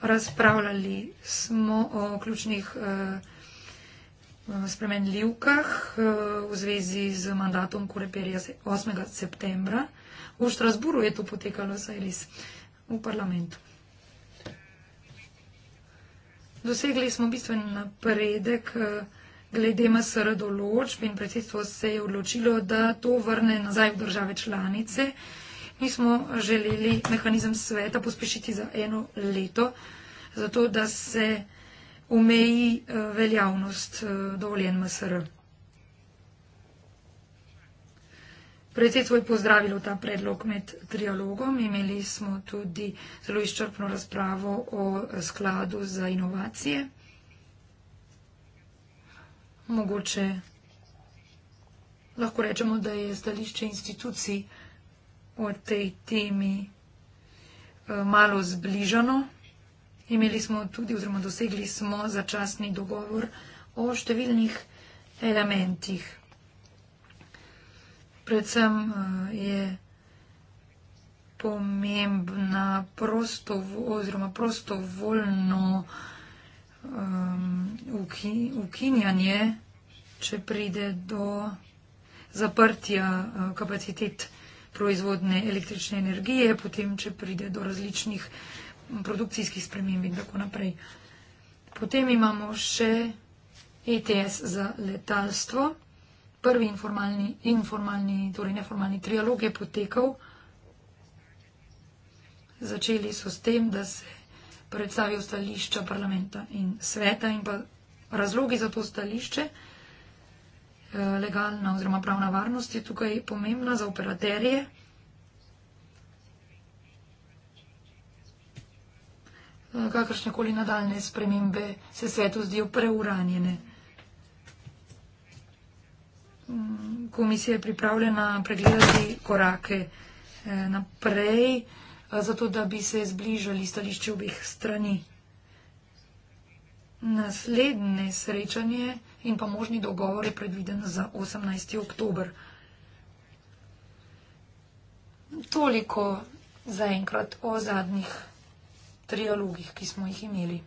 Razpravljali smo o ključnih eh, spremenljivkah eh, v zvezi z mandatom Kureperja 8. septembra v Štrasburu je to potekalo, saj res, v parlamentu. Dosegli smo bistven napredek eh, glede MSR določb in predsedstvo se je odločilo, da to vrne nazaj v države članice. Mi smo želeli mehanizem sveta pospešiti za eno leto, zato da se omeji eh, veljavnost eh, dovoljen MSR. predsedstvo je pozdravilo ta predlog med trialogom. Imeli smo tudi zelo izčrpno razpravo o eh, skladu za inovacije. Mogoče lahko rečemo, da je stališče institucij o tej temi eh, malo zbližano. Imeli smo tudi oziroma dosegli smo začasni dogovor o številnih elementih predvsem eh, je pomembna prostovo, oziroma prostovoljno um, ukinjanje, če pride do zaprtja eh, kapacitet proizvodne električne energije, potem, če pride do različnih produkcijskih sprememb in tako naprej. Potem imamo še ETS za letalstvo prvi informalni, informalni, torej neformalni trialog je potekal. Začeli so s tem, da se predstavijo stališča parlamenta in sveta in pa razlogi za to stališče. Eh, legalna oziroma pravna varnost je tukaj pomembna za operaterje. Eh, Kakršne koli nadaljne spremembe se svetu zdijo preuranjene komisija je pripravljena pregledati korake eh, naprej, eh, zato da bi se zbližali stališče obih strani. Naslednje srečanje in pa možni dogovor je predviden za 18. oktober. Toliko zaenkrat o zadnjih trialogih, ki smo jih imeli.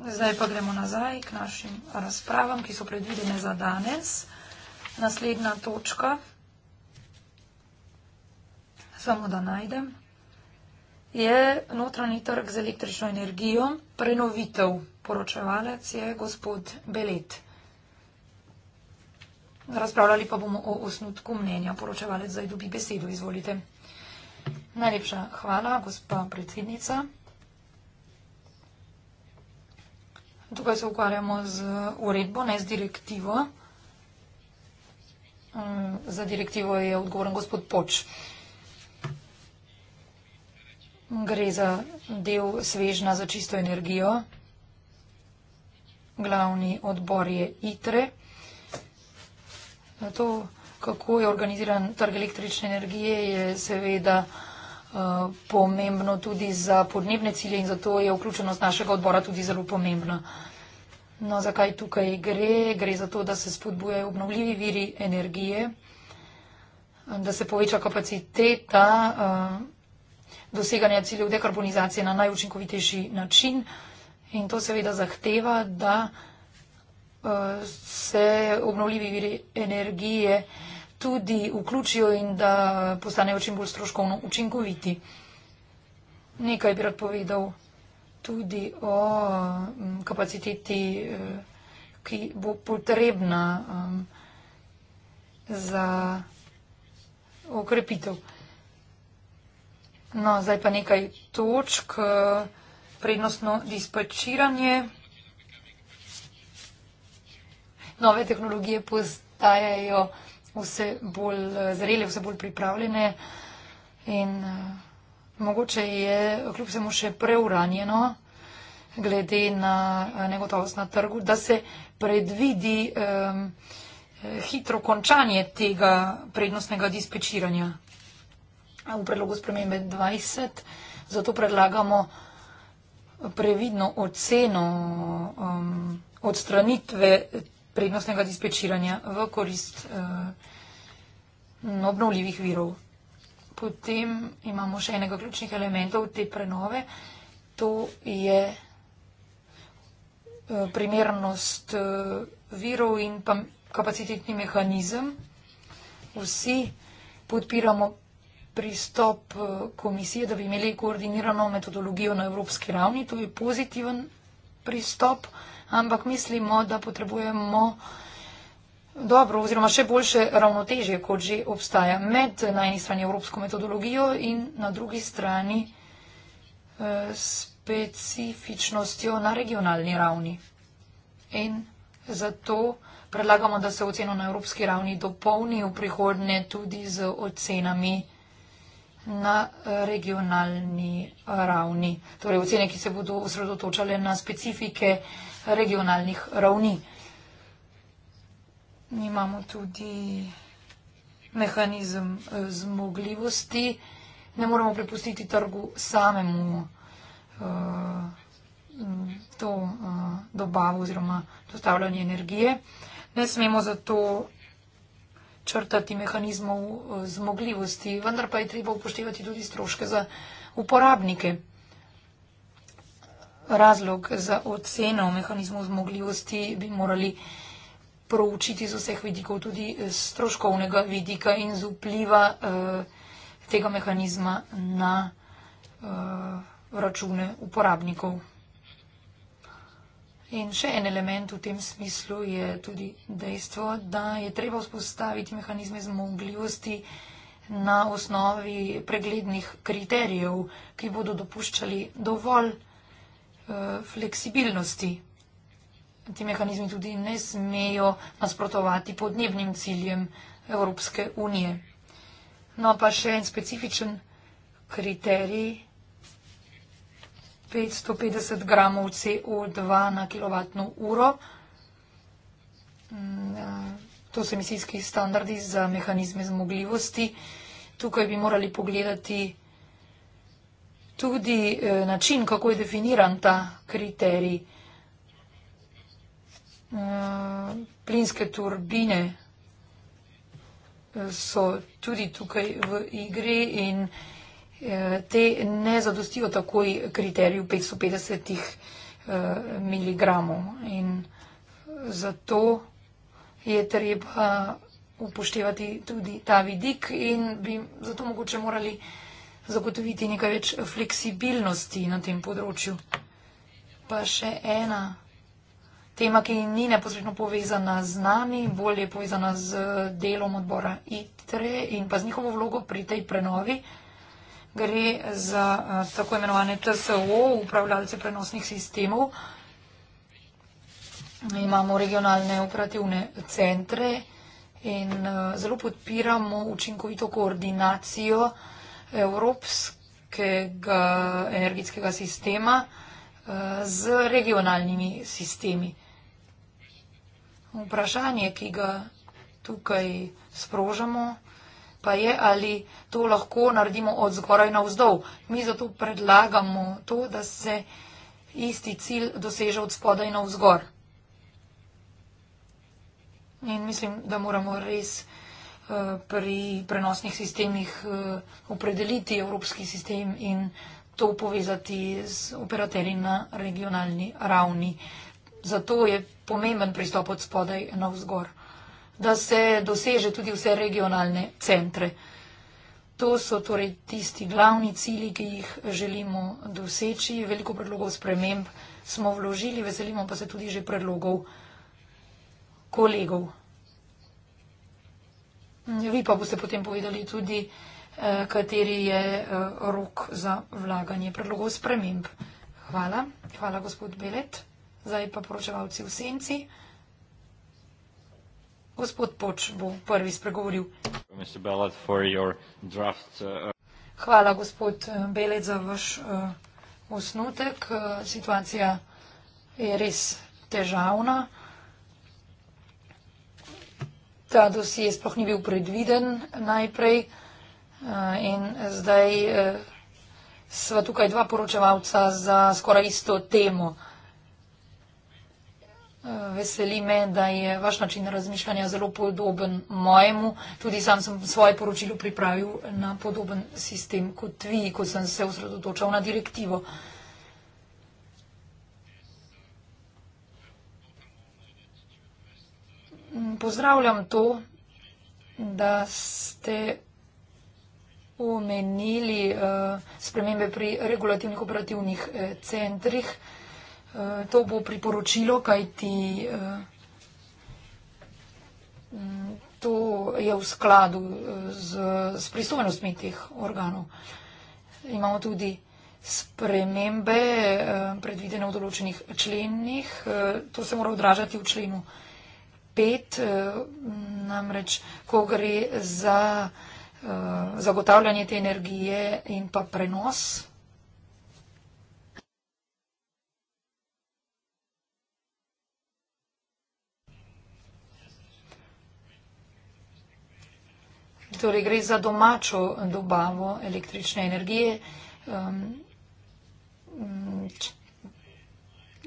Zdaj pa gremo nazaj k našim razpravam, ki so predvidene za danes. Naslednja točka, samo da najdem, je notranji trg z električno energijo, prenovitev. Poročevalec je gospod Belet. Razpravljali pa bomo o osnutku mnenja. Poročevalec zdaj dobi besedo. Izvolite. Najlepša hvala, gospa predsednica. Tukaj se ukvarjamo z uredbo, ne z direktivo. Mm, za direktivo je odgovoren gospod Poč. Gre za del svežna za čisto energijo. Glavni odbor je ITRE. To, kako je organiziran trg električne energije, je seveda pomembno tudi za podnebne cilje in zato je vključenost našega odbora tudi zelo pomembna. No, zakaj tukaj gre? Gre za to, da se spodbujajo obnovljivi viri energije, da se poveča kapaciteta eh, doseganja ciljev dekarbonizacije na najučinkovitejši način in to seveda zahteva, da eh, se obnovljivi viri energije tudi vključijo in da postanejo čim bolj stroškovno učinkoviti. Nekaj bi rad povedal tudi o mm, kapaciteti, eh, ki bo potrebna mm, za okrepitev. No, zdaj pa nekaj točk. Eh, prednostno dispečiranje. Nove tehnologije postajajo vse bolj zrele, vse bolj pripravljene in uh, mogoče je kljub vsemu še preuranjeno glede na negotovost na trgu, da se predvidi um, hitro končanje tega prednostnega dispečiranja. V predlogu spremembe 20 zato predlagamo previdno oceno um, odstranitve prednostnega dispečiranja v korist uh, obnovljivih virov. Potem imamo še enega ključnih elementov te prenove. To je eh, primernost eh, virov in pa kapacitetni mehanizem. Vsi podpiramo pristop komisije, da bi imeli koordinirano metodologijo na evropski ravni. To je pozitiven pristop. Uh, ampak mislimo, da potrebujemo dobro oziroma še boljše ravnotežje, kot že obstaja med na eni strani evropsko metodologijo in na drugi strani eh, specifičnostjo na regionalni ravni. In zato predlagamo, da se oceno na evropski ravni dopolni v prihodnje tudi z ocenami na regionalni ravni. Torej ocene, ki se bodo osredotočale na specifike regionalnih ravni. Mi imamo tudi mehanizem eh, zmogljivosti. Ne moramo prepustiti trgu samemu eh, to eh, dobavo oziroma dostavljanje energije. Ne smemo zato črtati mehanizmov eh, zmogljivosti, vendar pa je treba upoštevati tudi stroške za uporabnike. Razlog za oceno mehanizmov zmogljivosti bi morali proučiti z vseh vidikov, tudi stroškovnega vidika in z vpliva eh, tega mehanizma na eh, račune uporabnikov. In še en element v tem smislu je tudi dejstvo, da je treba vzpostaviti mehanizme zmogljivosti na osnovi preglednih kriterijev, ki bodo dopuščali dovolj uh, fleksibilnosti. Ti mehanizmi tudi ne smejo nasprotovati podnebnim ciljem Evropske unije. No pa še en specifičen kriterij 550 gramov CO2 na kilovatno uro. Mm, to so emisijski standardi za mehanizme zmogljivosti. Tukaj bi morali pogledati tudi e, način, kako je definiran ta kriterij. E, plinske turbine e, so tudi tukaj v igri in tukaj. Eh, te ne zadostijo takoj kriteriju 550 eh, mg. In zato je treba upoštevati tudi ta vidik in bi zato mogoče morali zagotoviti nekaj več fleksibilnosti na tem področju. Pa še ena tema, ki ni neposredno povezana z nami, bolje povezana z delom odbora ITRE in pa z njihovo vlogo pri tej prenovi gre za eh, tako imenovane TSO, upravljalce prenosnih sistemov. Imamo regionalne operativne centre in eh, zelo podpiramo učinkovito koordinacijo evropskega energetskega sistema eh, z regionalnimi sistemi. Vprašanje, ki ga tukaj sprožamo, pa je, ali to lahko naredimo od zgoraj na vzdolj. Mi zato predlagamo to, da se isti cilj doseže od spodaj na vzgor. In mislim, da moramo res uh, pri prenosnih sistemih uh, opredeliti evropski sistem in to povezati z operaterji na regionalni ravni. Zato je pomemben pristop od spodaj na vzgor da se doseže tudi vse regionalne centre. To so torej tisti glavni cili, ki jih želimo doseči. Veliko predlogov sprememb smo vložili, veselimo pa se tudi že predlogov kolegov. Vi pa boste potem povedali tudi, eh, kateri je eh, rok za vlaganje predlogov sprememb. Hvala, hvala gospod Belet. Zdaj pa poročevalci v senci. Gospod Poč bo prvi spregovoril. Uh, Hvala, gospod eh, Belec, za vaš eh, osnutek. Eh, situacija je res težavna. Ta dosije sploh ni bil predviden najprej in zdaj sva tukaj dva poročevalca za skoraj isto temo. Veseli me, da je vaš način razmišljanja zelo podoben mojemu. Tudi sam sem svoje poročilo pripravil na podoben sistem kot vi, ko sem se osredotočal na direktivo. Pozdravljam to, da ste omenili eh, spremembe pri regulativnih operativnih eh, centrih. Eh, to bo priporočilo, kajti eh, mm, to je v skladu eh, z, z pristojnostmi teh organov. Imamo tudi spremembe predvidene v določenih členih. To se mora odražati v členu 5, namreč, ko gre za zagotavljanje te energije in pa prenos torej gre za domačo dobavo električne energije, um,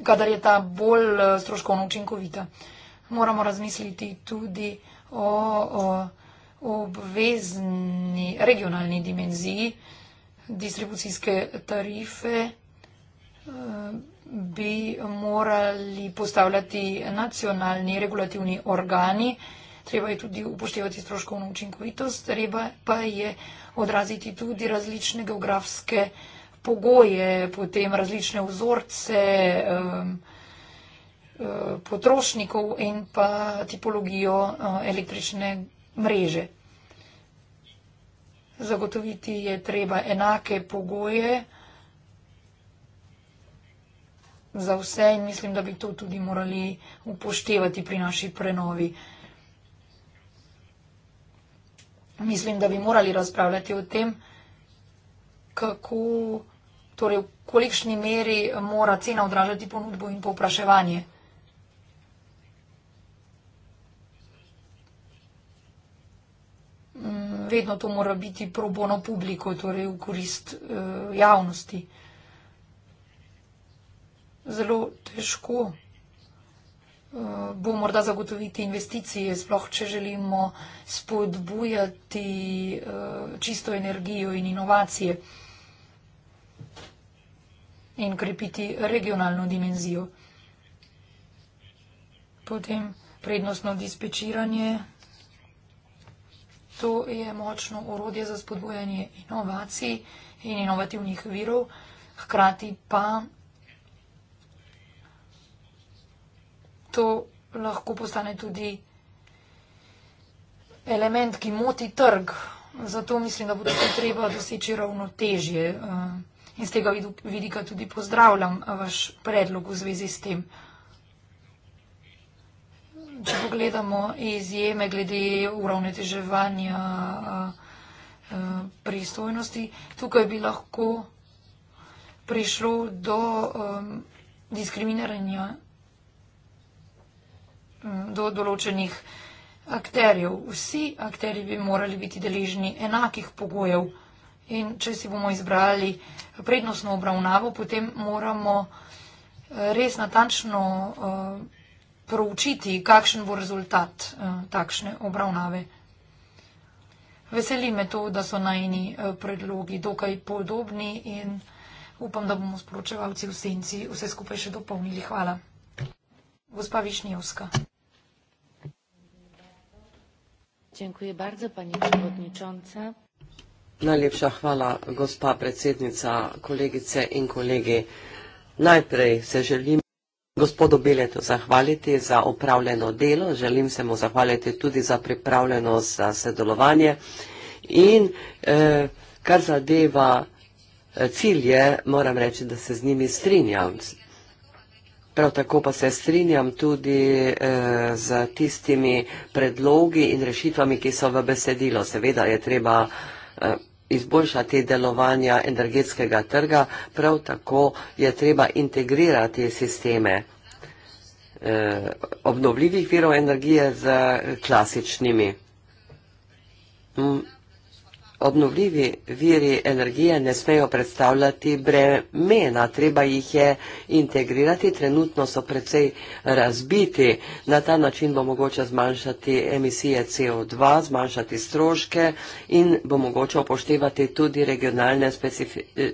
kadar je ta bolj uh, stroškovno učinkovita. Moramo razmisliti tudi o, o obvezni regionalni dimenziji distribucijske tarife um, bi morali postavljati nacionalni regulativni organi, treba je tudi upoštevati stroškovno učinkovitost, treba pa je odraziti tudi različne geografske pogoje, potem različne vzorce eh, potrošnikov in pa tipologijo eh, električne mreže. Zagotoviti je treba enake pogoje za vse in mislim, da bi to tudi morali upoštevati pri naši prenovi mislim, da bi morali razpravljati o tem, kako, torej v kolikšni meri mora cena odražati ponudbo in povpraševanje. Mm, vedno to mora biti pro bono publiko, torej v korist eh, javnosti. Zelo težko. Eh, bo morda zagotoviti investicije, sploh če želimo spodbujati eh, čisto energijo in inovacije in krepiti regionalno dimenzijo. Potem prednostno dispečiranje. To je močno urodje za spodbujanje inovacij in inovativnih virov, hkrati pa to lahko postane tudi element, ki moti trg. Zato mislim, da bo tukaj treba doseči ravnotežje eh, in z tega vidika tudi pozdravljam eh, vaš predlog v zvezi s tem. Če pogledamo izjeme glede uravnoteževanja eh, pristojnosti, tukaj bi lahko prišlo do um, diskriminiranja do določenih akterjev. Vsi akterji bi morali biti deležni enakih pogojev in če si bomo izbrali prednostno obravnavo, potem moramo eh, res natančno eh, proučiti, kakšen bo rezultat eh, takšne obravnave. Veseli me to, da so najni predlogi dokaj podobni in upam, da bomo sporočevalci v senci vse skupaj še dopolnili. Hvala. Gospa Višnjevska. Najlepša hvala, gospa predsednica, kolegice in kolegi. Najprej se želim gospodu Biletu zahvaliti za opravljeno delo, želim se mu zahvaliti tudi za pripravljenost za sedelovanje in eh, kar zadeva eh, cilje, moram reči, da se z njimi strinjam. Prav tako pa se strinjam tudi eh, z tistimi predlogi in rešitvami, ki so v besedilo. Seveda je treba eh, izboljšati delovanja energetskega trga, prav tako je treba integrirati sisteme eh, obnovljivih virov energije z eh, klasičnimi. Mm. Obnovljivi viri energije ne smejo predstavljati bremena, treba jih je integrirati, trenutno so precej razbiti. Na ta način bo mogoče zmanjšati emisije CO2, zmanjšati stroške in bo mogoče upoštevati tudi regionalne specifi eh,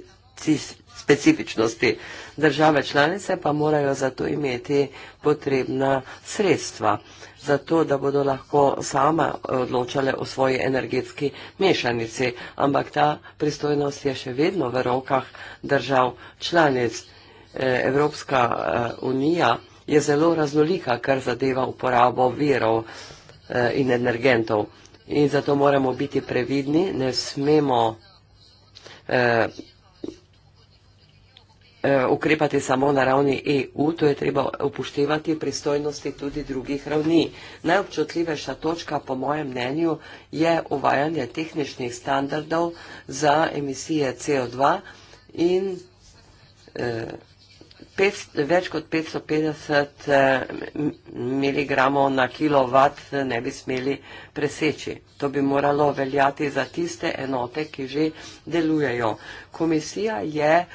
specifičnosti države članice pa morajo zato imeti potrebna sredstva, zato da bodo lahko sama eh, odločale o svoji energetski mešanici, ampak ta pristojnost je še vedno v rokah držav članic. Eh, Evropska eh, unija je zelo raznolika, kar zadeva uporabo virov in energentov. In zato moramo biti previdni, ne smemo eh, Eh, ukrepati samo na ravni EU, to je treba upoštevati pristojnosti tudi drugih ravni. Najobčutljivejša točka, po mojem mnenju, je uvajanje tehničnih standardov za emisije CO2 in eh, več kot 550 eh, miligramov na kilovat ne bi smeli preseči. To bi moralo veljati za tiste enote, ki že delujejo. Komisija je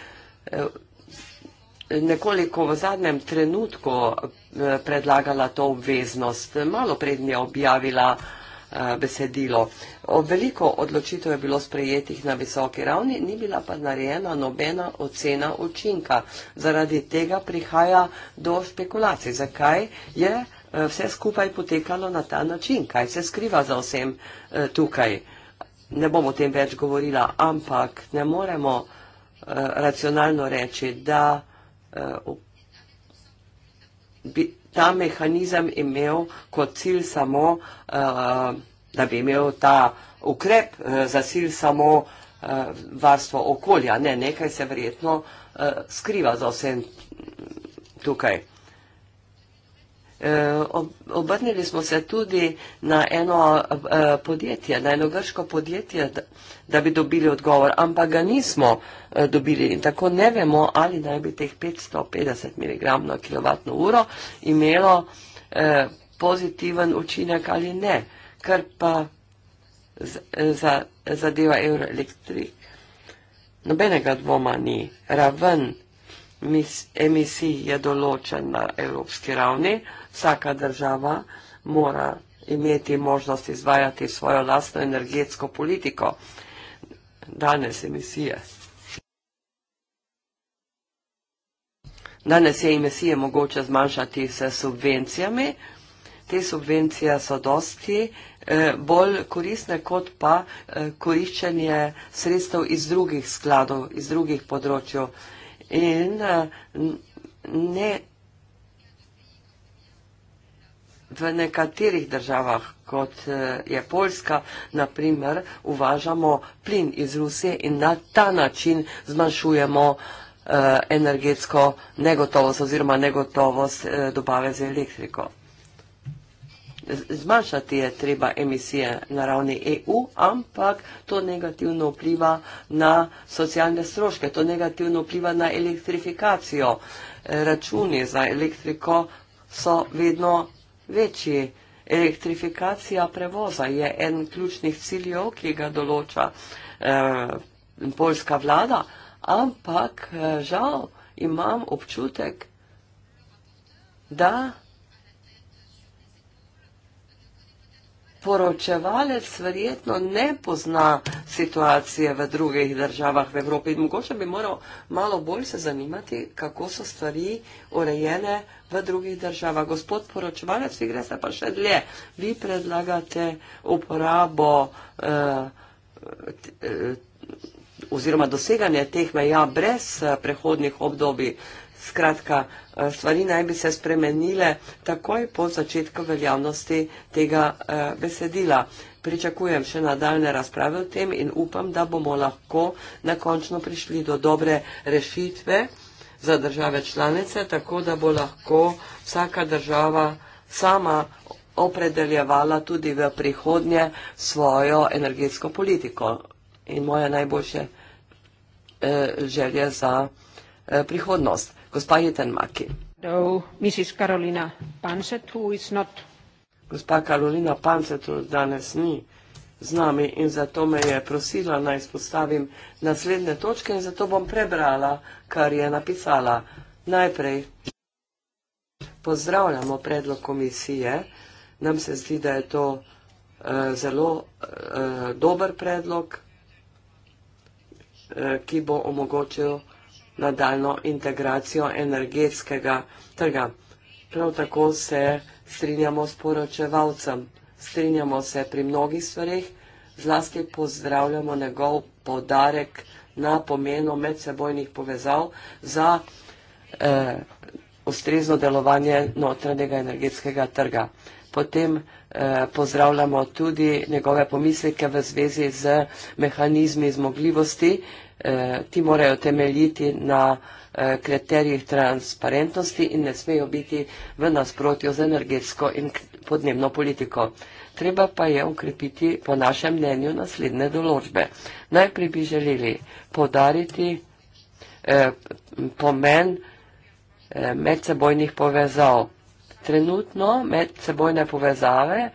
nekoliko v zadnjem trenutku eh, predlagala to obveznost, malo prednje objavila eh, besedilo. Veliko odločitev je bilo sprejetih na visoki ravni, ni bila pa narejena nobena ocena učinka. Zaradi tega prihaja do špekulacij, zakaj je eh, vse skupaj potekalo na ta način, kaj se skriva za vsem tukaj. Ne bom o tem več govorila, ampak ne moremo racionalno reči, da Eh, bi ta mehanizem imel kot cilj samo, eh, da bi imel ta ukrep eh, za cilj samo varstvo okolja. Ne, nekaj se verjetno skriva za vsem tukaj. E, obrnili smo se tudi na eno e, podjetje, na eno grško podjetje, da bi dobili odgovor, ampak ga nismo e, dobili in tako ne vemo, ali naj bi teh 550 mg na kilovatno uro imelo pozitiven učinek ali ne, kar pa zadeva euroelektrik. Nobenega dvoma ni. Raven emisij je določen na evropski ravni vsaka država mora imeti možnost izvajati svojo lastno energetsko politiko. Danes emisije. Danes je emisije mogoče zmanjšati s subvencijami. Te subvencije so dosti eh, bolj korisne kot pa eh, koriščenje sredstev iz drugih skladov, iz drugih področjev. In eh, ne V nekaterih državah, kot eh, je Poljska, naprimer, uvažamo plin iz Rusije in na ta način zmanjšujemo eh, energetsko negotovost oziroma negotovost eh, dobave z elektriko. Zmanjšati je treba emisije na ravni EU, ampak to negativno vpliva na socialne stroške, to negativno vpliva na elektrifikacijo. Eh, računi za elektriko so vedno večji. Elektrifikacija prevoza je en ključnih ciljev, ki ga določa eh, polska vlada, ampak eh, žal imam občutek, da poročevalec verjetno ne pozna situacije v drugih državah v Evropi. Mogoče bi moral malo bolj se zanimati, kako so stvari urejene v drugih državah. Gospod poročevalec, vi greste pa še dlje. Vi predlagate uporabo eh, eh, oziroma doseganje teh meja brez eh, prehodnih obdobij. Skratka, eh, stvari naj bi se spremenile takoj po začetku veljavnosti tega eh, besedila. Pričakujem še nadaljne razprave o tem in upam, da bomo lahko na končno prišli do dobre rešitve za države članice, tako da bo lahko vsaka država sama opredeljevala tudi v prihodnje svojo energetsko politiko in moje najboljše eh, želje za prihodnost gospa Jetenmaki. No, gospa Karolina Pancetu danes ni z nami in zato me je prosila, naj izpostavim naslednje točke in zato bom prebrala, kar je napisala. Najprej pozdravljamo predlog komisije. Nam se zdi, da je to uh, zelo uh, dober predlog, uh, ki bo omogočil nadaljno integracijo energetskega trga. Prav tako se strinjamo s poročevalcem, strinjamo se pri mnogih stvarih, zlasti pozdravljamo njegov podarek na pomenu medsebojnih povezav za eh, ustrezno delovanje notranjega energetskega trga. Potem eh, pozdravljamo tudi njegove pomisleke v zvezi z mehanizmi zmogljivosti, Eh, ti morajo temeljiti na eh, kriterijih transparentnosti in ne smejo biti v nasprotju z energetsko in podnebno politiko. Treba pa je ukrepiti po našem mnenju naslednje določbe. Najprej bi želeli podariti eh, pomen medsebojnih povezav. Trenutno medsebojne povezave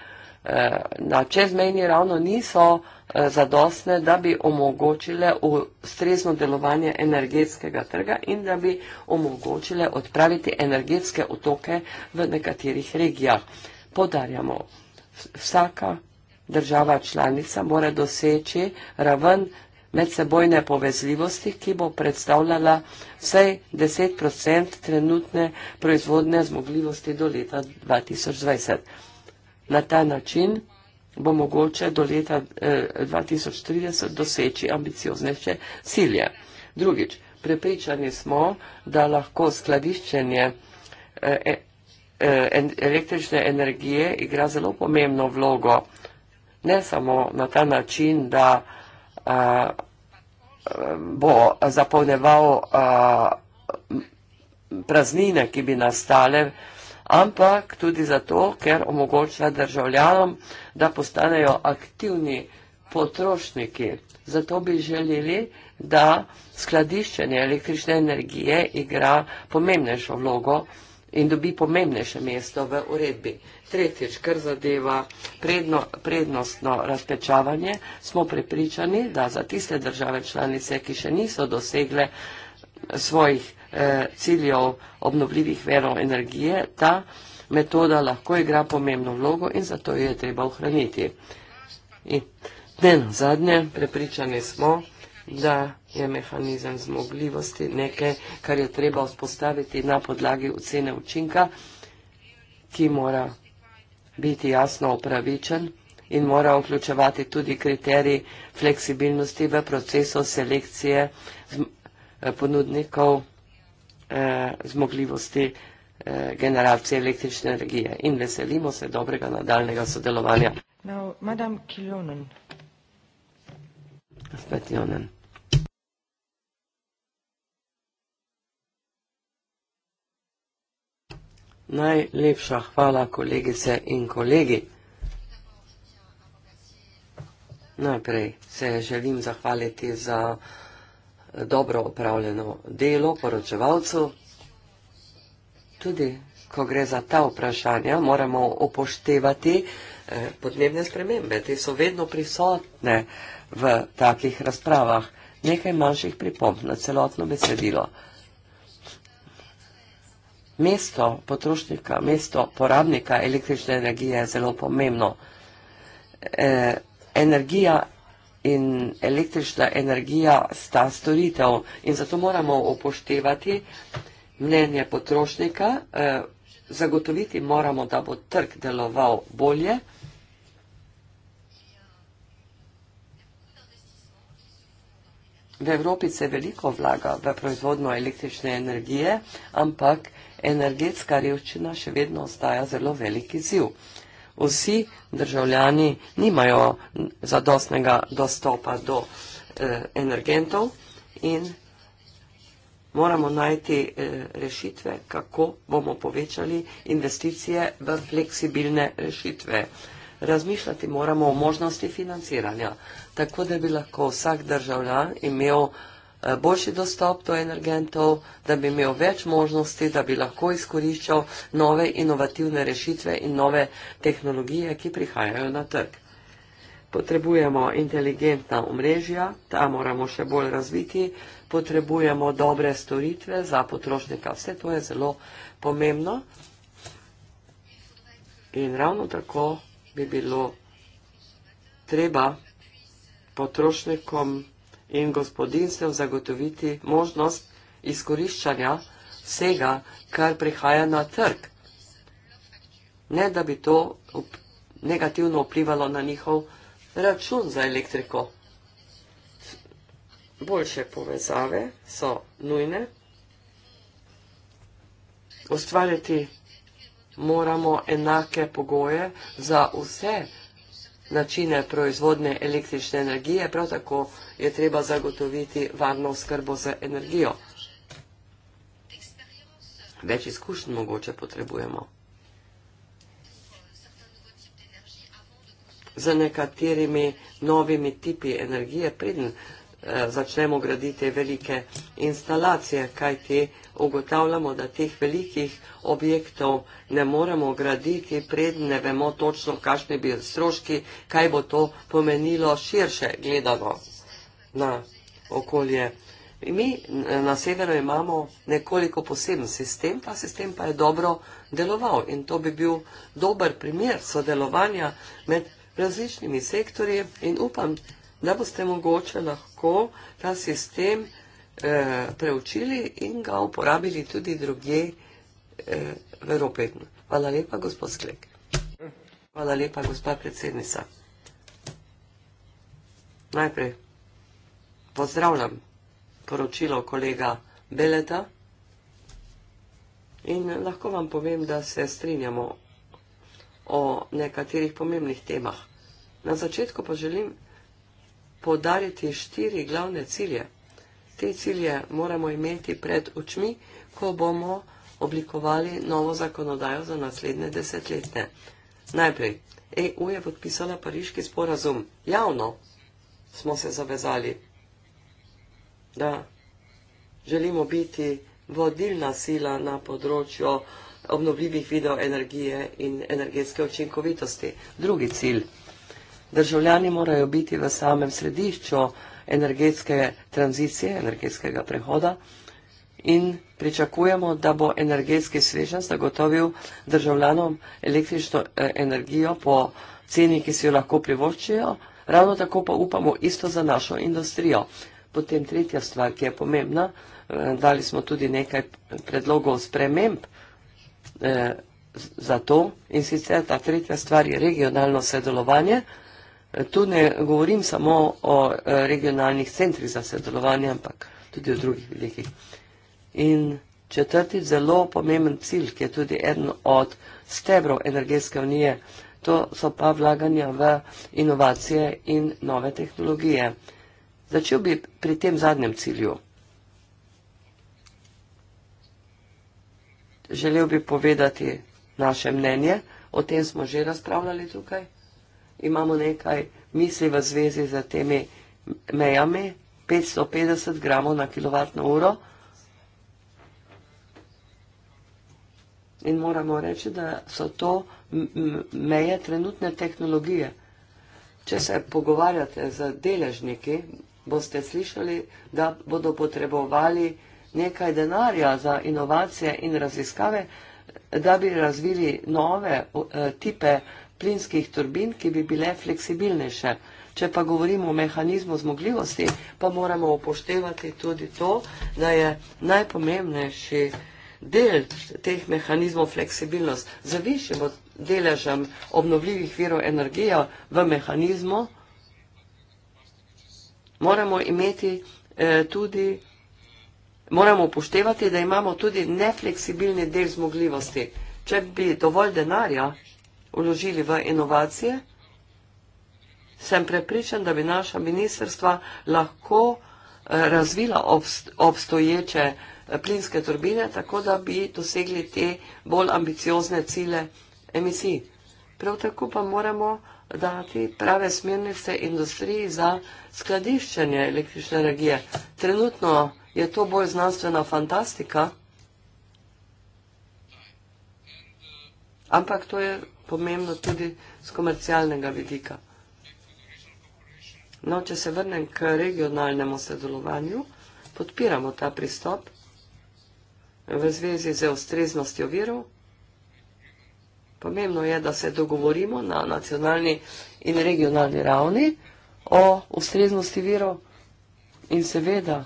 na čezmejni ravno niso povezali Eh, zadostne, da bi omogočile ustrezno delovanje energetskega trga in da bi omogočile odpraviti energetske otoke v nekaterih regijah. Podarjamo, vsaka država članica mora doseči raven medsebojne povezljivosti, ki bo predstavljala vsej 10% trenutne proizvodne zmogljivosti do leta 2020. Na ta način bo mogoče do leta 2030 eh, doseči ambiciozneše cilje. Drugič, prepričani smo, da lahko skladiščenje eh, e, e, električne energije igra zelo pomembno vlogo, ne samo na ta način, da eh, bo zapolneval praznine, ki bi nastale, ampak tudi zato, ker omogoča državljanom, da da postanejo aktivni potrošniki. Zato bi želeli, da skladiščenje električne energije igra pomembnejšo vlogo in dobi pomembnejše mesto v uredbi. Tretjič, kar zadeva predno, prednostno razpečavanje, smo prepričani, da za tiste države članice, ki še niso dosegle svojih eh, ciljev obnovljivih verov energije, ta metoda lahko igra pomembno vlogo in zato jo je treba ohraniti. In ne na zadnje, prepričani smo, da je mehanizem zmogljivosti nekaj, kar je treba vzpostaviti na podlagi ocene učinka, ki mora biti jasno opravičen in mora vključevati tudi kriterij fleksibilnosti v procesu selekcije eh, ponudnikov eh, zmogljivosti Eh, generacije električne energije in veselimo se dobrega nadaljnega sodelovanja. Now, Madame Kilonen. Gospod Kilonen. Najlepša hvala, kolegice in kolegi. Najprej se želim zahvaliti za dobro opravljeno delo poročevalcu tudi ko gre za ta vprašanja, moramo upoštevati eh, podnebne spremembe. Te so vedno prisotne v takih razpravah. Nekaj manjših pripomb na celotno besedilo. Mesto potrošnika, mesto porabnika električne energije je zelo pomembno. Eh, energija in električna energija sta storitev in zato moramo upoštevati eh, mnenje potrošnika, eh, zagotoviti moramo, da bo trg deloval bolje. V Evropi se veliko vlaga v proizvodno električne energije, ampak energetska revčina še vedno ostaja zelo veliki ziv. Vsi državljani nimajo zadostnega dostopa do eh, energentov in energetov moramo najti eh, rešitve, kako bomo povečali investicije v fleksibilne rešitve. Razmišljati moramo o možnosti financiranja, tako da bi lahko vsak državljan imel eh, boljši dostop do energentov, da bi imel več možnosti, da bi lahko izkoriščal nove inovativne rešitve in nove tehnologije, ki prihajajo na trg. Potrebujemo inteligentna omrežja, ta moramo še bolj razviti, potrebujemo dobre storitve za potrošnika. Vse to je zelo pomembno in ravno tako bi bilo treba potrošnikom in gospodinstvom zagotoviti možnost izkoriščanja vsega, kar prihaja na trg. Ne, da bi to negativno vplivalo na njihov račun za elektriko boljše povezave so nujne. Ustvarjati moramo enake pogoje za vse načine proizvodne električne energije, prav tako je treba zagotoviti varno skrbo z energijo. Več izkušenj mogoče potrebujemo. Za nekaterimi novimi tipi energije, preden Eh, začnemo graditi velike instalacije, kajti ugotavljamo, da teh velikih objektov ne moremo graditi, pred ne vemo točno, kakšni bi stroški, kaj bo to pomenilo širše gledano na okolje. Mi eh, na severu imamo nekoliko poseben sistem, ta sistem pa je dobro deloval in to bi bil dober primer sodelovanja med različnimi sektorji in upam, da boste mogoče lahko ta sistem eh, preučili in ga uporabili tudi druge eh, v Evropi. Hvala lepa, gospod Sklek. Hvala lepa, gospa predsednica. Najprej pozdravljam poročilo kolega Beleta in lahko vam povem, da se strinjamo o nekaterih pomembnih temah. Na začetku pa želim podariti štiri glavne cilje. Te cilje moramo imeti pred očmi, ko bomo oblikovali novo zakonodajo za naslednje desetletne. Najprej, EU je podpisala pariški sporazum. Javno smo se zavezali, da želimo biti vodilna sila na področju obnovljivih videoenergije in energetske učinkovitosti. Drugi cilj. Državljani morajo biti v samem središču energetske tranzicije, energetskega prehoda in pričakujemo, da bo energetski svežen zagotovil državljanom električno eh, energijo po ceni, ki si jo lahko privoščijo, ravno tako pa upamo isto za našo industrijo. Potem tretja stvar, ki je pomembna, eh, dali smo tudi nekaj predlogov sprememb eh, za to in sicer ta tretja stvar je regionalno sedelovanje. Tu ne govorim samo o eh, regionalnih centrih za sodelovanje, ampak tudi o drugih velikih. In četrti zelo pomemben cilj, ki je tudi eden od stebrov energetske unije, to so pa vlaganja v inovacije in nove tehnologije. Začel bi pri tem zadnjem cilju. Želel bi povedati naše mnenje, o tem smo že razpravljali tukaj imamo nekaj misli v zvezi z temi mejami, 550 gramov na kilovatno uro. In moramo reči, da so to meje trenutne tehnologije. Če se pogovarjate z deležniki, boste slišali, da bodo potrebovali nekaj denarja za inovacije in raziskave, da bi razvili nove uh, tipe uh, plinskih turbin, ki bi bile fleksibilnejše. Če pa govorimo o mehanizmu zmogljivosti, pa moramo upoštevati tudi to, da je najpomembnejši del teh mehanizmov fleksibilnost. Z višjim deležem obnovljivih virov energije v mehanizmu moramo imeti eh, tudi moramo upoštevati, da imamo tudi nefleksibilni del zmogljivosti. Če bi dovolj denarja, vložili v inovacije, sem prepričan, da bi naša ministrstva lahko eh, razvila obstoječe eh, plinske turbine, tako da bi dosegli te bolj ambiciozne cilje emisij. Prav tako pa moramo dati prave smernice industriji za skladiščenje električne energije. Trenutno je to bolj znanstvena fantastika, ampak to je pomembno tudi z komercialnega vidika. No, če se vrnem k regionalnemu sodelovanju, podpiramo ta pristop v zvezi z ustreznostjo virov. Pomembno je, da se dogovorimo na nacionalni in regionalni ravni o ustreznosti virov in seveda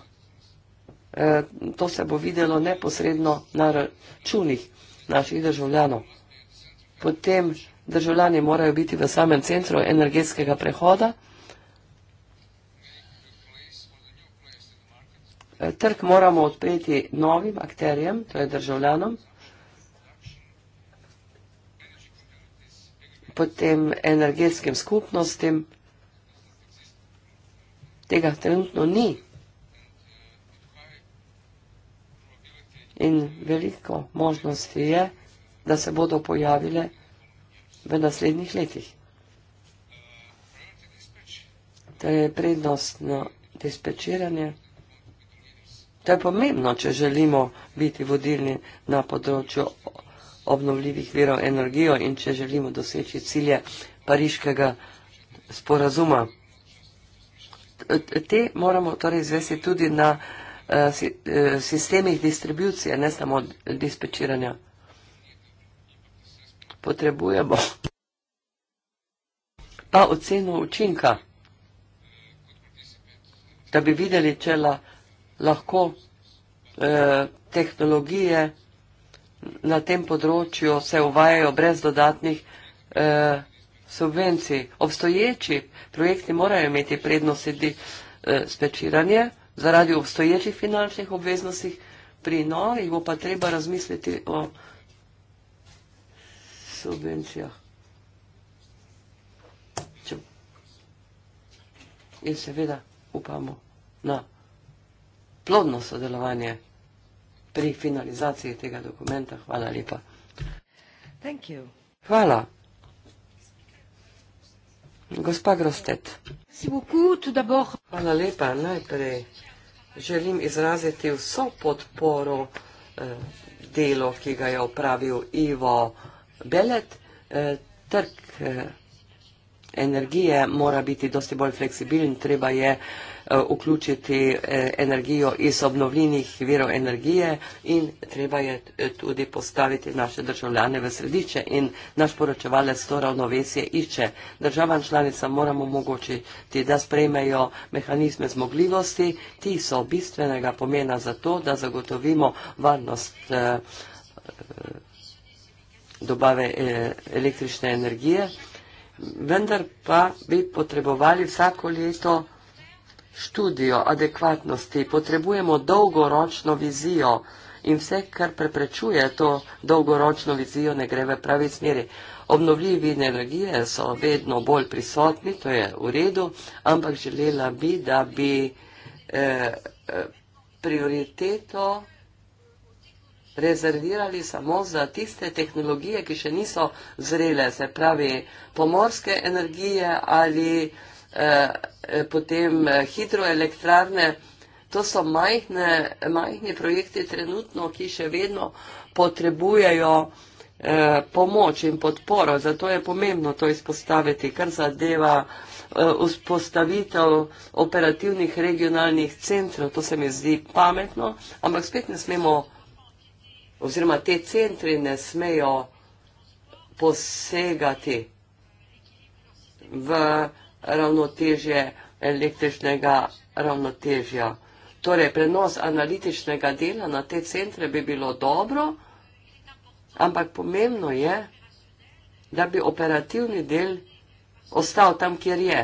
eh, to se bo videlo neposredno na računih naših državljanov potem državljani morajo biti v samem centru energetskega prehoda. E, trg moramo odpreti novim akterjem, to je državljanom. potem energetskim skupnostim. Tega trenutno ni. In veliko možnosti je, da se bodo pojavile v naslednjih letih. To je prednostno dispečiranje. To je pomembno, če želimo biti vodilni na področju obnovljivih virov energijo in če želimo doseči cilje pariškega sporazuma. Te moramo torej izvesti tudi na eh, eh, sistemih distribucije, ne samo dispečiranja potrebujemo. Pa oceno učinka, da bi videli, če la, lahko eh, tehnologije na tem področju se uvajajo brez dodatnih eh, subvencij. Obstoječi projekti morajo imeti prednosti eh, spečiranje zaradi obstoječih finančnih obveznosti, pri novih bo pa treba razmisliti o. Eh, insolvencia. In seveda upamo na plodno sodelovanje pri finalizaciji tega dokumenta. Hvala lepa. Thank you. Hvala. Gospa Grostet. Hvala lepa. Najprej želim izraziti vso podporo eh, delo, ki ga je opravil Ivo. Belet, eh, trg eh, energije mora biti dosti bolj fleksibilen, treba je eh, vključiti energijo iz obnovljenih virov energije in treba je tudi postaviti naše državljane v središče in naš poročevalec to ravnovesje išče. Državam članicam moramo omogočiti, da sprejmejo mehanizme zmogljivosti, ti so bistvenega pomena za to, da zagotovimo varnost dobave eh, električne energije, vendar pa bi potrebovali vsako leto študijo adekvatnosti, potrebujemo dolgoročno vizijo in vse, kar preprečuje to dolgoročno vizijo, ne gre v pravi smeri. Obnovljivi energije so vedno bolj prisotni, to je v redu, ampak želela bi, da bi eh, eh prioriteto rezervirali samo za tiste tehnologije, ki še niso zrele, se pravi pomorske energije ali eh, potem eh, hidroelektrarne. To so majhne, majhni projekti trenutno, ki še vedno potrebujejo eh, pomoč in podporo. Zato je pomembno to izpostaviti, kar zadeva eh, vzpostavitev operativnih regionalnih centrov. To se mi zdi pametno, ampak spet ne smemo oziroma te centri ne smejo posegati v ravnotežje električnega ravnotežja. Torej, prenos analitičnega dela na te centre bi bilo dobro, ampak pomembno je, da bi operativni del ostal tam, kjer je.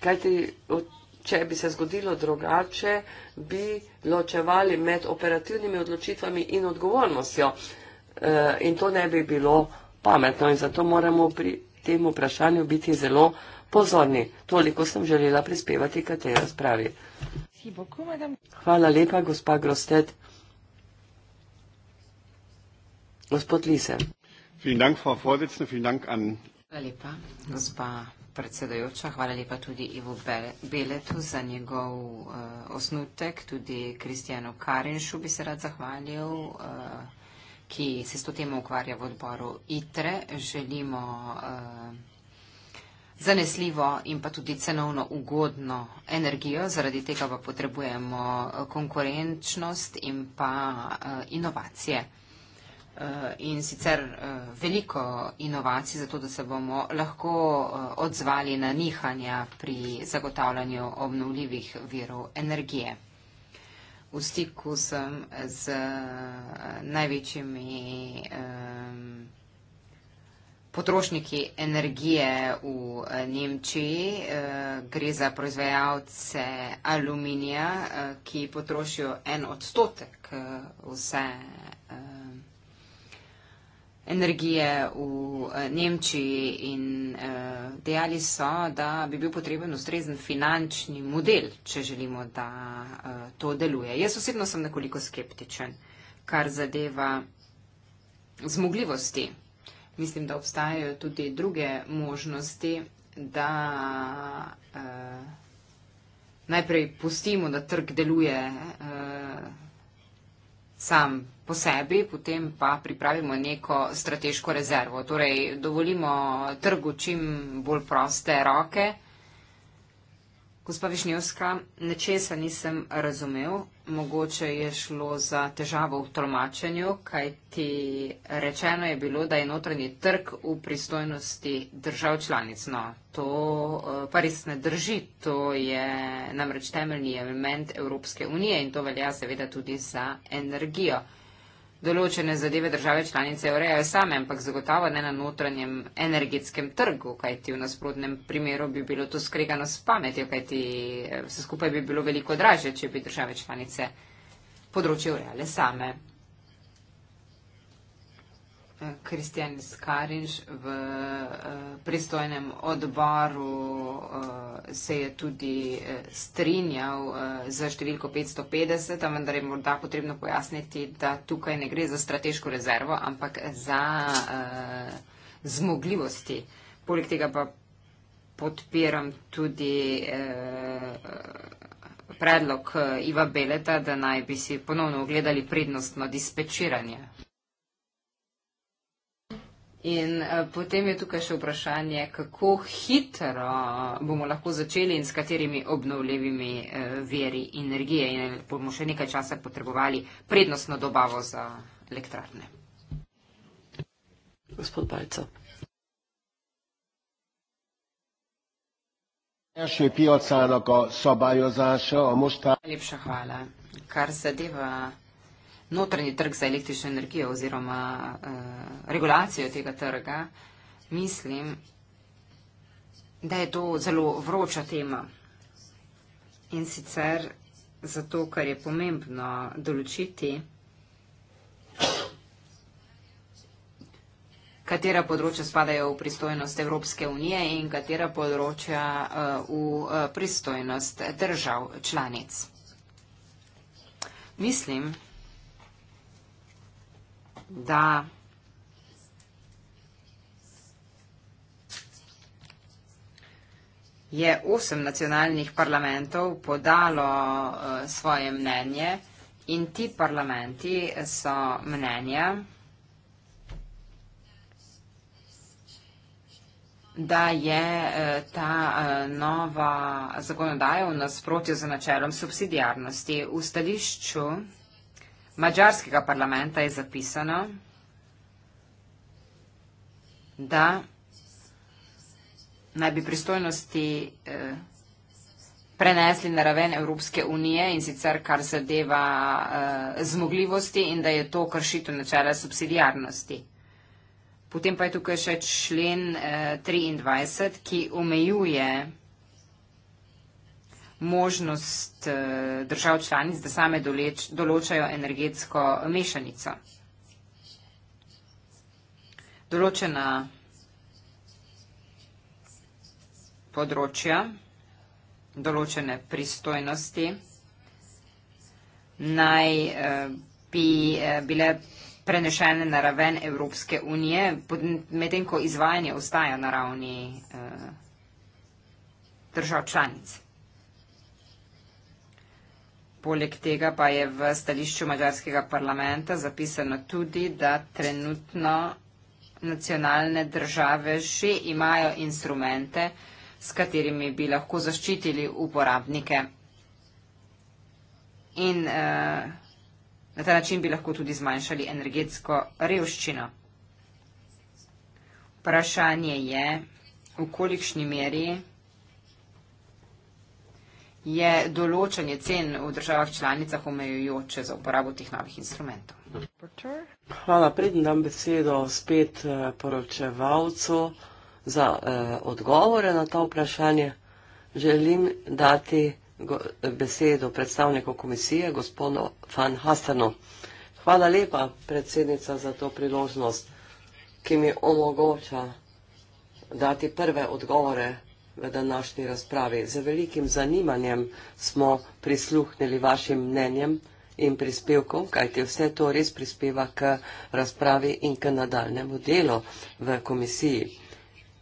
Kaj ti od če bi se zgodilo drugače, bi ločevali med operativnimi odločitvami in odgovornostjo. E, in to ne bi bilo pametno in zato moramo pri tem vprašanju biti zelo pozorni. Toliko sem želela prispevati k tej razpravi. Hvala lepa, gospa Grostet. Gospod Lise. Hvala lepa, gospa predsedojoča, hvala lepa tudi Ivo Beletu za njegov uh, osnutek, tudi Kristijanu Karinšu bi se rad zahvalil, uh, ki se s to temo ukvarja v odboru ITRE. Želimo uh, zanesljivo in pa tudi cenovno ugodno energijo, zaradi tega pa potrebujemo konkurenčnost in pa uh, inovacije. Eh, in sicer eh, veliko inovacij, zato da se bomo lahko eh, odzvali na nihanja pri zagotavljanju obnovljivih virov energije. V stiku sem z največjimi potrošniki energije v Nemčiji. Gre za proizvajalce aluminija, ki potrošijo en odstotek vse energije energije v eh, Nemčiji in eh, dejali so, da bi bil potreben ustrezen finančni model, če želimo, da eh, to deluje. Jaz osebno sem nekoliko skeptičen, kar zadeva zmogljivosti. Mislim, da obstajajo tudi druge možnosti, da najprej pustimo, da trg deluje sam po sebi, potem pa pripravimo neko strateško rezervo. Torej, dovolimo trgu čim bolj proste roke. Gospa Višnjevska, nečesa nisem razumel mogoče je šlo za težavo v tolmačenju, kaj ti rečeno je bilo, da je notranji trg v pristojnosti držav članic. No, to eh, pa res ne drži, to je namreč temeljni element Evropske unije in to velja seveda tudi za energijo določene zadeve države članice urejajo same, ampak zagotovo ne na notranjem energetskem trgu, kajti v nasprotnem primeru bi bilo to skregano s pametjo, kajti eh, vse skupaj bi bilo veliko draže, če bi države članice področje urejale same. Kristjan Skarinš v eh, pristojnem odboru eh, se je tudi eh, strinjal za številko 550, ampak da je morda potrebno pojasniti, da tukaj ne gre za strateško rezervo, ampak za zmogljivosti. Poleg tega pa podpiram tudi predlog Iva Beleta, da naj bi si ponovno ogledali prednostno dispečiranje. In uh, potem je tukaj še vprašanje, kako hitro bomo lahko začeli in s katerimi obnovljivimi uh, eh, veri energije in eh, bomo še nekaj časa potrebovali prednostno dobavo za elektrarne. Gospod Balco. Najlepša hvala. Kar zadeva notranji trg za električno energijo oziroma uh, regulacijo tega trga, mislim, da je to zelo vroča tema. In sicer zato, ker je pomembno določiti, katera področja spadajo v pristojnost Evropske unije in katera področja uh, v uh, pristojnost držav članic. Mislim, da je osem nacionalnih parlamentov podalo eh, svoje mnenje in ti parlamenti so mnenja, da je eh, ta eh, nova zakonodaja v nasprotju z načelom subsidijarnosti v stališču mađarskega parlamenta je zapisano, da naj bi pristojnosti eh, prenesli na raven Evropske unije in sicer kar zadeva eh, zmogljivosti in da je to kršito načela subsidijarnosti. Potem pa je tukaj še člen 23, eh, ki omejuje vsega, možnost eh, držav članic, da same določajo energetsko mešanico. Določena področja, določene pristojnosti naj eh, bi eh, bile prenešene na raven Evropske unije, medtem ko izvajanje ostaja na ravni držav članic. Poleg tega pa je v stališču mađarskega parlamenta zapisano tudi, da trenutno nacionalne države že imajo instrumente, s katerimi bi lahko zaščitili uporabnike. In eh, na ta način bi lahko tudi zmanjšali energetsko revščino. Vprašanje je, v kolikšni meri je določanje cen v državah članicah omejujoče za uporabo teh novih instrumentov. Hvala, predn dam besedo spet eh, poročevalcu za eh, odgovore na to vprašanje. Želim dati besedo predstavniku komisije, gospodu Van Hastanu. Hvala lepa, predsednica, za to priložnost, ki mi omogoča dati prve odgovore v današnji razpravi. Z velikim zanimanjem smo prisluhnili vašim mnenjem in prispevkom, kajti vse to res prispeva k razpravi in k nadaljnemu delu v komisiji.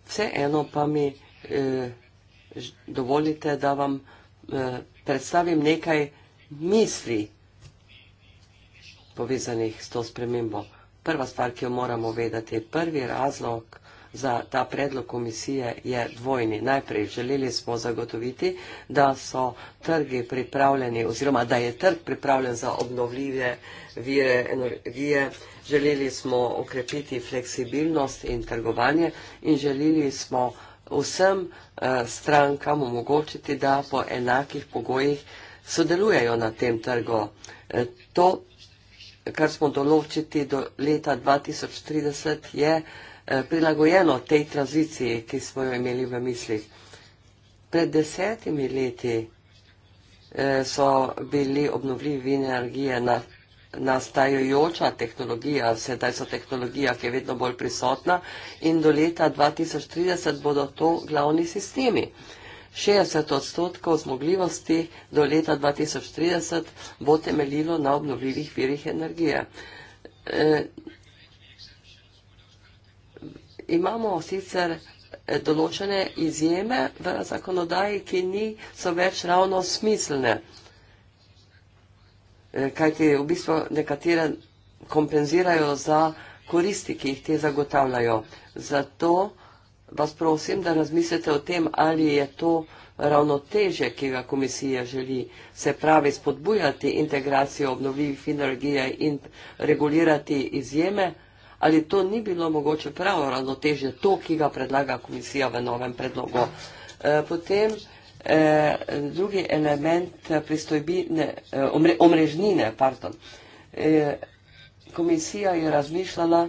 Vseeno pa mi eh, dovolite, da vam eh, predstavim nekaj misli povezanih s to spremembo. Prva stvar, ki jo moramo vedeti, prvi razlog za ta predlog komisije je dvojni. Najprej želeli smo zagotoviti, da so trgi pripravljeni oziroma da je trg pripravljen za obnovljive vire energije. Želeli smo ukrepiti fleksibilnost in trgovanje in želeli smo vsem eh, strankam omogočiti, da po enakih pogojih sodelujejo na tem trgu. Eh, to, kar smo določiti do leta 2030, je Eh, prilagojeno tej tranziciji, ki smo jo imeli v mislih. Pred desetimi leti eh, so bili obnovljivi energije na nastajajoča tehnologija, sedaj so tehnologija, ki je vedno bolj prisotna in do leta 2030 bodo to glavni sistemi. 60 odstotkov zmogljivosti do leta 2030 bo temeljilo na obnovljivih virih energije. Eh, imamo sicer eh, določene izjeme v zakonodaji, ki niso več ravno smiselne, eh, kajti v bistvu nekatere kompenzirajo za koristi, ki jih te zagotavljajo. Zato vas prosim, da razmislite o tem, ali je to ravno teže, ki ga komisija želi, se pravi spodbujati integracijo obnovljivih energije in regulirati izjeme ali to ni bilo mogoče pravo ravnotežje, to, ki ga predlaga komisija v novem predlogu. E, potem e, drugi element pristojbine, e, omrežnine, pardon. Komisija je razmišljala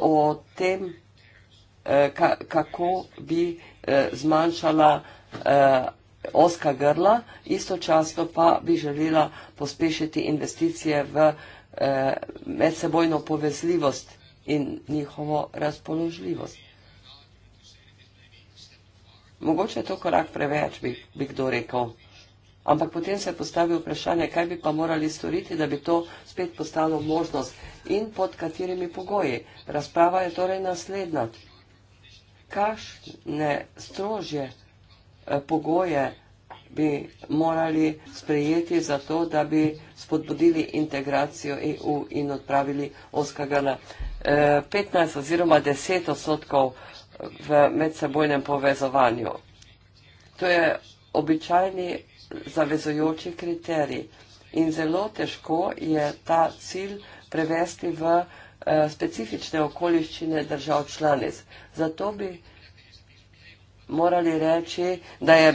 o tem, kako bi zmanjšala oska grla, istočasno pa bi želela pospešiti investicije v komisijo Eh, medsebojno povezljivost in njihovo razpoložljivost. Mogoče je to korak preveč, bi, bi kdo rekel. Ampak potem se postavi vprašanje, kaj bi pa morali storiti, da bi to spet postalo možnost in pod katerimi pogoji. Razprava je torej naslednja. Kakšne strožje eh, pogoje bi morali sprejeti za to, da bi spodbudili integracijo EU in odpravili oska grla. 15 oziroma 10 odstotkov eh, v medsebojnem povezovanju. To je običajni zavezojoči kriterij in zelo težko je ta cilj prevesti v eh, specifične okoliščine držav članic. Zato bi morali reči, da je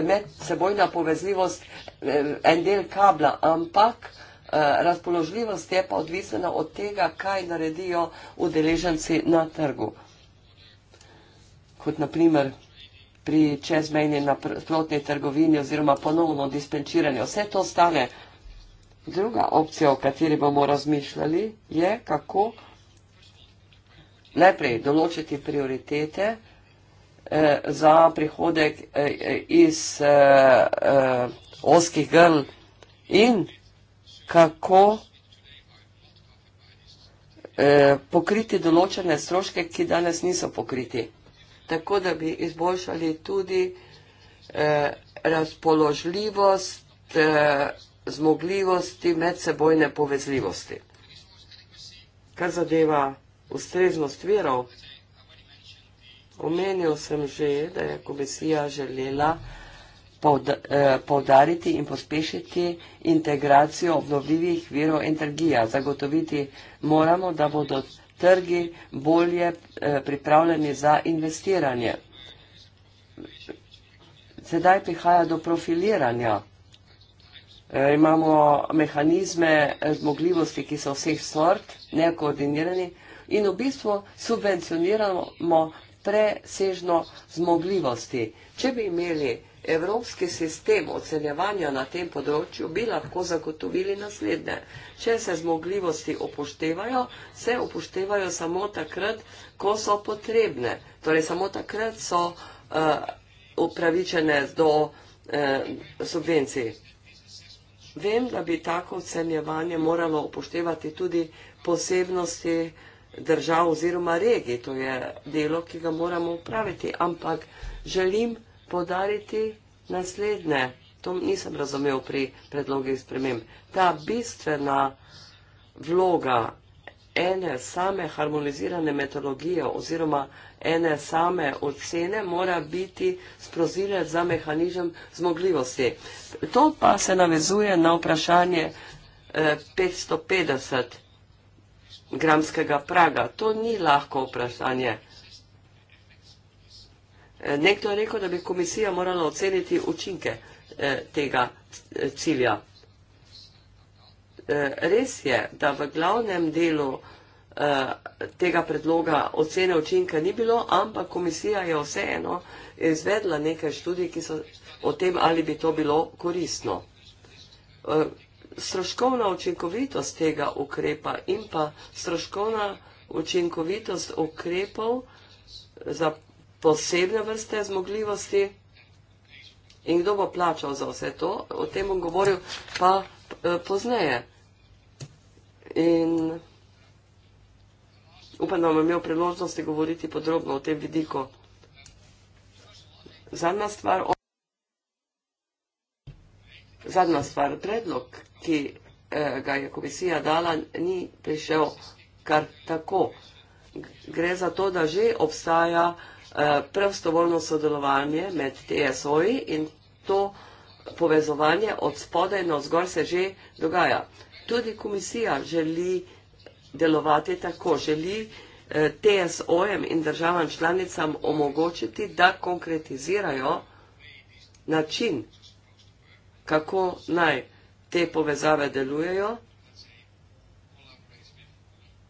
medsebojna povezljivost eh, en del kabla, ampak eh, razpoložljivost je pa odvisna od tega, kaj naredijo udeleženci na trgu. Kot naprimer pri čezmejni naprotni trgovini oziroma ponovno dispenčiranje. Vse to stane. Druga opcija, o kateri bomo razmišljali, je kako najprej določiti prioritete, eh, za prihodek eh, iz eh, eh, oskih grl in kako eh, pokriti določene stroške, ki danes niso pokriti. Tako da bi izboljšali tudi eh, razpoložljivost, eh, zmogljivosti, medsebojne povezljivosti. Kar zadeva ustreznost verov, Omenil sem že, da je komisija želela povdariti eh, in pospešiti integracijo obnovljivih virov energija. Zagotoviti moramo, da bodo trgi bolje eh, pripravljeni za investiranje. Sedaj prihaja do profiliranja. Eh, imamo mehanizme zmogljivosti, ki so vseh sort, nekoordinirani, in v bistvu subvencioniramo presežno zmogljivosti. Če bi imeli evropski sistem ocenjevanja na tem področju, bi lahko zagotovili naslednje. Če se zmogljivosti upoštevajo, se upoštevajo samo takrat, ko so potrebne. Torej, samo takrat so uh, upravičene do uh, subvencij. Vem, da bi tako ocenjevanje moralo upoštevati tudi posebnosti uh, držav oziroma regij. To je delo, ki ga moramo upraviti. Ampak želim podariti naslednje. To nisem razumel pri predlogih sprememb. Ta bistvena vloga ene same harmonizirane metodologije oziroma ene same ocene mora biti sprozilec za mehanizem zmogljivosti. To pa se navezuje na vprašanje 550. Eh, gramskega praga. To ni lahko vprašanje. E, nekdo je rekel, da bi komisija morala oceniti učinke e, tega e, cilja. Res je, da v glavnem delu tega predloga ocene učinka ni bilo, ampak komisija je vseeno izvedla nekaj študij, ki so o tem, ali bi to bilo koristno stroškovna učinkovitost tega ukrepa in pa stroškovna učinkovitost ukrepov za posebne vrste zmogljivosti in kdo bo plačal za vse to, o tem bom govoril pa eh, pozneje. In upam, da bom imel priložnosti govoriti podrobno o tem vidiku. Zadnja stvar, zadnja stvar, predlog, ki eh, ga je komisija dala, ni prišel kar tako. Gre za to, da že obstaja eh, prostovoljno sodelovanje med TSO-ji in to povezovanje od spodaj na vzgor se že dogaja. Tudi komisija želi delovati tako, želi eh, TSO-jem in državam članicam omogočiti, da konkretizirajo način, kako naj te povezave delujejo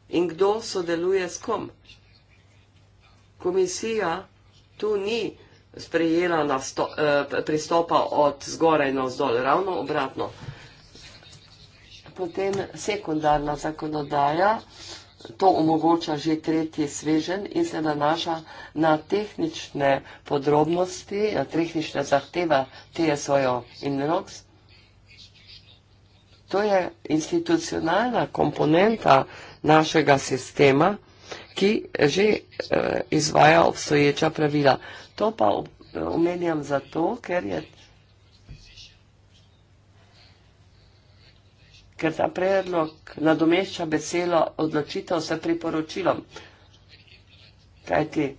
in kdo sodeluje s kom. Komisija tu ni sprejela nasto, eh, pristopa od zgoraj na vzdolj, ravno obratno. Potem sekundarna zakonodaja, to omogoča že tretji svežen in se nanaša na tehnične podrobnosti, na tehnične zahteva TSO in ROGS, To je institucionalna komponenta našega sistema, ki že eh, izvaja obstoječa pravila. To pa eh, omenjam zato, ker je ker ta predlog nadomešča beselo odločitev se priporočilom. Kajti,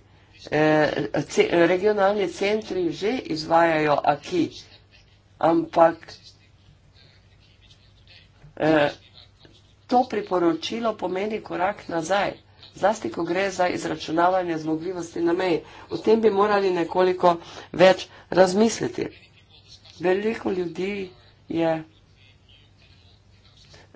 eh, regionalni centri že izvajajo aki, ampak E, to priporočilo pomeni korak nazaj, zlasti ko gre za izračunavanje zmogljivosti na meji. O tem bi morali nekoliko več razmisliti. Veliko ljudi je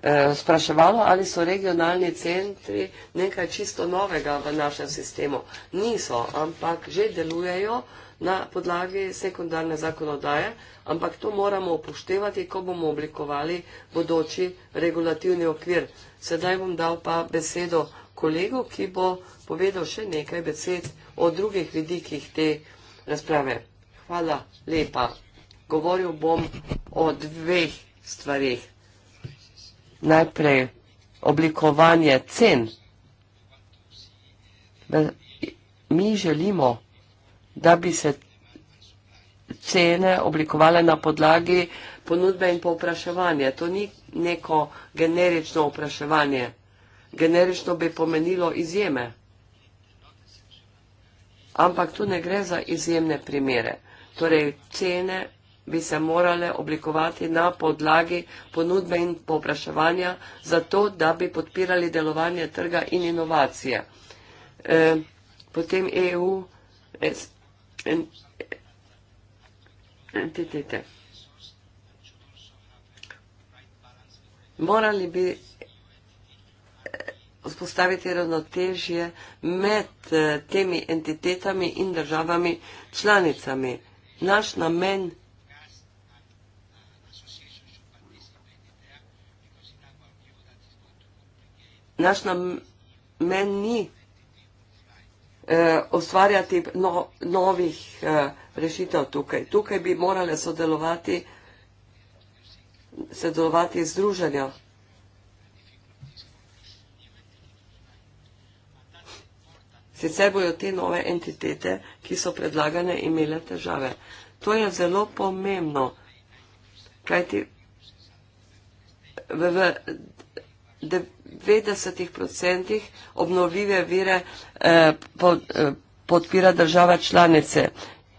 e, spraševalo, ali so regionalni centri nekaj čisto novega v našem sistemu. Niso, ampak že delujejo na podlagi sekundarne zakonodaje, ampak to moramo upoštevati, ko bomo oblikovali bodoči regulativni okvir. Sedaj bom dal pa besedo kolegu, ki bo povedal še nekaj besed o drugih vidikih te razprave. Hvala lepa. Govoril bom o dveh stvarih. Najprej oblikovanje cen. Mi želimo da bi se cene oblikovale na podlagi ponudbe in povpraševanja. To ni neko generično vpraševanje. Generično bi pomenilo izjeme. Ampak tu ne gre za izjemne primere. Torej, cene bi se morale oblikovati na podlagi ponudbe in povpraševanja, zato da bi podpirali delovanje trga in inovacije. Eh, e, potem EU, en, en te, te, te. Morali bi eh, vzpostaviti ravnotežje med eh, temi entitetami in državami članicami. Naš namen naš namen ni Eh, ustvarjati no, novih eh, rešitev tukaj. Tukaj bi morale sodelovati, sodelovati združenja. Sicer bojo te nove entitete, ki so predlagane, imele težave. To je zelo pomembno, kajti v, v 90% obnovljive vire eh, po, eh, podpira država članice,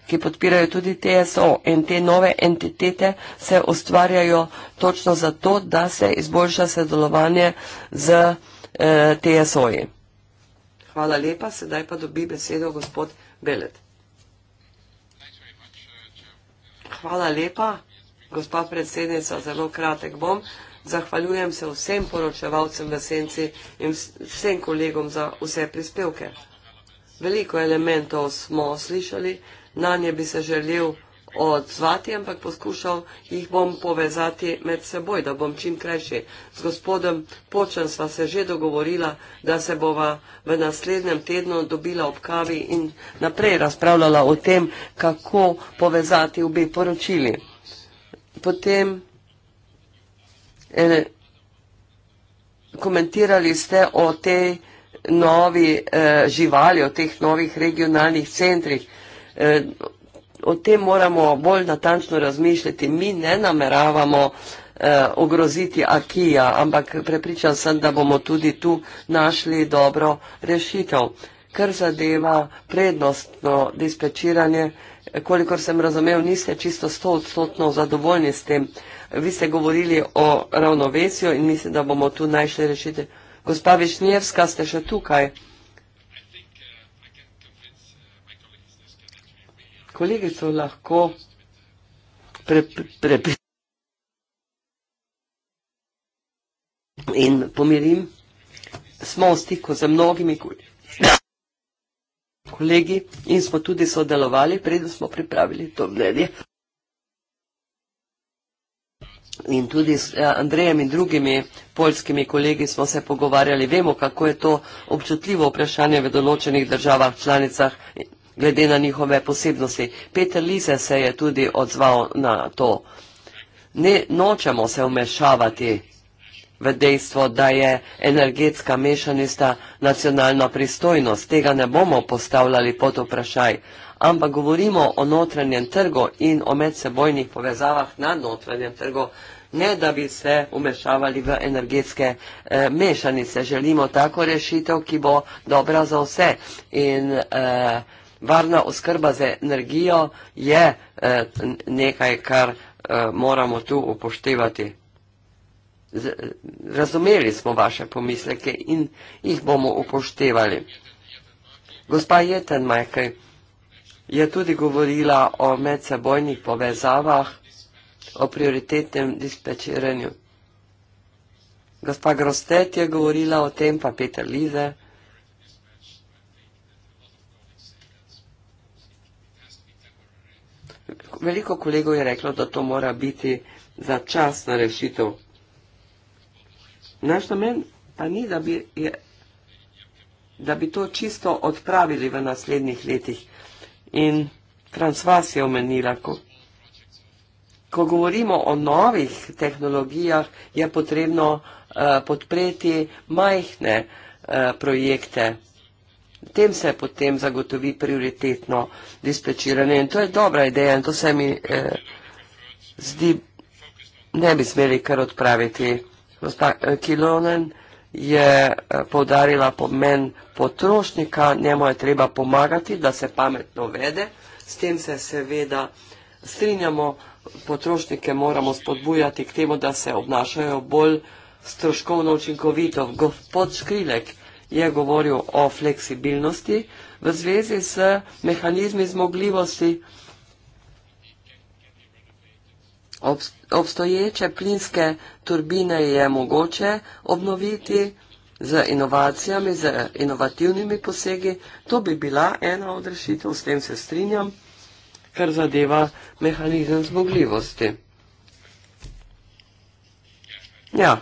ki podpirajo tudi TSO in te nove entitete se ustvarjajo točno zato, da se izboljša sodelovanje z eh, TSO-ji. Hvala lepa, sedaj pa dobi besedo gospod Belet. Hvala lepa, gospa predsednica, zelo kratek bom. Zahvaljujem se vsem poročevalcem v senci in vsem kolegom za vse prispevke. Veliko elementov smo slišali, na nje bi se želel odzvati, ampak poskušal jih bom povezati med seboj, da bom čim krajši. Z gospodom Počan sva se že dogovorila, da se bova v naslednjem tednu dobila ob kavi in naprej razpravljala o tem, kako povezati obe poročili. Potem in eh, komentirali ste o tej novi eh, živali, o teh novih regionalnih centrih. Eh, o tem moramo bolj natančno razmišljati. Mi ne nameravamo eh, ogroziti akija, ampak prepričan sem, da bomo tudi tu našli dobro rešitev. Kar zadeva prednostno dispečiranje, kolikor sem razumel, niste čisto 100-odstotno zadovoljni s tem. Eh, Vi ste govorili o ravnovesju in mislim, da bomo tu najšli rešitev. Gospa Višnjevska, ste še tukaj? Kolegi so lahko prepričali pre, pre, in pomirim. Smo v stiku z mnogimi kolegi in smo tudi sodelovali, preden smo pripravili to mnenje in tudi s eh, Andrejem in drugimi poljskimi kolegi smo se pogovarjali. Vemo, kako je to občutljivo vprašanje v določenih državah, članicah, glede na njihove posebnosti. Peter Lise se je tudi odzval na to. Ne nočemo se umešavati v dejstvo, da je energetska mešanista nacionalna pristojnost. Tega ne bomo postavljali pod vprašaj ampak govorimo o notranjem trgu in o medsebojnih povezavah na notranjem trgu, ne da bi se umešavali v energetske e, mešanice. Želimo tako rešitev, ki bo dobra za vse in e, varna oskrba z energijo je e, nekaj, kar e, moramo tu upoštevati. Z, razumeli smo vaše pomisleke in jih bomo upoštevali. Gospa Jetenmajkaj je tudi govorila o medsebojnih povezavah, o prioritetnem dispečiranju. Gospa Grostet je govorila o tem, pa Peter Lize. Veliko kolegov je reklo, da to mora biti začasna rešitev. Naš namen pa ni, da bi, je, da bi to čisto odpravili v naslednjih letih. In Francvas je omenila, ko, ko govorimo o novih tehnologijah, je potrebno uh, podpreti majhne uh, projekte. Tem se potem zagotovi prioritetno dispečiranje in to je dobra ideja in to se mi eh, zdi, ne bi smeli kar odpraviti. Gospa eh, Kilonen je eh, podarila pomen potrošnika, njemu je treba pomagati, da se pametno vede. S tem se seveda strinjamo, potrošnike moramo spodbujati k temu, da se obnašajo bolj stroškovno učinkovito. Gospod Škrilek je govoril o fleksibilnosti v zvezi s mehanizmi zmogljivosti. Obstoječe plinske turbine je mogoče obnoviti z inovacijami, z inovativnimi posegi. To bi bila ena od rešitev, s tem se strinjam, kar zadeva mehanizem zmogljivosti. Ja,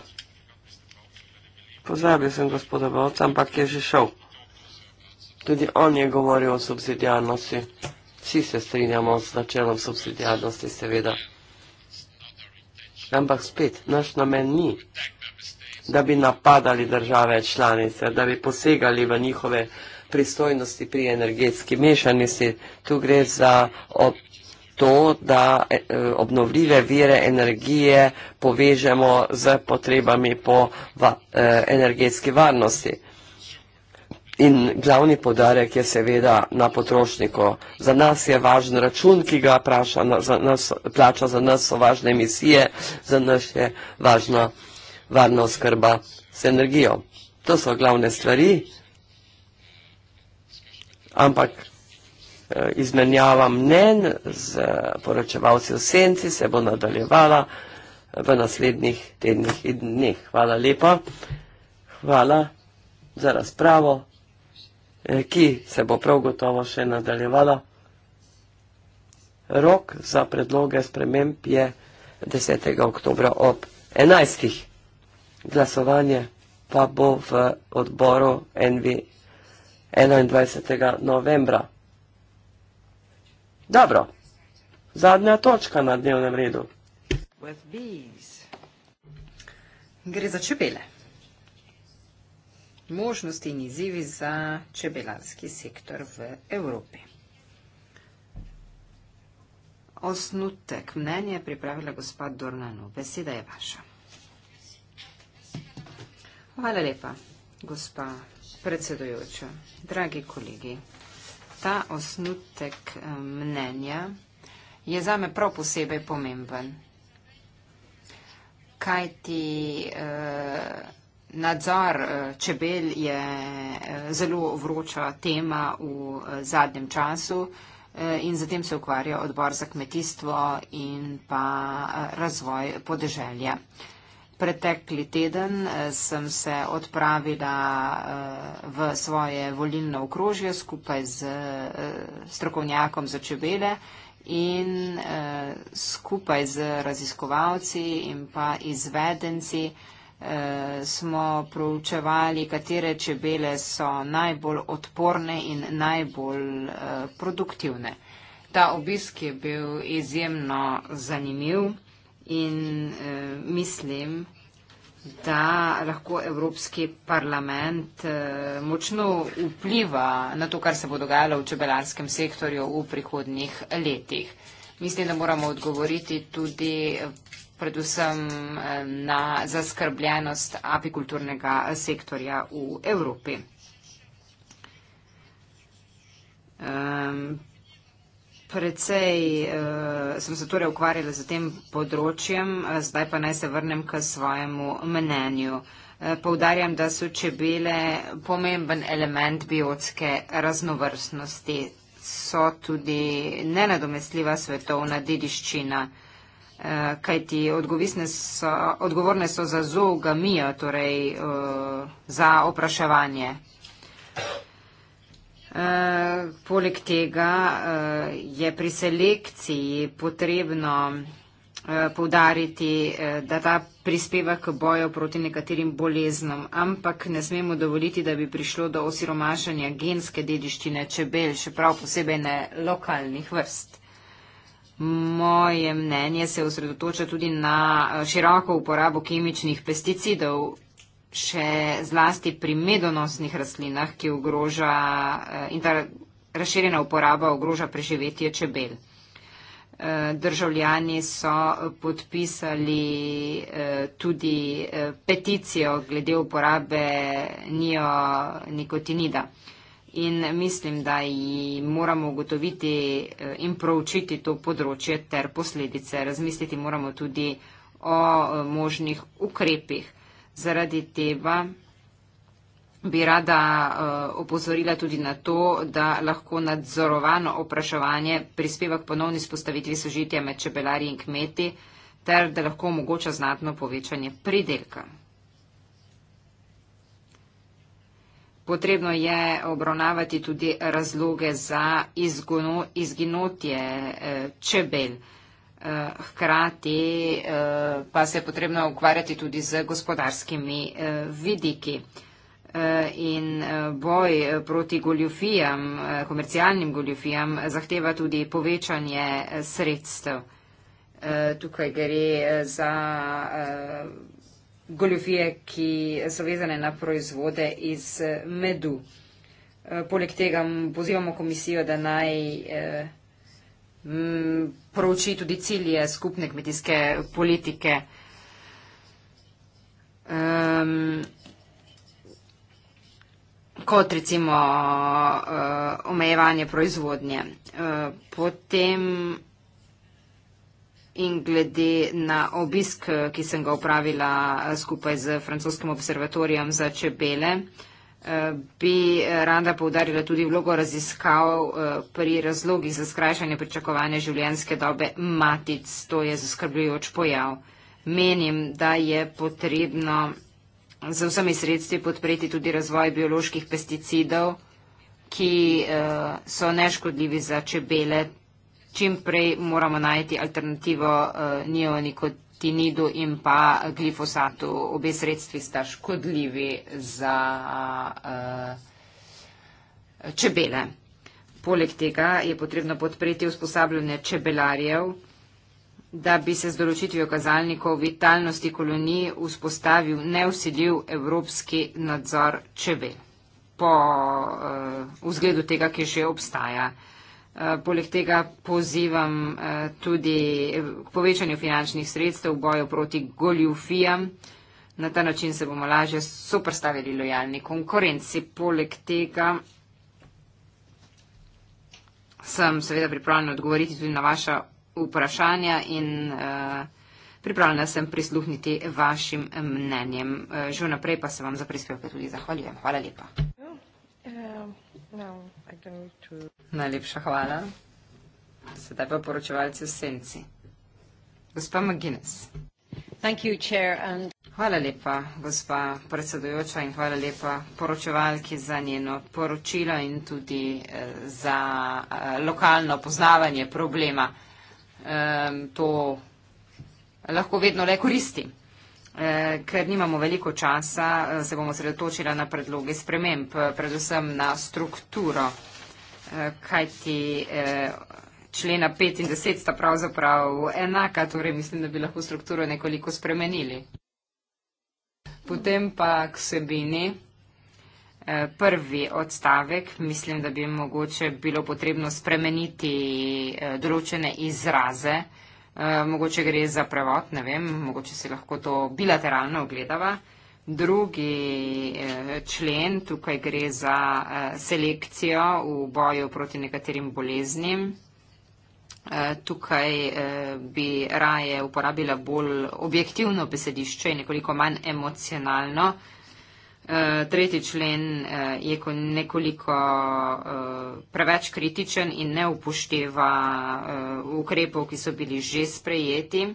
pozabil sem gospoda Bavca, ampak je že šel. Tudi on je govoril o subsidijarnosti. Vsi se strinjamo s načelom subsidijarnosti, seveda. Ampak spet, naš namen ni, da bi napadali države članice, da bi posegali v njihove pristojnosti pri energetski mešanici. Tu gre za to, da e, e, obnovljive vire energije povežemo z potrebami po e, energetski varnosti. In glavni podarek je seveda na potrošniku. Za nas je važen račun, ki ga praša, za nas, plača, za nas so važne emisije, za nas je važna varna oskrba s energijo. To so glavne stvari, ampak eh, izmenjava mnen z eh, poročevalci v senci se bo nadaljevala eh, v naslednjih tednih in dneh. Hvala lepa, hvala za razpravo. Eh, ki se bo prav gotovo še nadaljevala. Rok za predloge sprememb je 10. oktobra ob 11. Glasovanje pa bo v odboru NV 21. novembra. Dobro, zadnja točka na dnevnem redu. Gre za čebele možnosti in izzivi za čebelarski sektor v Evropi. Osnutek mnenja je pripravila gospod Dornanu. Beseda je vaša. Hvala lepa, gospa predsedujoča. Dragi kolegi, ta osnutek eh, mnenja je zame prav posebej pomemben. Kaj ti... Uh, eh, Nadzor eh, čebel je eh, zelo vroča tema v eh, zadnjem času in zatem se ukvarja odbor za kmetijstvo in pa razvoj podeželja. Pretekli teden sem se odpravila v svoje volilno okrožje skupaj z strokovnjakom za čebele in skupaj z raziskovalci in pa izvedenci Eh, smo proučevali, katere čebele so najbolj odporne in najbolj eh, produktivne. Ta obisk je bil izjemno zanimiv in eh, mislim, da lahko Evropski parlament močno vpliva na to, kar se bo dogajalo v čebelarskem sektorju v prihodnjih letih. Mislim, da moramo odgovoriti tudi predvsem na zaskrbljenost apikulturnega sektorja v Evropi. Um, Predvsej uh, e, sem se torej ukvarjala z tem področjem, e, zdaj pa naj se vrnem k svojemu mnenju. Uh, poudarjam, da so čebele pomemben element biotske raznovrstnosti, so tudi nenadomestljiva svetovna dediščina. Uh, Eh, kajti so, odgovorne so za zoogamijo, torej eh, za opraševanje. Eh, poleg tega je pri selekciji potrebno povdariti, da ta prispeva k boju proti nekaterim boleznom, ampak ne smemo dovoliti, da bi prišlo do osiromašanja genske dediščine čebel, še prav posebej ne lokalnih vrst. Moje mnenje se osredotoča tudi na eh, široko uporabo kemičnih pesticidov, še zlasti pri medonosnih rastlinah, ki ogroža eh, in ta razširjena uporaba ogroža preživetje čebel. Eh, državljani so podpisali tudi peticijo glede uporabe nio nikotinida. In mislim, da moramo ugotoviti eh, in proučiti to področje ter posledice. Razmisliti moramo tudi o eh, možnih ukrepih. Zaradi tega bi rada eh, opozorila tudi na to, da lahko nadzorovano opraševanje prispeva k ponovni spostavitvi sožitja med čebelarji in kmeti ter da lahko omogoča znatno povečanje pridelka. Potrebno je obravnavati tudi razloge za izgono, izginotje eh, čebel. Eh, hkrati eh, pa se je potrebno ukvarjati tudi z gospodarskimi eh, vidiki. Eh, in eh, boj eh, proti goljufijam, eh, komercialnim goljufijam, zahteva tudi povečanje eh, sredstev. Eh, tukaj gre za. Eh, goljofije, ki so vezane na proizvode iz eh, medu. Eh, poleg tega pozivamo komisijo, da naj eh, prouči tudi cilje skupne kmetijske politike. Um, kot recimo uh, omejevanje proizvodnje. Uh, potem in glede na obisk, ki sem ga upravila eh, skupaj z francoskim observatorijem za čebele, eh, bi rada povdarila tudi vlogo raziskav eh, pri razlogih za skrajšanje pričakovanja življenjske dobe matic. To je zaskrbljujoč pojav. Menim, da je potrebno za vsemi sredstvi podpreti tudi razvoj bioloških pesticidov, ki so neškodljivi za čebele, čim prej moramo najti alternativo uh, neonikotinidu in pa glifosatu. Obe sredstvi sta škodljivi za uh, čebele. Poleg tega je potrebno podpreti usposabljanje čebelarjev, da bi se z določitvijo kazalnikov vitalnosti kolonij vzpostavil neusiljiv evropski nadzor čebel po uh, vzgledu tega, ki še obstaja. Uh, Eh, poleg tega pozivam eh, tudi eh, k povečanju finančnih sredstev v boju proti goljufijam. Na ta način se bomo lažje soprstavili lojalni konkurenci. Poleg tega sem seveda pripravljena odgovoriti tudi na vaša vprašanja in pripravljena sem prisluhniti vašim mnenjem. Že vnaprej pa se vam za prispevke tudi zahvaljujem. Hvala lepa. Um, no, Najlepša hvala. Sedaj pa poročevalci v senci. Gospa McGuinness. Thank you, chair, and... Hvala lepa, gospa predsedujoča in hvala lepa poročevalki za njeno poročilo in tudi eh, za eh, lokalno poznavanje problema. Eh, to lahko vedno le koristim. Eh, ker nimamo veliko časa, eh, se bomo sredotočila na predloge sprememb, eh, predvsem na strukturo, kajti člena 5 in 10 sta pravzaprav enaka, torej mislim, da bi lahko strukturo nekoliko spremenili. Potem pa k sebini. Prvi odstavek, mislim, da bi mogoče bilo potrebno spremeniti določene izraze. Eh, mogoče gre za prevod, ne vem, mogoče si lahko to bilateralno ogledava. Drugi eh, člen, tukaj gre za eh, selekcijo v boju proti nekaterim boleznim. Tukaj bi raje uporabila bolj objektivno besedišče in nekoliko manj emocionalno besedišče Eh, tretji člen eh, je nekoliko eh, preveč kritičen in ne upošteva ukrepov, ki so bili že sprejeti.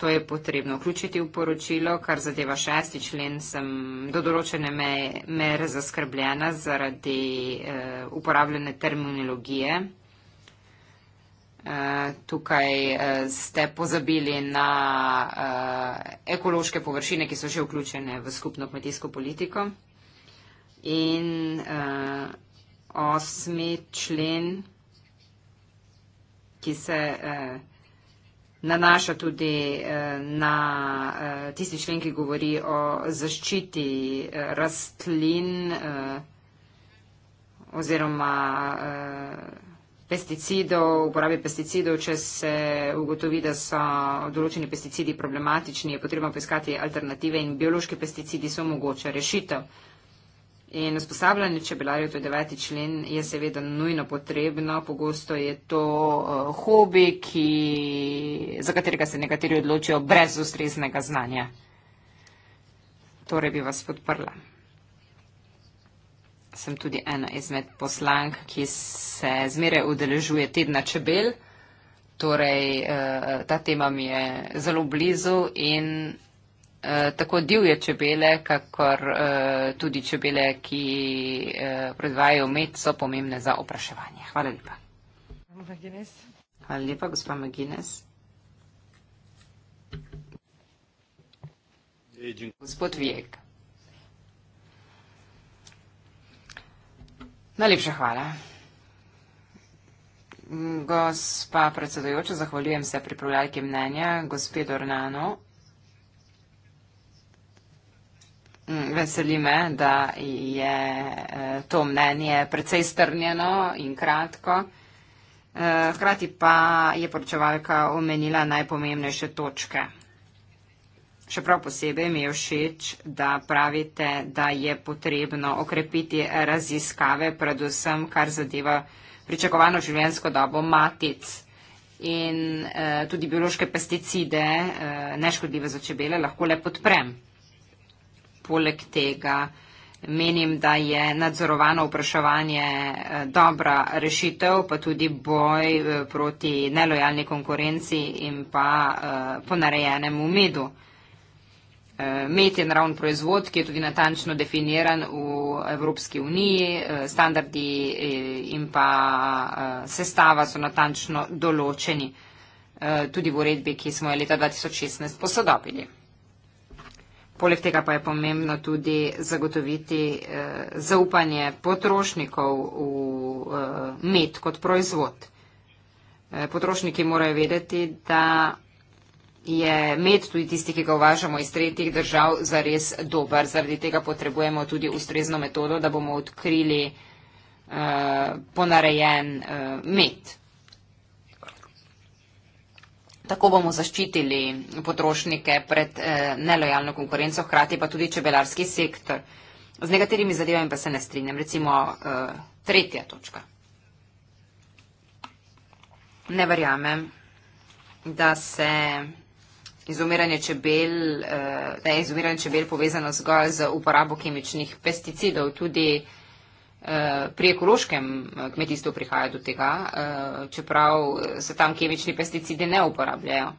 To je potrebno vključiti v poročilo, kar zadeva šesti člen. Sem do določene mere zaskrbljena zaradi uporabljene terminologije. Eh, tukaj eh, ste pozabili na eh, ekološke površine, ki so že vključene v skupno kmetijsko politiko. In osmi člen, ki se nanaša tudi na tisti člen, ki govori o zaščiti rastlin oziroma pesticidov, uporabe pesticidov, če se ugotovi, da so določeni pesticidi problematični, je potrebno poiskati alternative in biološki pesticidi so mogoče rešitev. In usposabljanje čebelarjev, to je deveti člen, je seveda nujno potrebno. Pogosto je to uh, hobi, ki, za katerega se nekateri odločijo brez ustreznega znanja. Torej bi vas podprla sem tudi ena izmed poslank, ki se zmeraj udeležuje tedna čebel. Torej, eh, ta tema mi je zelo blizu in eh, tako divje čebele, kakor eh, tudi čebele, ki predvajajo med, so pomembne za opraševanje. Hvala lepa. Hvala lepa, gospod Magines. Gospod Vijek. Najlepša hvala. Gospa predsedojoča, zahvaljujem se pripravljalki mnenja, gospe Dornano. Mm, veseli me, da je eh, to mnenje precej strnjeno in kratko. Eh, hkrati pa je poročevalka omenila najpomembnejše točke. Še prav posebej mi je všeč, da pravite, da je potrebno okrepiti raziskave, predvsem kar zadeva pričakovano življenjsko dobo matic in eh, tudi biološke pesticide, eh, neškodljive za čebele, lahko le podprem. Poleg tega menim, da je nadzorovano vpraševanje eh, dobra rešitev, pa tudi boj eh, proti nelojalni konkurenci in pa eh, ponarejenemu medu. Med je naravni proizvod, ki je tudi natančno definiran v Evropski uniji, e, standardi e, in pa e, sestava so natančno določeni tudi v uredbi, ki smo jo leta 2016 posodobili. Poleg tega pa je pomembno tudi zagotoviti zaupanje potrošnikov v med kot proizvod. Potrošniki morajo vedeti, da je med, tudi tisti, ki ga uvažamo iz tretjih držav, zares dober. Zaradi tega potrebujemo tudi ustrezno metodo, da bomo odkrili uh, ponarejen uh, med. Tako bomo zaščitili potrošnike pred eh, nelojalno konkurenco, hkrati pa tudi čebelarski sektor. Z nekaterimi zadevami pa se ne strinjam. Recimo eh, tretja točka. Ne verjamem, da se izumiranje čebel, uh, eh, da je izumiranje čebel povezano zgolj z uporabo kemičnih pesticidov. Tudi eh, Pri ekološkem eh, kmetijstvu prihaja do tega, čeprav se tam kemični pesticidi ne uporabljajo.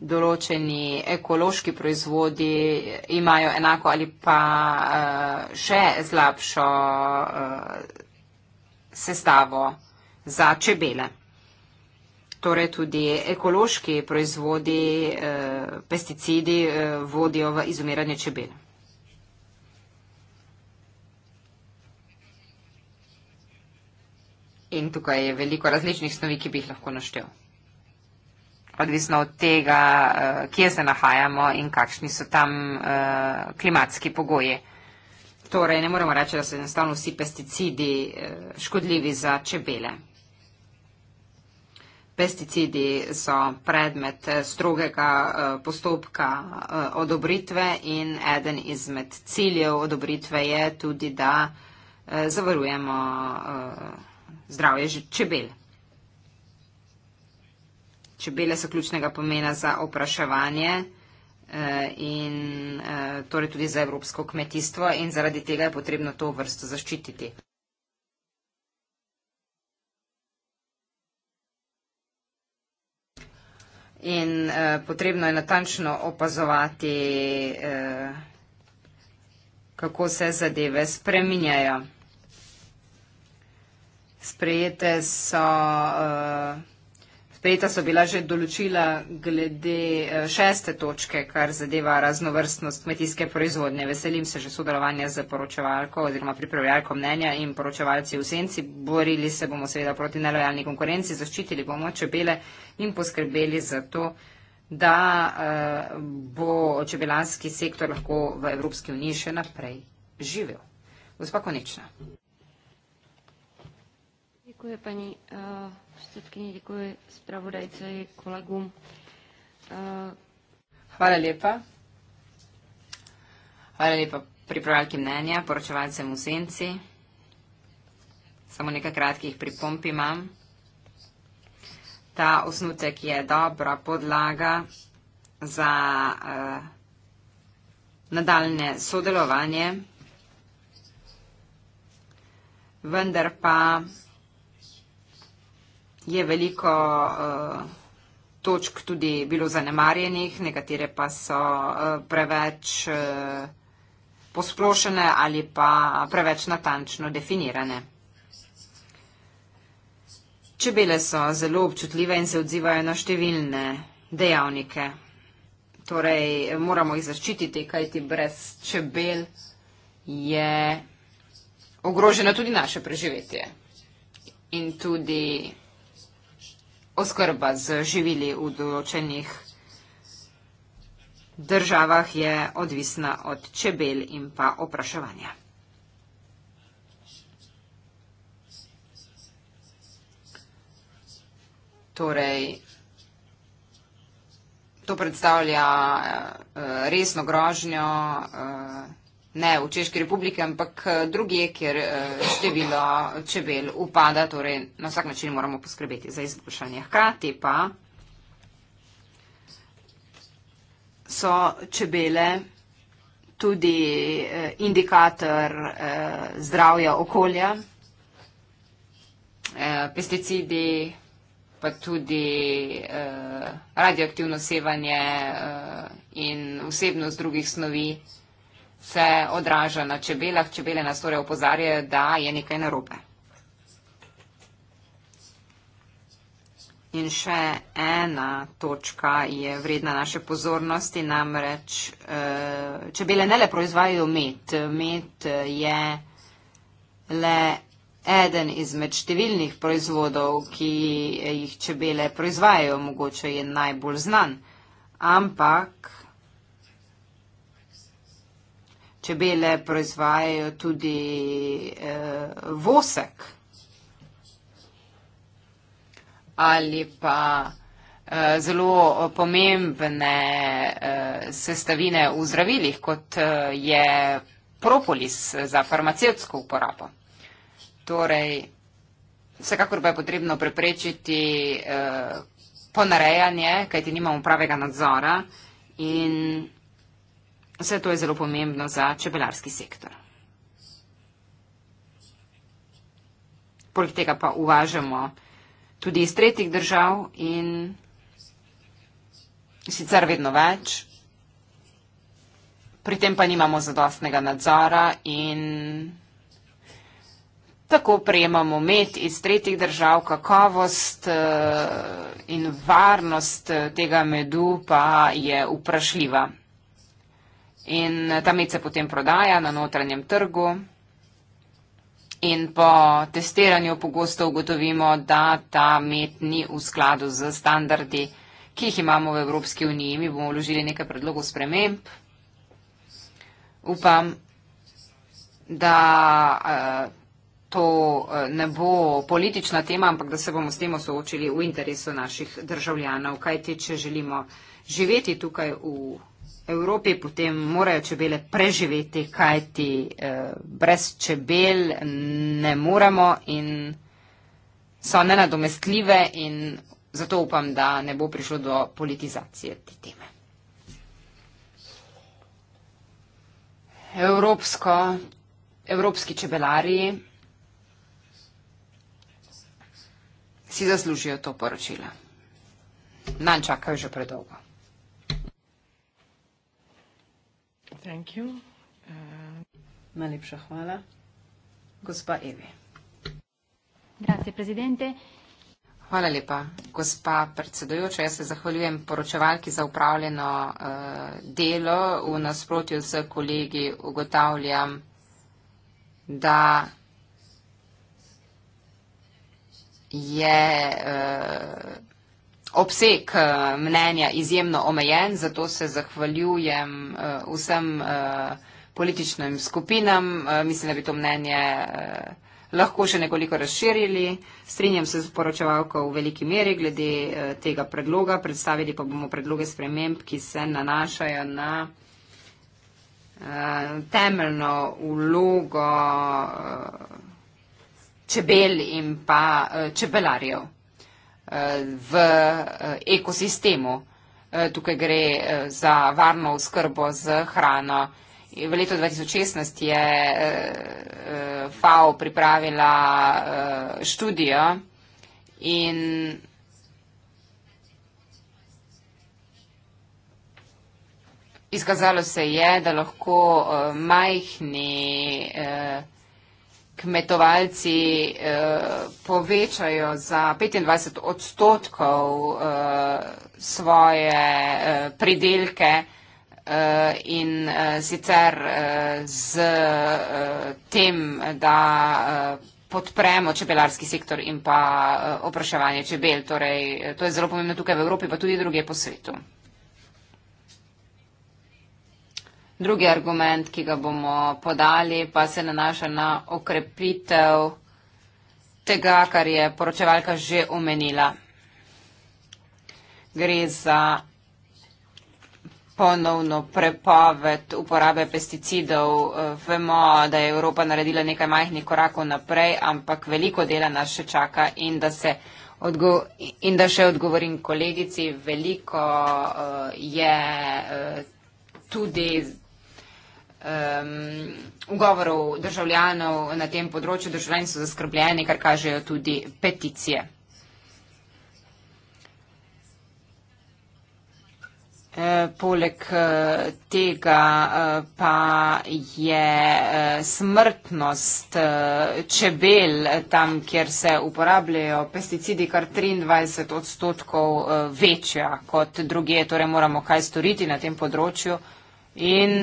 Določeni ekološki proizvodi imajo enako ali pa še slabšo sestavo za čebele torej tudi ekološki proizvodi, eh, pesticidi eh, vodijo v izumiranje čebel. In tukaj je veliko različnih snovi, ki bi jih lahko naštel. Odvisno od tega, eh, kje se nahajamo in kakšni so tam klimatski pogoji. Torej, ne moremo reči, da so enostavno vsi pesticidi škodljivi za čebele. Pesticidi so predmet eh, strogega eh, postopka eh, odobritve in eden izmed ciljev odobritve je tudi, da zavarujemo zdravje čebel. Čebele so ključnega pomena za opraševanje in torej tudi za evropsko kmetijstvo in zaradi tega je potrebno to vrsto zaščititi. in eh, potrebno je natančno opazovati, eh, kako se zadeve spreminjajo. Sprejete so. Eh, Leta so bila že določila glede eh, šeste točke, kar zadeva raznovrstnost kmetijske proizvodnje. Veselim se že sodelovanja z poročevalko oziroma pripravljalko mnenja in poročevalci v senci. Borili se bomo seveda proti nelojalni konkurenci, zaščitili bomo čebele in poskrbeli za to, da eh, bo čebelanski sektor lahko v Evropski uniji še naprej živel. Gospa Konečna. Dziękuję Pani. Uh... Eh, Vstupkyni, děkuji zpravodajce i kolegům. Eh, Hvala lepa. Hvala lepa pripravljalki mnenja, poročevalcem v senci. Samo nekaj kratkih pripomp imam. Ta osnutek je dobra podlaga za eh, nadaljne sodelovanje, vendar pa je veliko uh, točk tudi bilo zanemarjenih, nekatere pa so uh, preveč uh, posplošene ali pa preveč natančno definirane. Čebele so zelo občutljive in se odzivajo na številne dejavnike. Torej, moramo jih zaščititi, kajti brez čebel je ogroženo tudi naše preživetje in tudi oskrba z živili v določenih državah je odvisna od čebel in pa opraševanja. Torej, to predstavlja eh, resno grožnjo, eh, Ne v Češki republiki, ampak eh, drugje, kjer eh, število čebel upada, torej na vsak način moramo poskrbeti za izboljšanje. Hkrati pa so čebele tudi eh, indikator zdravja okolja, pesticidi pa tudi radioaktivno sevanje in vsebnost drugih snovi se odraža na čebelah. Čebele nas torej opozarjajo, da je nekaj narobe. In še ena točka je vredna naše pozornosti, namreč eh, čebele ne le proizvajajo med. Med eh, je le eden izmed številnih proizvodov, ki eh, jih čebele proizvajajo, mogoče je najbolj znan, ampak čebele proizvajajo tudi eh, vosek ali pa eh, zelo pomembne eh, sestavine v zdravilih, kot eh, je propolis za farmacevtsko uporabo. Torej, vsekakor pa je potrebno preprečiti eh, ponarejanje, kajti nimamo pravega nadzora in Vse to je zelo pomembno za čebelarski sektor. Poleg tega pa uvažamo tudi iz tretjih držav in sicer vedno več. Pri tem pa nimamo zadostnega nadzora in tako prejemamo med iz tretjih držav, kakovost eh, in varnost eh, tega medu pa je vprašljiva. In eh, ta med se potem prodaja na notranjem trgu. In po testiranju pogosto ugotovimo, da ta med ni v skladu z standardi, ki jih imamo v Evropski uniji. Mi bomo vložili nekaj predlogov sprememb. Upam, da uh, to eh, ne bo politična tema, ampak da se bomo s tem osoočili v interesu naših državljanov. Kaj ti, če želimo živeti tukaj v. Evropi potem morajo čebele preživeti, kajti eh, brez čebel ne moremo in so nenadomestljive in zato upam, da ne bo prišlo do politizacije te teme. Evropsko, evropski čebelariji si zaslužijo to poročilo. Nanj čakajo že predolgo. Thank you. Uh, Najlepša hvala. Gospa Evi. Grazie, presidente. Hvala lepa, gospa predsedujoča. Jaz se zahvaljujem poročevalki za upravljeno uh, delo. V nasprotju s kolegi ugotavljam, da je. Uh, obseg eh, mnenja izjemno omejen, zato se zahvaljujem eh, vsem eh, političnim skupinam. Mislim, da bi to mnenje lahko še nekoliko razširili. Strinjam se z poročevalko v veliki meri glede tega predloga. Predstavili pa bomo predloge sprememb, ki se nanašajo na temeljno vlogo čebel in pa čebelarjev v eh, ekosistemu. Eh, tukaj gre eh, za varno oskrbo z hrano. V letu 2016 je FAO pripravila študijo in izkazalo se je, da lahko majhni kmetovalci eh, povečajo za 25 odstotkov eh, svoje eh, pridelke in sicer z tem, da podpremo čebelarski sektor in pa opraševanje čebel. Torej, to je zelo pomembno tukaj v Evropi, pa tudi druge po svetu. Drugi argument, ki ga bomo podali, pa se nanaša na okrepitev tega, kar je poročevalka že omenila. Gre za ponovno prepoved uporabe pesticidov. Vemo, da je Evropa naredila nekaj majhnih korakov naprej, ampak veliko dela nas še čaka in da, se odgo in da še odgovorim kolegici, veliko uh, je uh, tudi um, ugovorov državljanov na tem področju. Državljani so zaskrbljeni, kar kažejo tudi peticije. E, poleg e, tega e, pa je smrtnost čebel tam, kjer se uporabljajo pesticidi, kar 23 odstotkov večja kot druge. Torej moramo kaj storiti na tem področju in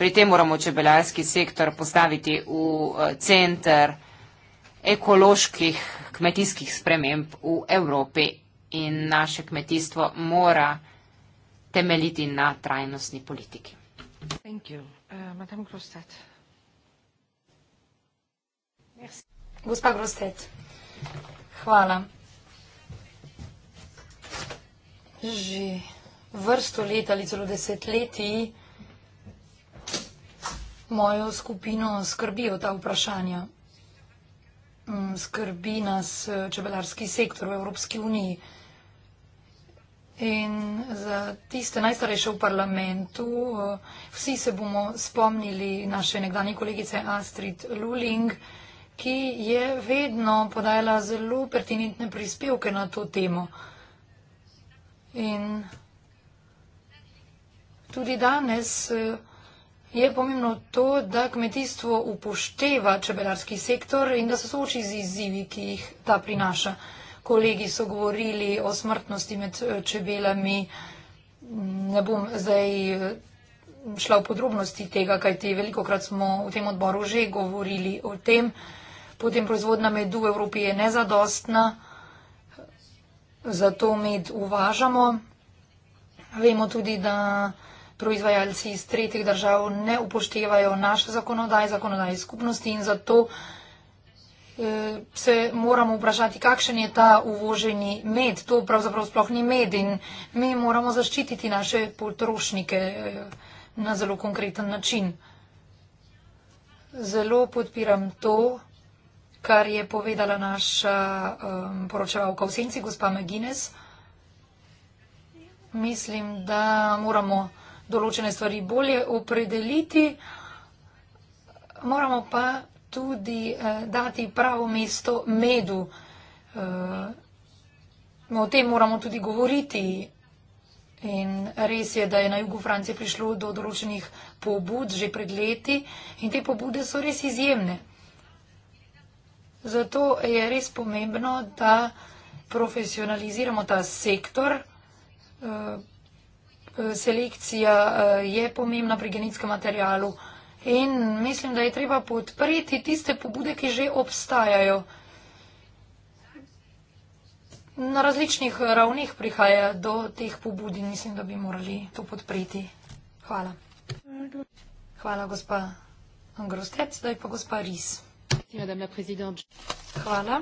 Pri tem moramo čebelarski sektor postaviti v eh, center ekoloških kmetijskih sprememb v Evropi in naše kmetijstvo mora temeljiti na trajnostni politiki. Eh, Gospa Grostet, hvala. Že vrsto let ali celo desetletij mojo skupino skrbijo ta vprašanja. Mm, skrbi nas eh, čebelarski sektor v Evropski uniji. In za tiste najstarejše v parlamentu, eh, vsi se bomo spomnili naše nekdanje kolegice Astrid Luling, ki je vedno podajala zelo pertinentne prispevke na to temo. In tudi danes vsega, eh, Je pomembno to, da kmetijstvo upošteva čebelarski sektor in da se sooči z izzivi, ki jih ta prinaša. Kolegi so govorili o smrtnosti med eh, čebelami. Ne bom zdaj eh, šla v podrobnosti tega, kajti veliko krat smo v tem odboru že govorili o tem. Potem proizvodna medu v Evropi je nezadostna, zato med uvažamo. Vemo tudi, da proizvajalci iz tretjih držav ne upoštevajo naše zakonodaje, zakonodaje skupnosti in zato eh, se moramo vprašati, kakšen je ta uvoženi med. To pravzaprav sploh ni med in mi moramo zaščititi naše potrošnike eh, na zelo konkreten način. Zelo podpiram to, kar je povedala naša poročevalka v Senci, gospa McGuinness. Mislim, da moramo vprašati, določene stvari bolje opredeliti, moramo pa tudi eh, dati pravo mesto medu. Eh, o tem moramo tudi govoriti. In res je, da je na jugu Francije prišlo do določenih pobud že pred leti in te pobude so res izjemne. Zato je res pomembno, da profesionaliziramo ta sektor. Eh, Eh, selekcija eh, je pomembna pri genetskem materialu. In mislim, da je treba podpreti tiste pobude, ki že obstajajo. Na različnih ravnih prihaja do teh pobud in mislim, da bi morali to podpreti. Hvala. Hvala, gospa Grostec, zdaj pa gospa Riz. Hvala.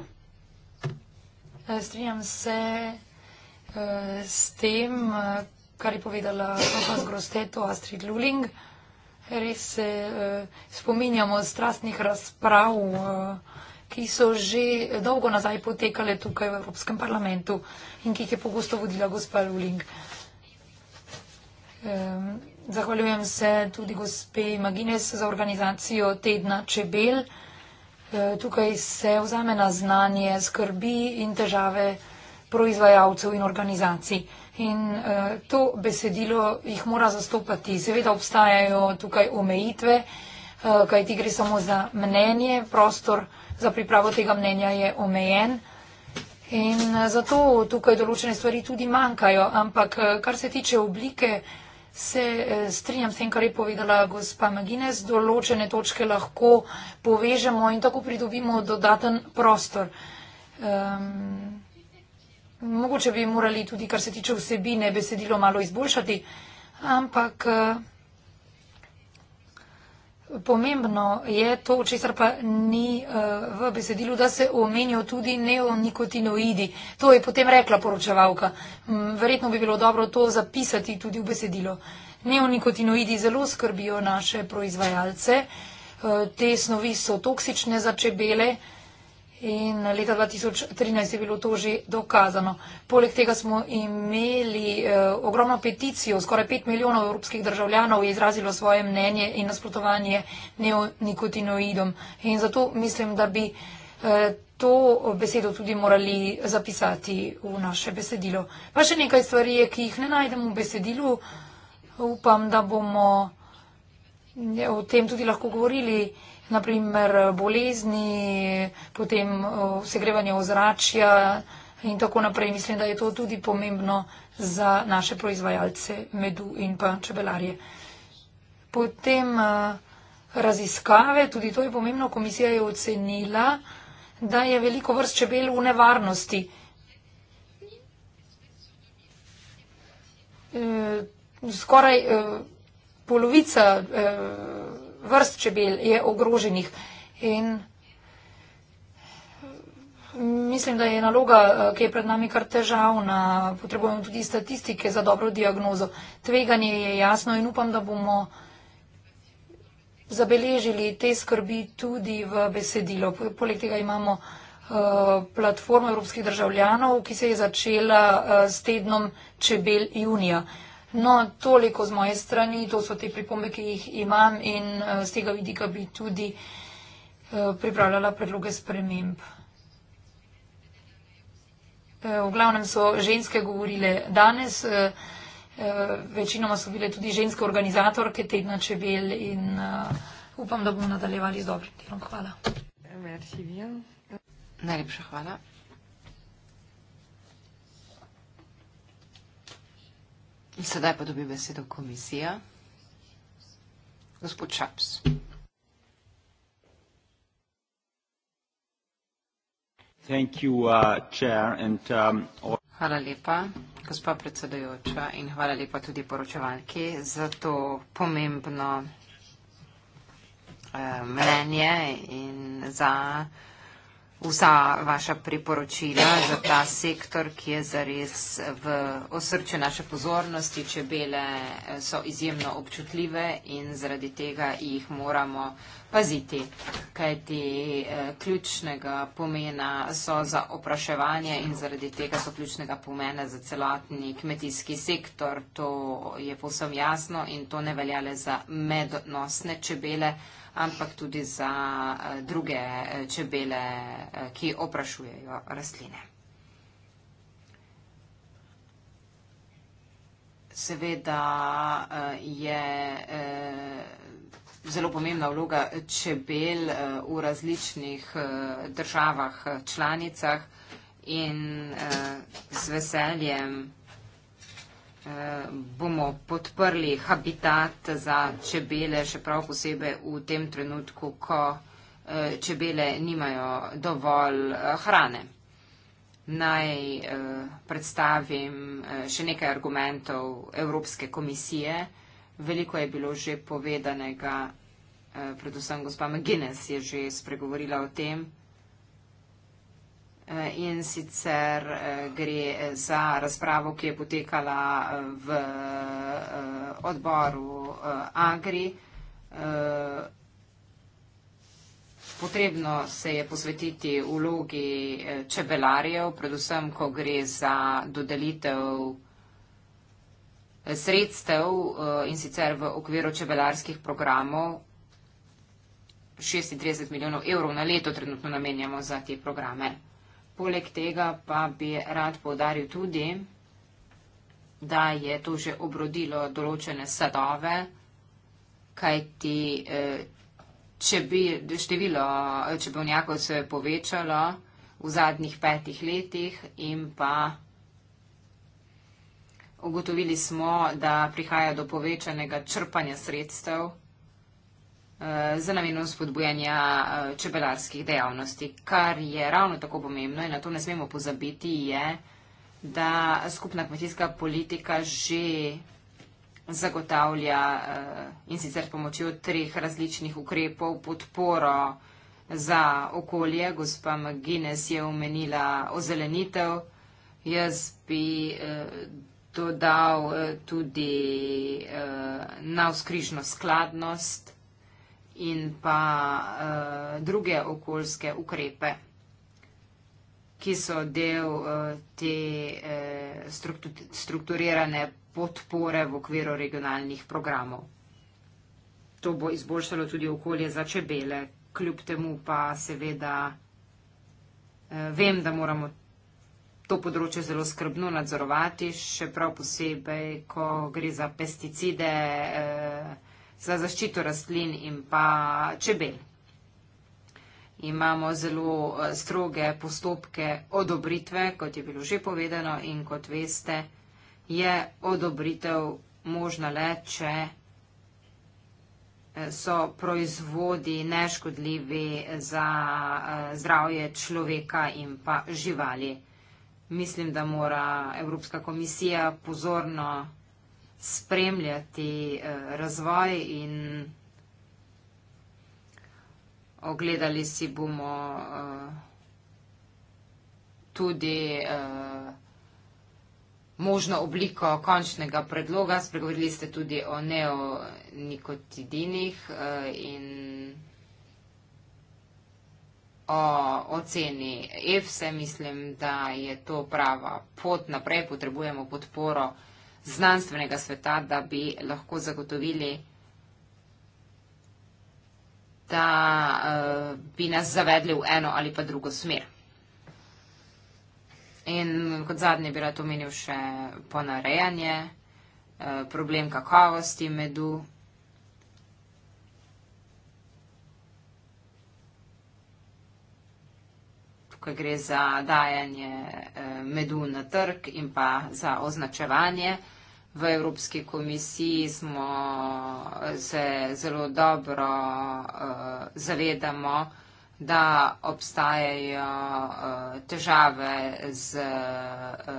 Eh, strinjam se s tem, kar je povedala Hans Grosteto, Astrid Luling. Res se uh, spominjamo strastnih razprav, uh, ki so že dolgo nazaj potekale tukaj v Evropskem parlamentu in ki jih je pogosto vodila gospa Luling. Um, zahvaljujem se tudi gospe Magines za organizacijo Tedna Čebel. E, tukaj se vzame na znanje skrbi in težave proizvajalcev in organizacij. In uh, to besedilo jih mora zastopati. Seveda obstajajo tukaj omejitve, uh, eh, kaj ti gre samo za mnenje, prostor za pripravo tega mnenja je omejen. In uh, zato tukaj določene stvari tudi manjkajo. Ampak uh, kar se tiče oblike, se uh, strinjam s tem, kar je povedala gospa Magines, določene točke lahko povežemo in tako pridobimo dodaten prostor. Um, Mogoče bi morali tudi, kar se tiče vsebine, besedilo malo izboljšati, ampak eh, pomembno je to, česar pa ni eh, v besedilu, da se omenijo tudi neonikotinoidi. To je potem rekla poročevalka. Mm, verjetno bi bilo dobro to zapisati tudi v besedilo. Neonikotinoidi zelo skrbijo naše proizvajalce. Eh, te snovi so toksične za čebele. In leta 2013 je bilo to že dokazano. Poleg tega smo imeli eh, ogromno peticijo, skoraj 5 milijonov evropskih državljanov je izrazilo svoje mnenje in nasprotovanje neonikotinoidom. In zato mislim, da bi eh, to besedo tudi morali zapisati v naše besedilo. Pa še nekaj stvari, ki jih ne najdemo v besedilu, upam, da bomo o tem tudi lahko govorili. Eh, naprimer bolezni, potem eh, segrevanje ozračja in tako naprej. Mislim, da je to tudi pomembno za naše proizvajalce medu in pa čebelarje. Potem eh, raziskave, tudi to je pomembno, komisija je ocenila, da je veliko vrst čebel v nevarnosti. Eh, skoraj polovica vrst čebel je ogroženih. In mislim, da je naloga, eh, ki je pred nami kar težavna, potrebujemo tudi statistike za dobro diagnozo. Tveganje je jasno in upam, da bomo zabeležili te skrbi tudi v besedilo. Poleg tega imamo eh, platformo evropskih državljanov, ki se je začela eh, s tednom čebel junija. No, toliko z moje strani, to so te pripombe, ki jih imam in z eh, tega vidika bi tudi eh, pripravljala predloge sprememb. Eh, v glavnem so ženske govorile danes, večinoma so bile tudi ženske organizatorke tedna čebel in upam, da bomo nadaljevali z dobrim delom. Hvala. Najlepša hvala. Sedaj pa dobi besedo komisija. Gospod Čaps. Thank you, uh, chair and, um, hvala lepa, gospa predsedojoča, in hvala lepa tudi poročevalki za to pomembno uh, mnenje in za uh, vsa vaša priporočila za ta sektor, ki je zares v osrče naše pozornosti. Čebele eh, so izjemno občutljive in zaradi tega jih moramo paziti, kajti eh, ključnega pomena so za opraševanje in zaradi tega so ključnega pomena za celotni kmetijski sektor. To je povsem jasno in to ne veljale za mednosne čebele ampak tudi za eh, druge eh, čebele, eh, ki oprašujejo rastline. Seveda je zelo pomembna vloga čebel v različnih državah, članicah in z veseljem bomo podprli habitat za čebele, še prav posebej v tem trenutku, ko eh, čebele nimajo dovolj eh, hrane. Naj eh, predstavim še nekaj argumentov Evropske komisije. Veliko je bilo že povedanega, predvsem gospa McGuinness je že spregovorila o tem. Eh, in sicer eh, gre za razpravo, ki je potekala eh, v odboru Agri. Potrebno se je posvetiti vlogi čebelarjev, predvsem, ko gre za dodelitev sredstev in sicer v okviru čebelarskih programov. 36 milijonov evrov na leto trenutno namenjamo za te programe. Poleg tega pa bi rad povdaril tudi, da je to že obrodilo določene sadove, kajti eh, če bi število eh, čebovnjakov se povečalo v zadnjih petih letih in pa ugotovili smo, da prihaja do povečanega črpanja sredstev, Eh, za namenom spodbujanja eh, čebelarskih dejavnosti. Kar je ravno tako pomembno in na to ne smemo pozabiti, je, da skupna kmetijska politika že zagotavlja eh, in sicer pomočjo treh različnih ukrepov podporo za okolje. Gospa Magines je omenila ozelenitev. Jaz bi dodal tudi na vzkrižno skladnost in pa uh, druge okoljske ukrepe, ki so del uh, te uh, strukturirane podpore v okviru regionalnih programov. To bo izboljšalo tudi okolje za čebele, kljub temu pa seveda uh, vem, da moramo to področje zelo skrbno nadzorovati, še prav posebej, ko gre za pesticide. Uh, za zaščito rastlin in pa čebel. Imamo zelo eh, stroge postopke odobritve, kot je bilo že povedano in kot veste, je odobritev možna le, če eh, so proizvodi neškodljivi za eh, zdravje človeka in pa živali. Mislim, da mora Evropska komisija pozorno spremljati eh, razvoj in ogledali si bomo eh, tudi eh, možno obliko končnega predloga. Spregovorili ste tudi o neonikotidinih in o oceni EFSE. Mislim, da je to prava pot naprej. Potrebujemo podporo znanstvenega sveta, da bi lahko zagotovili, da uh, bi nas zavedli v eno ali pa drugo smer. In kot zadnje bi rad omenil še ponarejanje, eh, problem kakovosti medu. Tukaj gre za dajanje eh, medu na trg in pa za označevanje. V Evropski komisiji smo eh, se zelo dobro uh, zavedamo, da obstajajo uh, težave z uh,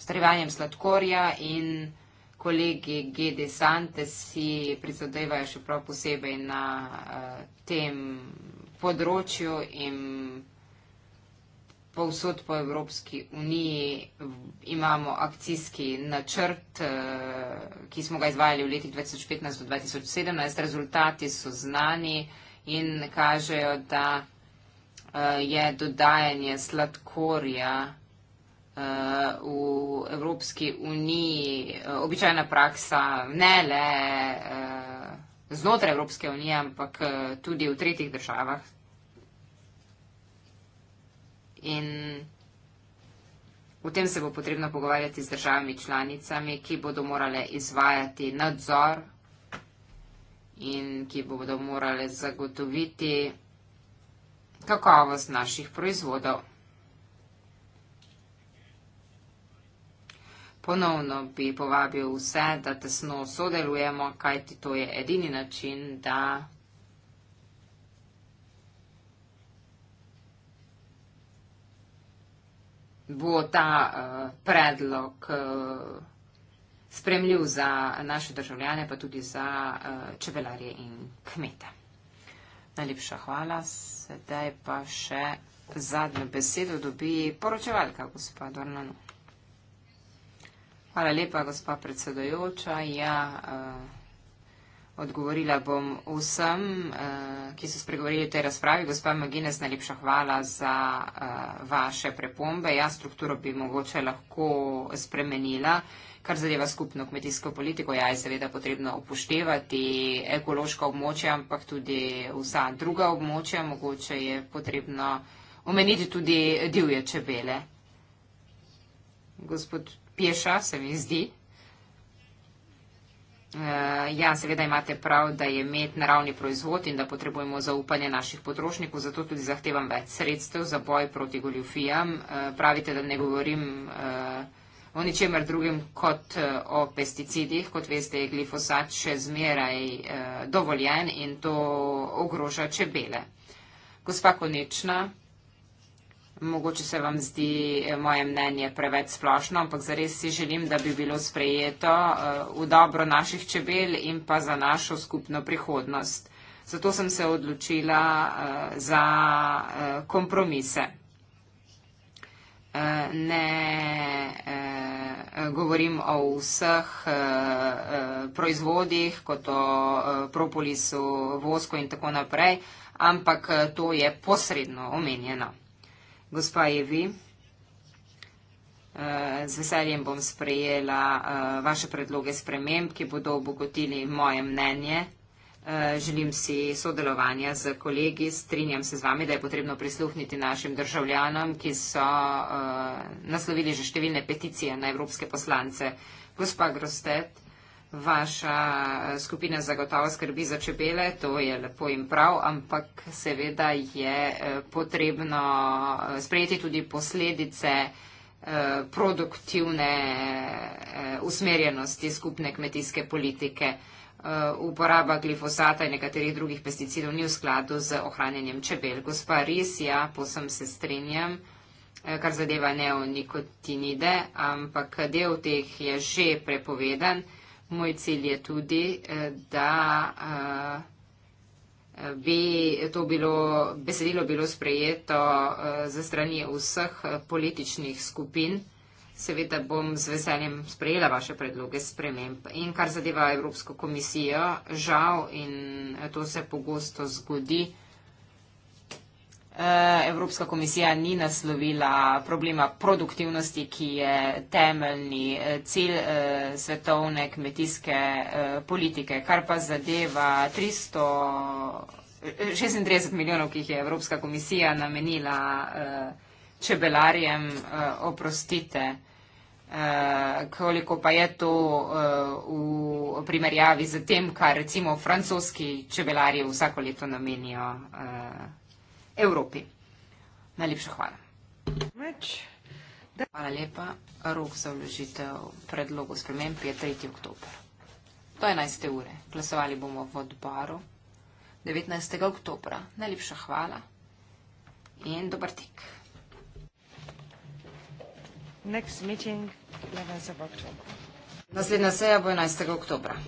strivanjem sladkorja in kolegi GD Sante si prizadevajo še prav posebej na uh, tem področju in povsod po Evropski uniji imamo akcijski načrt, eh, ki smo ga izvajali v letih 2015 do 2017. Rezultati so znani in kažejo, da eh, je dodajanje sladkorja eh, v Evropski uniji običajna praksa ne le znotraj Evropske unije, ampak tudi v tretjih državah, In o tem se bo potrebno pogovarjati z državami članicami, ki bodo morale izvajati nadzor in ki bodo morale zagotoviti kakovost naših proizvodov. Ponovno bi povabil vse, da tesno sodelujemo, kajti to je edini način, da bo ta eh, predlog eh, spremljiv za naše državljane, pa tudi za eh, čebelarje in kmete. Najlepša hvala. Sedaj pa še zadnjo besedo dobi poročevalka, gospa Dornanu. Hvala lepa, gospa predsedojoča. Ja, uh, Odgovorila bom vsem, eh, ki so spregovorili v tej razpravi. Gospa Magines, najlepša hvala za eh, vaše prepombe. Ja, strukturo bi mogoče lahko spremenila, kar zadeva skupno kmetijsko politiko. Ja, je seveda potrebno upoštevati ekološko območje, ampak tudi vsa druga območja. Mogoče je potrebno omeniti tudi divje čebele. Gospod Pješa, se mi zdi. Eh, ja, seveda imate prav, da je med naravni proizvod in da potrebujemo zaupanje naših potrošnikov, zato tudi zahtevam več sredstev za boj proti goljufijam. Eh, pravite, da ne govorim eh, o ničemer drugem kot o pesticidih. Kot veste, je glifosat še zmeraj dovoljen in to ogroža čebele. Gospa Konečna, Mogoče se vam zdi eh, moje mnenje preveč splošno, ampak zares si želim, da bi bilo sprejeto eh, v dobro naših čebel in pa za našo skupno prihodnost. Zato sem se odločila eh, za kompromise. Ne govorim o vseh proizvodih, kot o propolisu, vosku in tako naprej, ampak to je posredno omenjeno. Gospa Evi, eh, z veseljem bom sprejela eh, vaše predloge sprememb, ki bodo obogotili moje mnenje. Eh, želim si sodelovanja z kolegi, strinjam se z vami, da je potrebno prisluhniti našim državljanom, ki so naslovili že številne peticije na evropske poslance. Gospa Grostet, vaša eh, skupina zagotovo skrbi za čebele, to je lepo in prav, ampak seveda je eh, potrebno eh, sprejeti tudi posledice produktivne usmerjenosti skupne kmetijske politike. Uporaba glifosata in nekaterih drugih pesticidov ni v skladu z ohranjanjem čebel. Gospa Ris, ja, posem se strinjam, kar zadeva neonikotinide, ampak del teh je že prepovedan. Moj cilj je tudi, eh, da eh, eh, bi to bilo, besedilo bilo sprejeto za strani vseh političnih skupin. Seveda bom z veseljem sprejela vaše predloge sprememb. In kar zadeva Evropsko komisijo, žal, in to se pogosto zgodi, Eh, Evropska komisija ni naslovila problema produktivnosti, ki je temeljni eh, cilj eh, svetovne kmetijske politike. Kar pa zadeva 336 milijonov, ki jih je Evropska komisija namenila čebelarjem, oprostite. Uh, koliko pa je to uh, v primerjavi z tem, kar recimo francoski čebelarji vsako leto namenijo uh, Evropi. Najlepša hvala. Hvala lepa. Rok za vložitev predlogov sprememb je 3. oktober. Do 11. ure. Glasovali bomo v odboru 19. oktobra. Najlepša hvala in dober tek. Naslednja seja bo 11. oktobra.